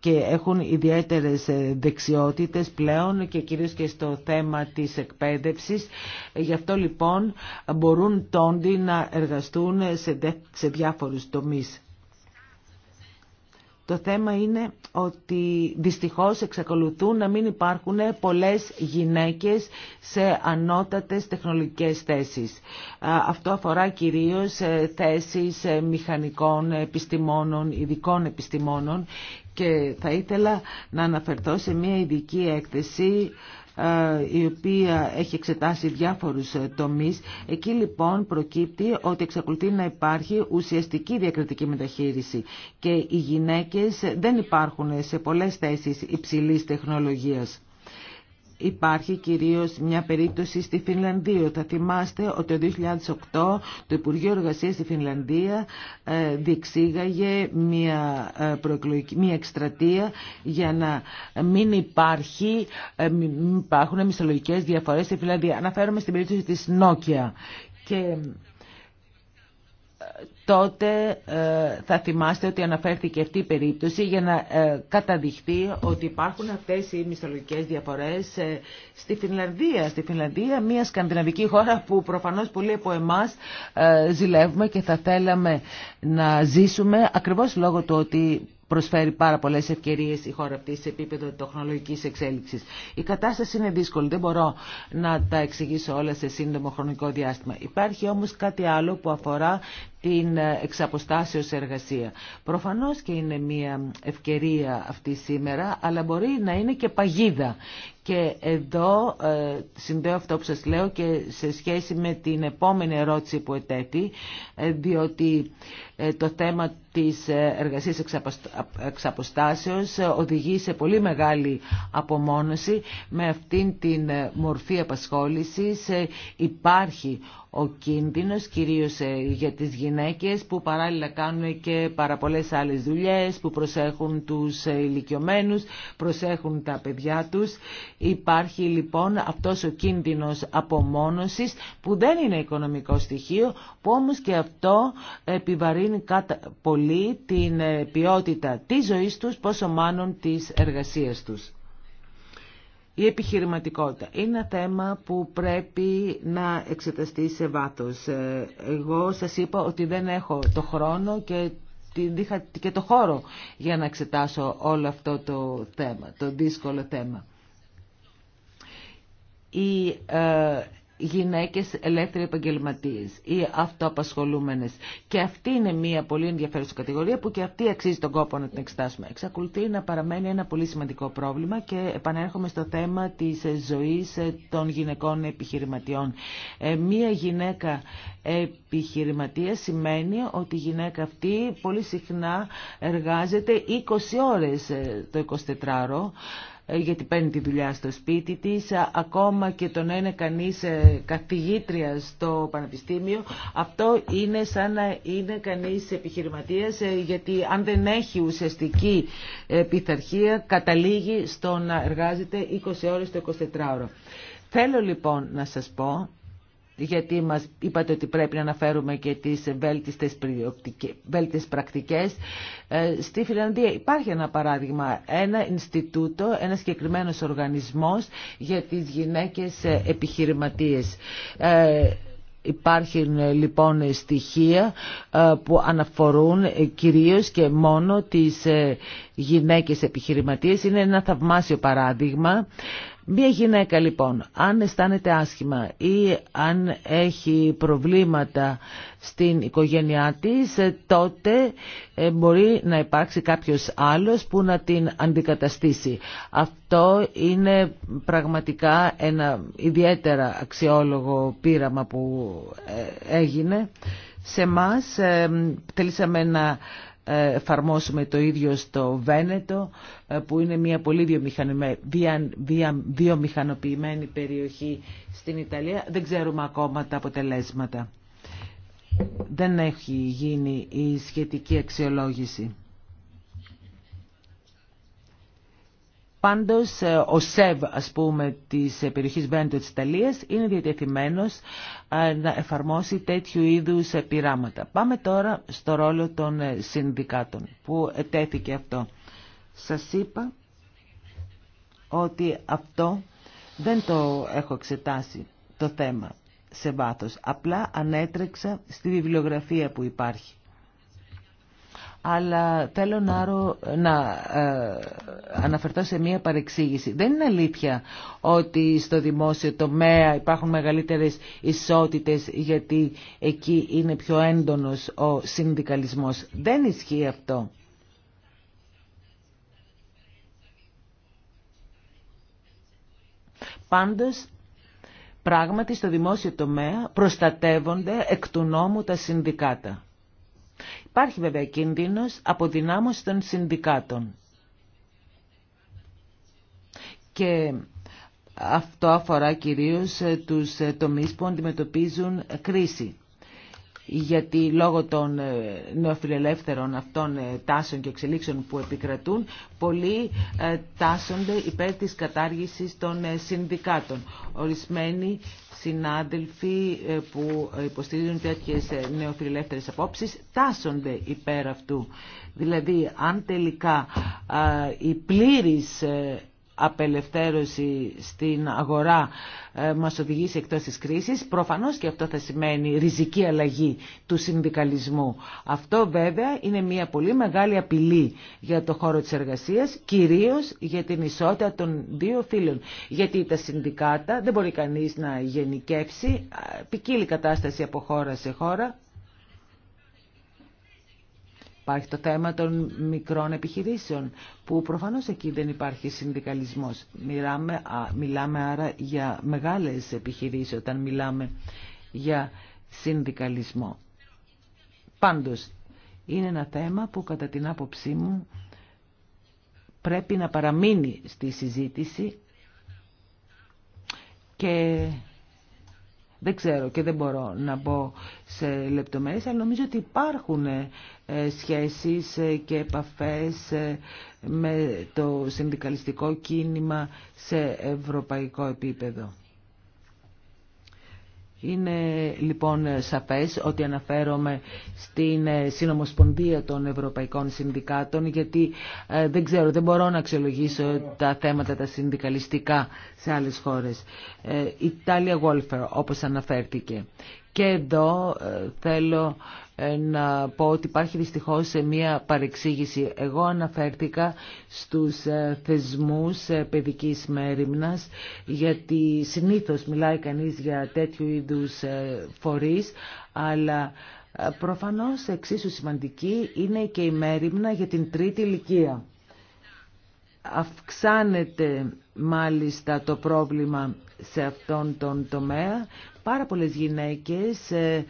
και έχουν ιδιαίτερες δεξιότητες πλέον και κυρίως και στο θέμα της εκπαίδευσης. Γι' αυτό λοιπόν μπορούν τόντι να εργαστούν σε διάφορους τομείς. Το θέμα είναι ότι δυστυχώς εξακολουθούν να μην υπάρχουν πολλές γυναίκες σε ανώτατες τεχνολογικές θέσεις. Αυτό αφορά κυρίως ε, θέσεις ε, μηχανικών επιστημόνων, ειδικών επιστημόνων και θα ήθελα να αναφερθώ σε μια ειδική έκθεση ε, η οποία έχει εξετάσει διάφορους ε, τομείς. Εκεί λοιπόν προκύπτει ότι εξακολουθεί να υπάρχει ουσιαστική διακριτική μεταχείριση και οι γυναίκες δεν υπάρχουν σε πολλές θέσεις υψηλής τεχνολογίας. Υπάρχει κυρίως μια περίπτωση στη Φινλανδία. Θα θυμάστε ότι το 2008 το Υπουργείο Εργασίας στη Φινλανδία ε, διεξήγαγε μια, ε, μια εκστρατεία για να μην, υπάρχει, ε, μην υπάρχουν μισθολογικές διαφορές στη Φινλανδία. Αναφέρομαι στην περίπτωση της Νόκια. Και τότε ε, θα θυμάστε ότι αναφέρθηκε αυτή η περίπτωση για να ε, καταδειχθεί ότι υπάρχουν αυτές οι μισθολογικές διαφορές ε, στη Φινλανδία. Στη Φινλανδία, μια σκανδιναβική χώρα που προφανώς πολλοί από εμάς ζηλεύουμε και θα θέλαμε να ζήσουμε ακριβώς λόγω του ότι προσφέρει πάρα πολλέ ευκαιρίε η χώρα αυτή σε επίπεδο τεχνολογική εξέλιξη. Η κατάσταση είναι δύσκολη, δεν μπορώ να τα εξηγήσω όλα σε σύντομο χρονικό διάστημα. Υπάρχει όμω κάτι άλλο που αφορά την ε, εξαποστάσεως εργασία. Προφανώς και είναι μια ευκαιρία αυτή σήμερα, αλλά μπορεί να είναι και παγίδα. Και εδώ ε, συνδέω αυτό που σας λέω και σε σχέση με την επόμενη ερώτηση που ετέθη, ε, διότι ε, το θέμα της ε, εργασίας εξ αποστάσεως ε, οδηγεί σε πολύ μεγάλη απομόνωση. Με αυτήν την μορφή απασχόλησης υπάρχει ο κίνδυνος κυρίως για τις γυναίκες που παράλληλα κάνουν και πάρα πολλές άλλες δουλειές που προσέχουν τους ηλικιωμένου, προσέχουν τα παιδιά τους. Υπάρχει λοιπόν αυτός ο κίνδυνος απομόνωσης που δεν είναι οικονομικό στοιχείο που όμως και αυτό επιβαρύνει πολύ την ε, ποιότητα της ζωής τους, πόσο μάλλον της εργασίας τους. Η επιχειρηματικότητα είναι ένα θέμα που πρέπει να εξεταστεί σε βάθος. Ε, εγώ σας είπα ότι δεν έχω το χρόνο και και το χώρο για να εξετάσω όλο αυτό το θέμα, το δύσκολο θέμα. Η ε, γυναίκες ελεύθεροι επαγγελματίες ή αυτοαπασχολούμενες. Και αυτή είναι μια πολύ ενδιαφέρουσα κατηγορία που και αυτή αξίζει τον κόπο να την εξετάσουμε. Εξακολουθεί να παραμένει ένα πολύ σημαντικό πρόβλημα και επανέρχομαι στο θέμα της ζωής των γυναικών επιχειρηματιών. Ε, μια γυναίκα επιχειρηματία σημαίνει ότι η γυναίκα αυτή πολύ συχνά εργάζεται 20 ώρες ε, το 24ωρο ε, γιατί παίρνει τη δουλειά στο σπίτι της, ε, ακόμα και το να είναι κανείς ε, καθηγήτρια στο πανεπιστήμιο, αυτό είναι σαν να είναι κανείς επιχειρηματίας, γιατί αν δεν έχει ουσιαστική πειθαρχία, καταλήγει στο να εργάζεται 20 ώρες το 24ωρο. Θέλω λοιπόν να σας πω γιατί μας είπατε ότι πρέπει να αναφέρουμε και τις βέλτιστες, βέλτιστες πρακτικές. Ε, στη Φιλανδία υπάρχει ένα παράδειγμα, ένα Ινστιτούτο, ένα συγκεκριμένος οργανισμός για τις γυναίκες ε, επιχειρηματίες. Ε, υπάρχουν λοιπόν στοιχεία που αναφορούν κυρίως και μόνο τις γυναίκες επιχειρηματίες. Είναι ένα θαυμάσιο παράδειγμα Μία γυναίκα λοιπόν, αν αισθάνεται άσχημα ή αν έχει προβλήματα στην οικογένειά της, ε, τότε ε, μπορεί να υπάρξει κάποιος άλλος που να την αντικαταστήσει. Αυτό είναι πραγματικά ένα ιδιαίτερα αξιόλογο πείραμα που ε, έγινε. Σε μας θέλησαμε να ε, εφαρμόσουμε το ίδιο στο Βένετο ε, που είναι μια πολύ βιομηχανοποιημένη περιοχή στην Ιταλία. Δεν ξέρουμε ακόμα τα αποτελέσματα. Δεν έχει γίνει η σχετική αξιολόγηση. Πάντως ε, ο ΣΕΒ ας πούμε της περιοχής Βέντο της Ιταλίας είναι διατεθειμένος ε, να εφαρμόσει τέτοιου είδους ε, πειράματα. Πάμε τώρα στο ρόλο των συνδικάτων που ετέθηκε αυτό. Σας είπα ότι αυτό δεν το έχω εξετάσει το θέμα σε βάθος. Απλά ανέτρεξα στη βιβλιογραφία που υπάρχει αλλά θέλω να, να ε, αναφερθώ σε μία παρεξήγηση. Δεν είναι αλήθεια ότι στο δημόσιο τομέα υπάρχουν μεγαλύτερες ισότητες γιατί εκεί είναι πιο έντονος ο συνδικαλισμός. Δεν ισχύει αυτό. Πάντως, πράγματι στο δημόσιο τομέα προστατεύονται εκ του νόμου τα συνδικάτα. Υπάρχει βέβαια κίνδυνος αποδυνάμωση των συνδικάτων. Και αυτό αφορά κυρίως ε, τους ε, τομείς που αντιμετωπίζουν ε, κρίση. Γιατί λόγω των νεοφιλελεύθερων αυτών τάσεων και εξελίξεων που επικρατούν, πολλοί τάσσονται υπέρ της κατάργησης των συνδικάτων. Ορισμένοι συνάδελφοι ε, που υποστηρίζουν τέτοιες ε, νεοφιλελεύθερες απόψεις τάσσονται υπέρ αυτού. Δηλαδή, αν τελικά η πλήρης ε, απελευθέρωση στην αγορά ε, μας οδηγήσει εκτός της κρίσης, προφανώς και αυτό θα σημαίνει ριζική αλλαγή του συνδικαλισμού. Αυτό βέβαια είναι μια πολύ μεγάλη απειλή για το χώρο της εργασίας, κυρίως για την ισότητα των δύο φίλων. Γιατί τα συνδικάτα δεν μπορεί κανείς να γενικεύσει, ε, ποικίλει κατάσταση από χώρα σε χώρα, Υπάρχει το θέμα των μικρών επιχειρήσεων, που προφανώς εκεί δεν υπάρχει συνδικαλισμός. Μιλάμε, μιλάμε άρα για μεγάλες επιχειρήσεις όταν μιλάμε για συνδικαλισμό. Πάντως, είναι ένα θέμα που κατά την άποψή μου πρέπει να παραμείνει στη συζήτηση δεν ξέρω και δεν μπορώ να μπω σε λεπτομέρειες, αλλά νομίζω ότι υπάρχουν ε, σχέσεις ε, και επαφές ε, με το συνδικαλιστικό κίνημα σε ευρωπαϊκό επίπεδο. Είναι λοιπόν σαφές ότι αναφέρομαι στην ε, Συνομοσπονδία των Ευρωπαϊκών Συνδικάτων γιατί ε, δεν ξέρω, δεν μπορώ να αξιολογήσω τα θέματα τα συνδικαλιστικά σε άλλες χώρες. Ε, Italia Welfare όπως αναφέρθηκε. Και εδώ ε, θέλω ε, να πω ότι υπάρχει δυστυχώς σε μία παρεξήγηση. Εγώ αναφέρθηκα στους ε, θεσμούς ε, παιδικής μέρημνας γιατί συνήθως μιλάει κανείς για τέτοιου είδους φορείς αλλά προφανώς εξίσου σημαντική είναι και η μέρημνα για την τρίτη ηλικία. Αυξάνεται μάλιστα το πρόβλημα σε αυτόν τον τομέα. Πάρα πολλές γυναίκες ε,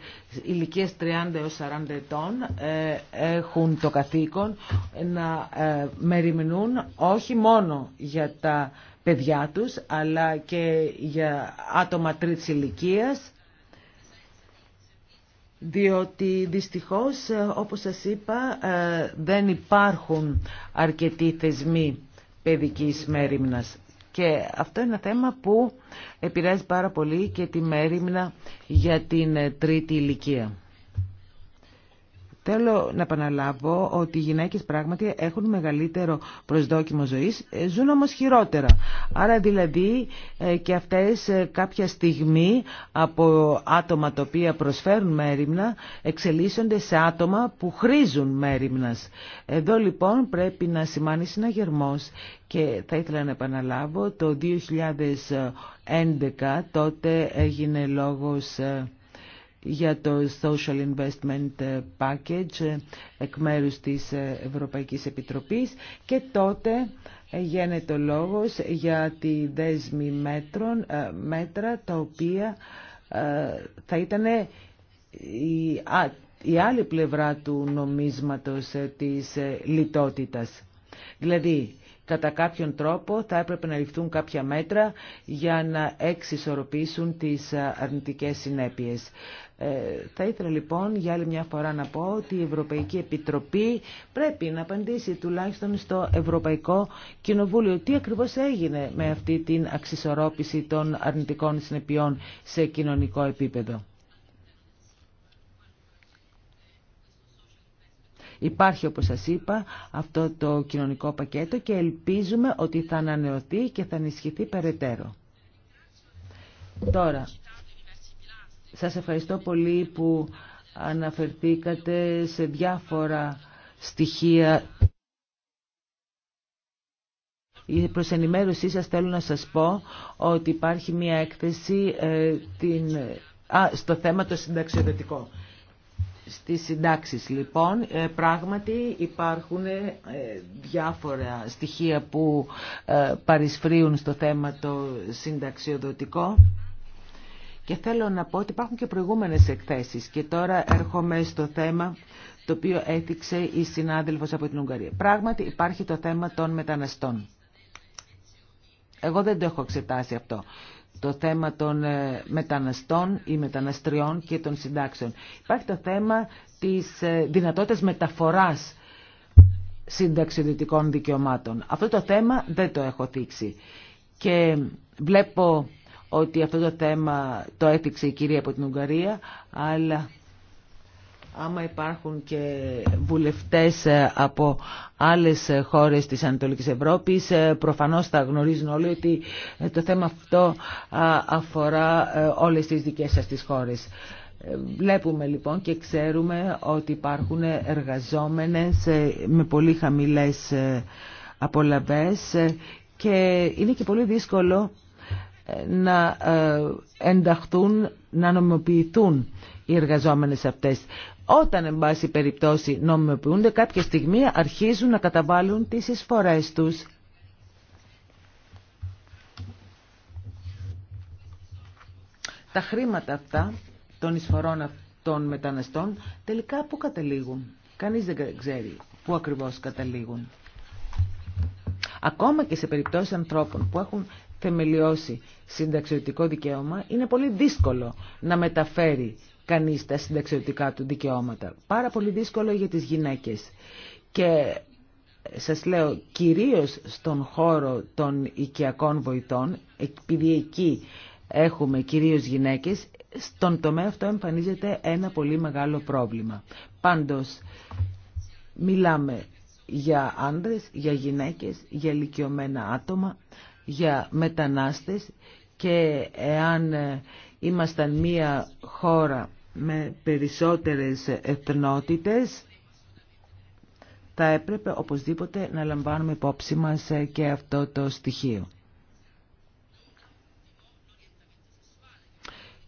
30 έως 40 ετών ε, έχουν το καθήκον να ε, μεριμνούν όχι μόνο για τα παιδιά τους αλλά και για άτομα τρίτης ηλικίας διότι δυστυχώς ε, όπως σας είπα δεν υπάρχουν αρκετοί θεσμοί παιδικής μέριμνας. Και αυτό είναι ένα θέμα που επηρεάζει πάρα πολύ και τη Μέριμνα για την τρίτη ηλικία. Θέλω να επαναλάβω ότι οι γυναίκες πράγματι έχουν μεγαλύτερο προσδόκιμο ζωής, ε, ζουν όμως χειρότερα. Άρα δηλαδή ε, και αυτές ε, κάποια στιγμή από άτομα τα οποία προσφέρουν μέρημνα εξελίσσονται σε άτομα που χρήζουν μέρημνας. Εδώ λοιπόν πρέπει να σημάνει συναγερμός και θα ήθελα να επαναλάβω το 2011 τότε έγινε λόγος για το Social Investment ε, Package ε, εκ μέρους της ε, Ευρωπαϊκής Επιτροπής και τότε γίνεται λόγος για τη δέσμη μέτρων, μέτρα τα οποία θα ήταν η άλλη πλευρά του νομίσματος της λιτότητας. Δηλαδή, κατά κάποιον τρόπο θα έπρεπε να ληφθούν κάποια μέτρα για να εξισορροπήσουν τις αρνητικές συνέπειες. Ε, θα ήθελα λοιπόν για άλλη μια φορά να πω ότι η Ευρωπαϊκή Επιτροπή πρέπει να απαντήσει τουλάχιστον στο Ευρωπαϊκό Κοινοβούλιο τι ακριβώς έγινε με αυτή την αξισορρόπηση των αρνητικών συνεπειών σε κοινωνικό επίπεδο. Υπάρχει, όπως σας είπα, αυτό το κοινωνικό πακέτο και ελπίζουμε ότι θα ανανεωθεί και θα ενισχυθεί περαιτέρω. Τώρα, σας ευχαριστώ πολύ που αναφερθήκατε σε διάφορα στοιχεία. Προς ενημέρωσή σας θέλω να σας πω ότι υπάρχει μια έκθεση ε, την, στο θέμα το συνταξιοδοτικό. Στις συντάξεις λοιπόν ε, πράγματι υπάρχουν ε, διάφορα στοιχεία που παρισφρίουν στο θέμα το συνταξιοδοτικό. Και θέλω να πω ότι υπάρχουν και προηγούμενες εκθέσεις και τώρα έρχομαι στο θέμα το οποίο έθιξε η συνάδελφος από την Ουγγαρία. Πράγματι υπάρχει το θέμα των μεταναστών. Εγώ δεν το έχω εξετάσει αυτό το θέμα των ε, μεταναστών ή μεταναστριών και των συντάξεων. Υπάρχει το θέμα της ε, δυνατότητας μεταφοράς συνταξιδιωτικών δικαιωμάτων. Αυτό το θέμα δεν το έχω θίξει. Και βλέπω ότι αυτό το θέμα το έθιξε η κυρία από την Ουγγαρία, αλλά άμα υπάρχουν και βουλευτές ε, από άλλες χώρες της Ανατολικής Ευρώπης ε, προφανώς θα γνωρίζουν όλοι ότι ε, το θέμα αυτό αφορά όλες τις δικές σας τις χώρες. Βλέπουμε λοιπόν και ξέρουμε ότι υπάρχουν εργαζόμενες με πολύ χαμηλές απολαβές και είναι και πολύ δύσκολο να ε, ενταχθούν, να νομιμοποιηθούν οι εργαζόμενες αυτές. Όταν, εν πάση περιπτώσει, νομιμοποιούνται, κάποια στιγμή αρχίζουν να καταβάλουν τις εισφορές τους. Τα χρήματα αυτά των εισφορών των μεταναστών τελικά πού καταλήγουν. Κανείς δεν ξέρει πού ακριβώς καταλήγουν. Ακόμα και σε περιπτώσει ανθρώπων που έχουν θεμελιώσει συνταξιωτικό δικαίωμα, είναι πολύ δύσκολο να μεταφέρει κανείς τα συνταξιωτικά του δικαιώματα. Πάρα πολύ δύσκολο για τις γυναίκες. Και σας λέω κυρίως στον χώρο των οικιακών βοητών, επειδή εκεί έχουμε κυρίως γυναίκες, στον τομέα αυτό εμφανίζεται ένα πολύ μεγάλο πρόβλημα. Πάντως, μιλάμε για άντρες, για γυναίκες, για ηλικιωμένα άτομα για μετανάστες και εάν ε, ήμασταν μία χώρα με περισσότερες εθνότητες θα έπρεπε οπωσδήποτε να λαμβάνουμε υπόψη μας ε, και αυτό το στοιχείο.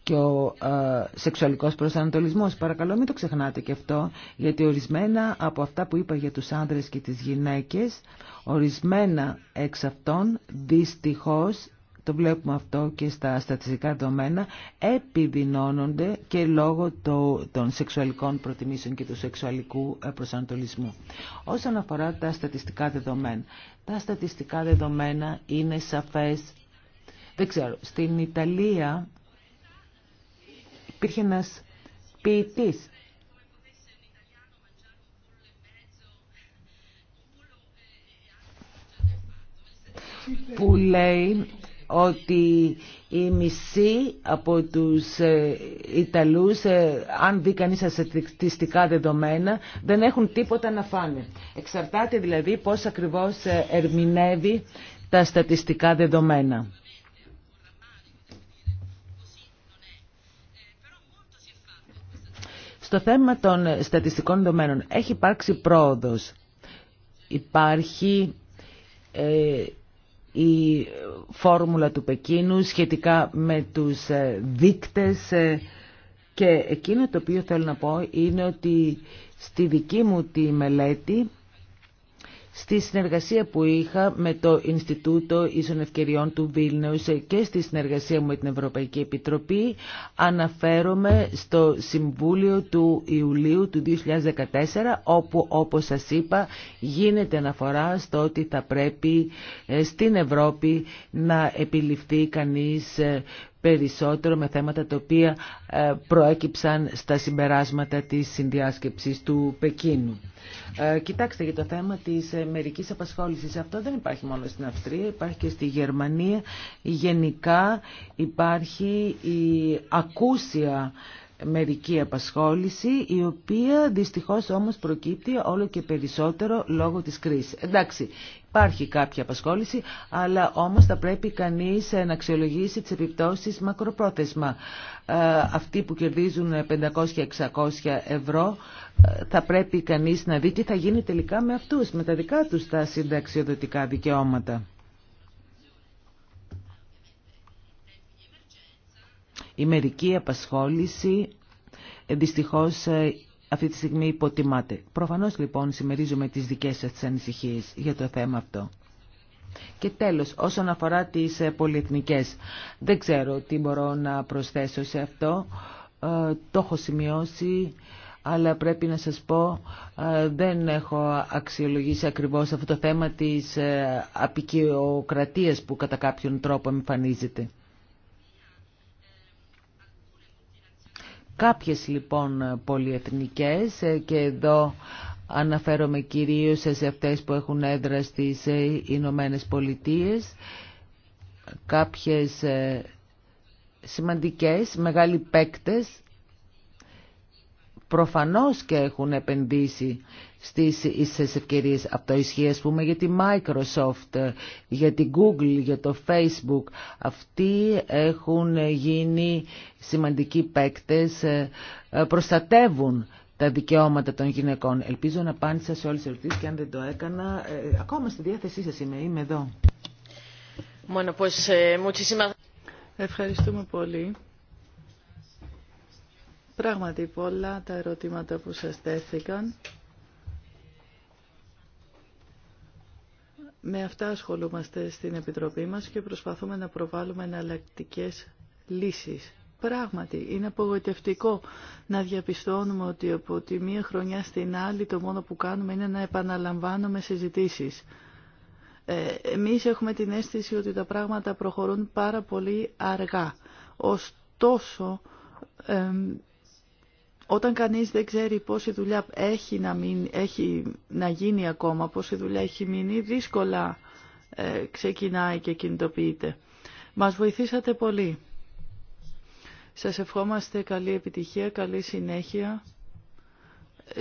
και ο ε, σεξουαλικός προσανατολισμός. Παρακαλώ μην το ξεχνάτε και αυτό, γιατί ορισμένα από αυτά που είπα για τους άντρες και τις γυναίκες, ορισμένα εξ αυτών δυστυχώς το βλέπουμε αυτό και στα στατιστικά δεδομένα, επιδεινώνονται και λόγω των σεξουαλικών προτιμήσεων και του σεξουαλικού ε, προσανατολισμού. Όσον αφορά τα στατιστικά δεδομένα, τα στατιστικά δεδομένα είναι σαφές. Δεν ξέρω, στην Ιταλία Υπήρχε ένα ποιητή. που λέει ότι η μισή από τους ε, Ιταλούς, ε, αν δει κανείς τα στατιστικά δεδομένα, δεν έχουν τίποτα να φάνε. Εξαρτάται δηλαδή πώς ακριβώς ε, ερμηνεύει τα στατιστικά δεδομένα. Στο θέμα των στατιστικών δεδομένων έχει υπάρξει πρόοδος. Υπάρχει ε, η φόρμουλα του Πεκίνου σχετικά με τους ε, δείκτες ε, και εκείνο το οποίο θέλω να πω είναι ότι στη δική μου τη μελέτη στη συνεργασία που είχα με το Ινστιτούτο Ίσων Ευκαιριών του Βίλνεους και στη συνεργασία μου με την Ευρωπαϊκή Επιτροπή αναφέρομαι στο Συμβούλιο του Ιουλίου του 2014 όπου όπως σας είπα γίνεται αναφορά στο ότι θα πρέπει ε, στην Ευρώπη να επιληφθεί κανείς ε, περισσότερο με θέματα τα οποία ε, προέκυψαν στα συμπεράσματα της συνδιάσκεψης του Πεκίνου. Ε, κοιτάξτε για το θέμα της ε, μερικής απασχόλησης. Αυτό δεν υπάρχει μόνο στην Αυστρία, υπάρχει και στη Γερμανία. Γενικά υπάρχει η ακούσια μερική απασχόληση η οποία δυστυχώς όμως προκύπτει όλο και περισσότερο λόγω της κρίσης. Εντάξει, υπάρχει κάποια απασχόληση αλλά όμως θα πρέπει κανείς να αξιολογήσει τις επιπτώσεις μακροπρόθεσμα. Ε, αυτοί που κερδίζουν 500-600 ευρώ ε, θα πρέπει κανείς να δει τι θα γίνει τελικά με αυτούς, με τα δικά τους τα συνταξιοδοτικά δικαιώματα. Η μερική απασχόληση ε, δυστυχώς ε, αυτή τη στιγμή υποτιμάται. Προφανώς λοιπόν συμμερίζουμε τις δικές σας για το θέμα αυτό. Και τέλος, όσον αφορά τις ε, πολυεθνικές, δεν ξέρω τι μπορώ να προσθέσω σε αυτό. Το έχω σημειώσει, αλλά πρέπει να σας πω, δεν έχω αξιολογήσει ακριβώς αυτό το θέμα της απεικιοκρατίας που κατά κάποιον τρόπο εμφανίζεται. Κάποιες λοιπόν πολυεθνικές ε, και εδώ αναφέρομαι κυρίως σε αυτές που έχουν έδρα στις ε, Ηνωμένε Πολιτείες, κάποιες ε, σημαντικές, μεγάλοι παίκτες, προφανώς και έχουν επενδύσει στις στις ευκαιρίες. το ισχύει ας πούμε για τη Microsoft, για την Google, για το Facebook. Αυτοί έχουν γίνει σημαντικοί παίκτες, ε, ε, προστατεύουν τα δικαιώματα των γυναικών. Ελπίζω να απάντησα σε όλες τις ερωτήσεις και αν δεν το έκανα, ε, ακόμα στη διάθεσή σας είμαι, είμαι εδώ. Ευχαριστούμε πολύ. Πράγματι πολλά τα ερωτήματα που σας τέθηκαν. Με αυτά ασχολούμαστε στην Επιτροπή μας και προσπαθούμε να προβάλλουμε εναλλακτικέ λύσεις. Πράγματι, είναι απογοητευτικό να διαπιστώνουμε ότι από τη μία χρονιά στην άλλη το μόνο που κάνουμε είναι να επαναλαμβάνουμε συζητήσεις. Ε, εμείς έχουμε την αίσθηση ότι τα πράγματα προχωρούν πάρα πολύ αργά. Ωστόσο, όταν κανείς δεν ξέρει πόση δουλειά έχει να, μην, έχει να γίνει ακόμα, πόση δουλειά έχει μείνει, δύσκολα ε, ξεκινάει και κινητοποιείται. Μας βοηθήσατε πολύ. Σας ευχόμαστε καλή επιτυχία, καλή συνέχεια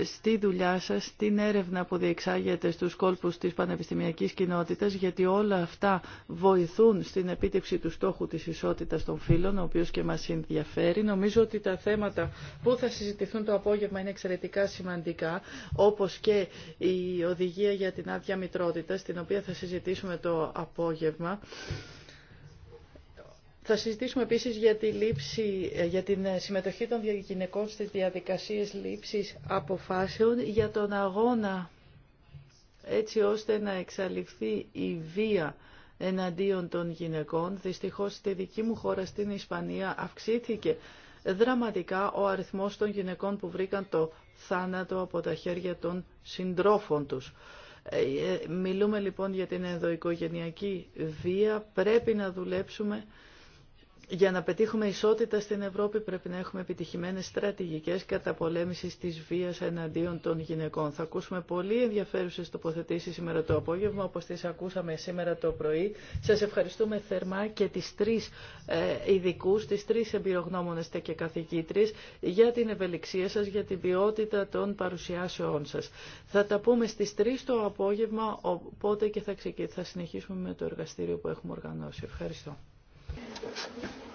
στη δουλειά σας, στην έρευνα που διεξάγεται στους κόλπους της πανεπιστημιακής κοινότητας, γιατί όλα αυτά βοηθούν στην επίτευξη του στόχου της ισότητας των φύλων, ο οποίος και μας ενδιαφέρει. Νομίζω ότι τα θέματα που θα συζητηθούν το απόγευμα είναι εξαιρετικά σημαντικά, όπως και η οδηγία για την άδεια μητρότητα, την οποία θα συζητήσουμε το απόγευμα. Θα συζητήσουμε επίσης για, τη ε, για την ε, συμμετοχή των γυναικών στις διαδικασίες λήψης αποφάσεων για τον αγώνα έτσι ώστε να εξαλειφθεί η βία εναντίον των γυναικών. Δυστυχώς στη δική μου χώρα, στην Ισπανία, αυξήθηκε δραματικά ο αριθμός των γυναικών που βρήκαν το θάνατο από τα χέρια των συντρόφων τους. Ε, μιλούμε λοιπόν για την ενδοοικογενειακή βία. Πρέπει να δουλέψουμε για να πετύχουμε ισότητα στην Ευρώπη πρέπει να έχουμε επιτυχημένες στρατηγικές καταπολέμησης της βίας εναντίον των γυναικών. Θα ακούσουμε πολύ ενδιαφέρουσες τοποθετήσεις σήμερα το απόγευμα, όπως τις ακούσαμε σήμερα το πρωί. Σας ευχαριστούμε θερμά και τις τρεις ε, ειδικού, τις τρεις εμπειρογνώμονες και καθηγήτρες για την ευελιξία σας, για την ποιότητα των παρουσιάσεών σας. Θα τα πούμε στις τρεις το απόγευμα, οπότε και θα, θα συνεχίσουμε με το εργαστήριο που έχουμε οργανώσει. Ευχαριστώ. Ευχαριστώ.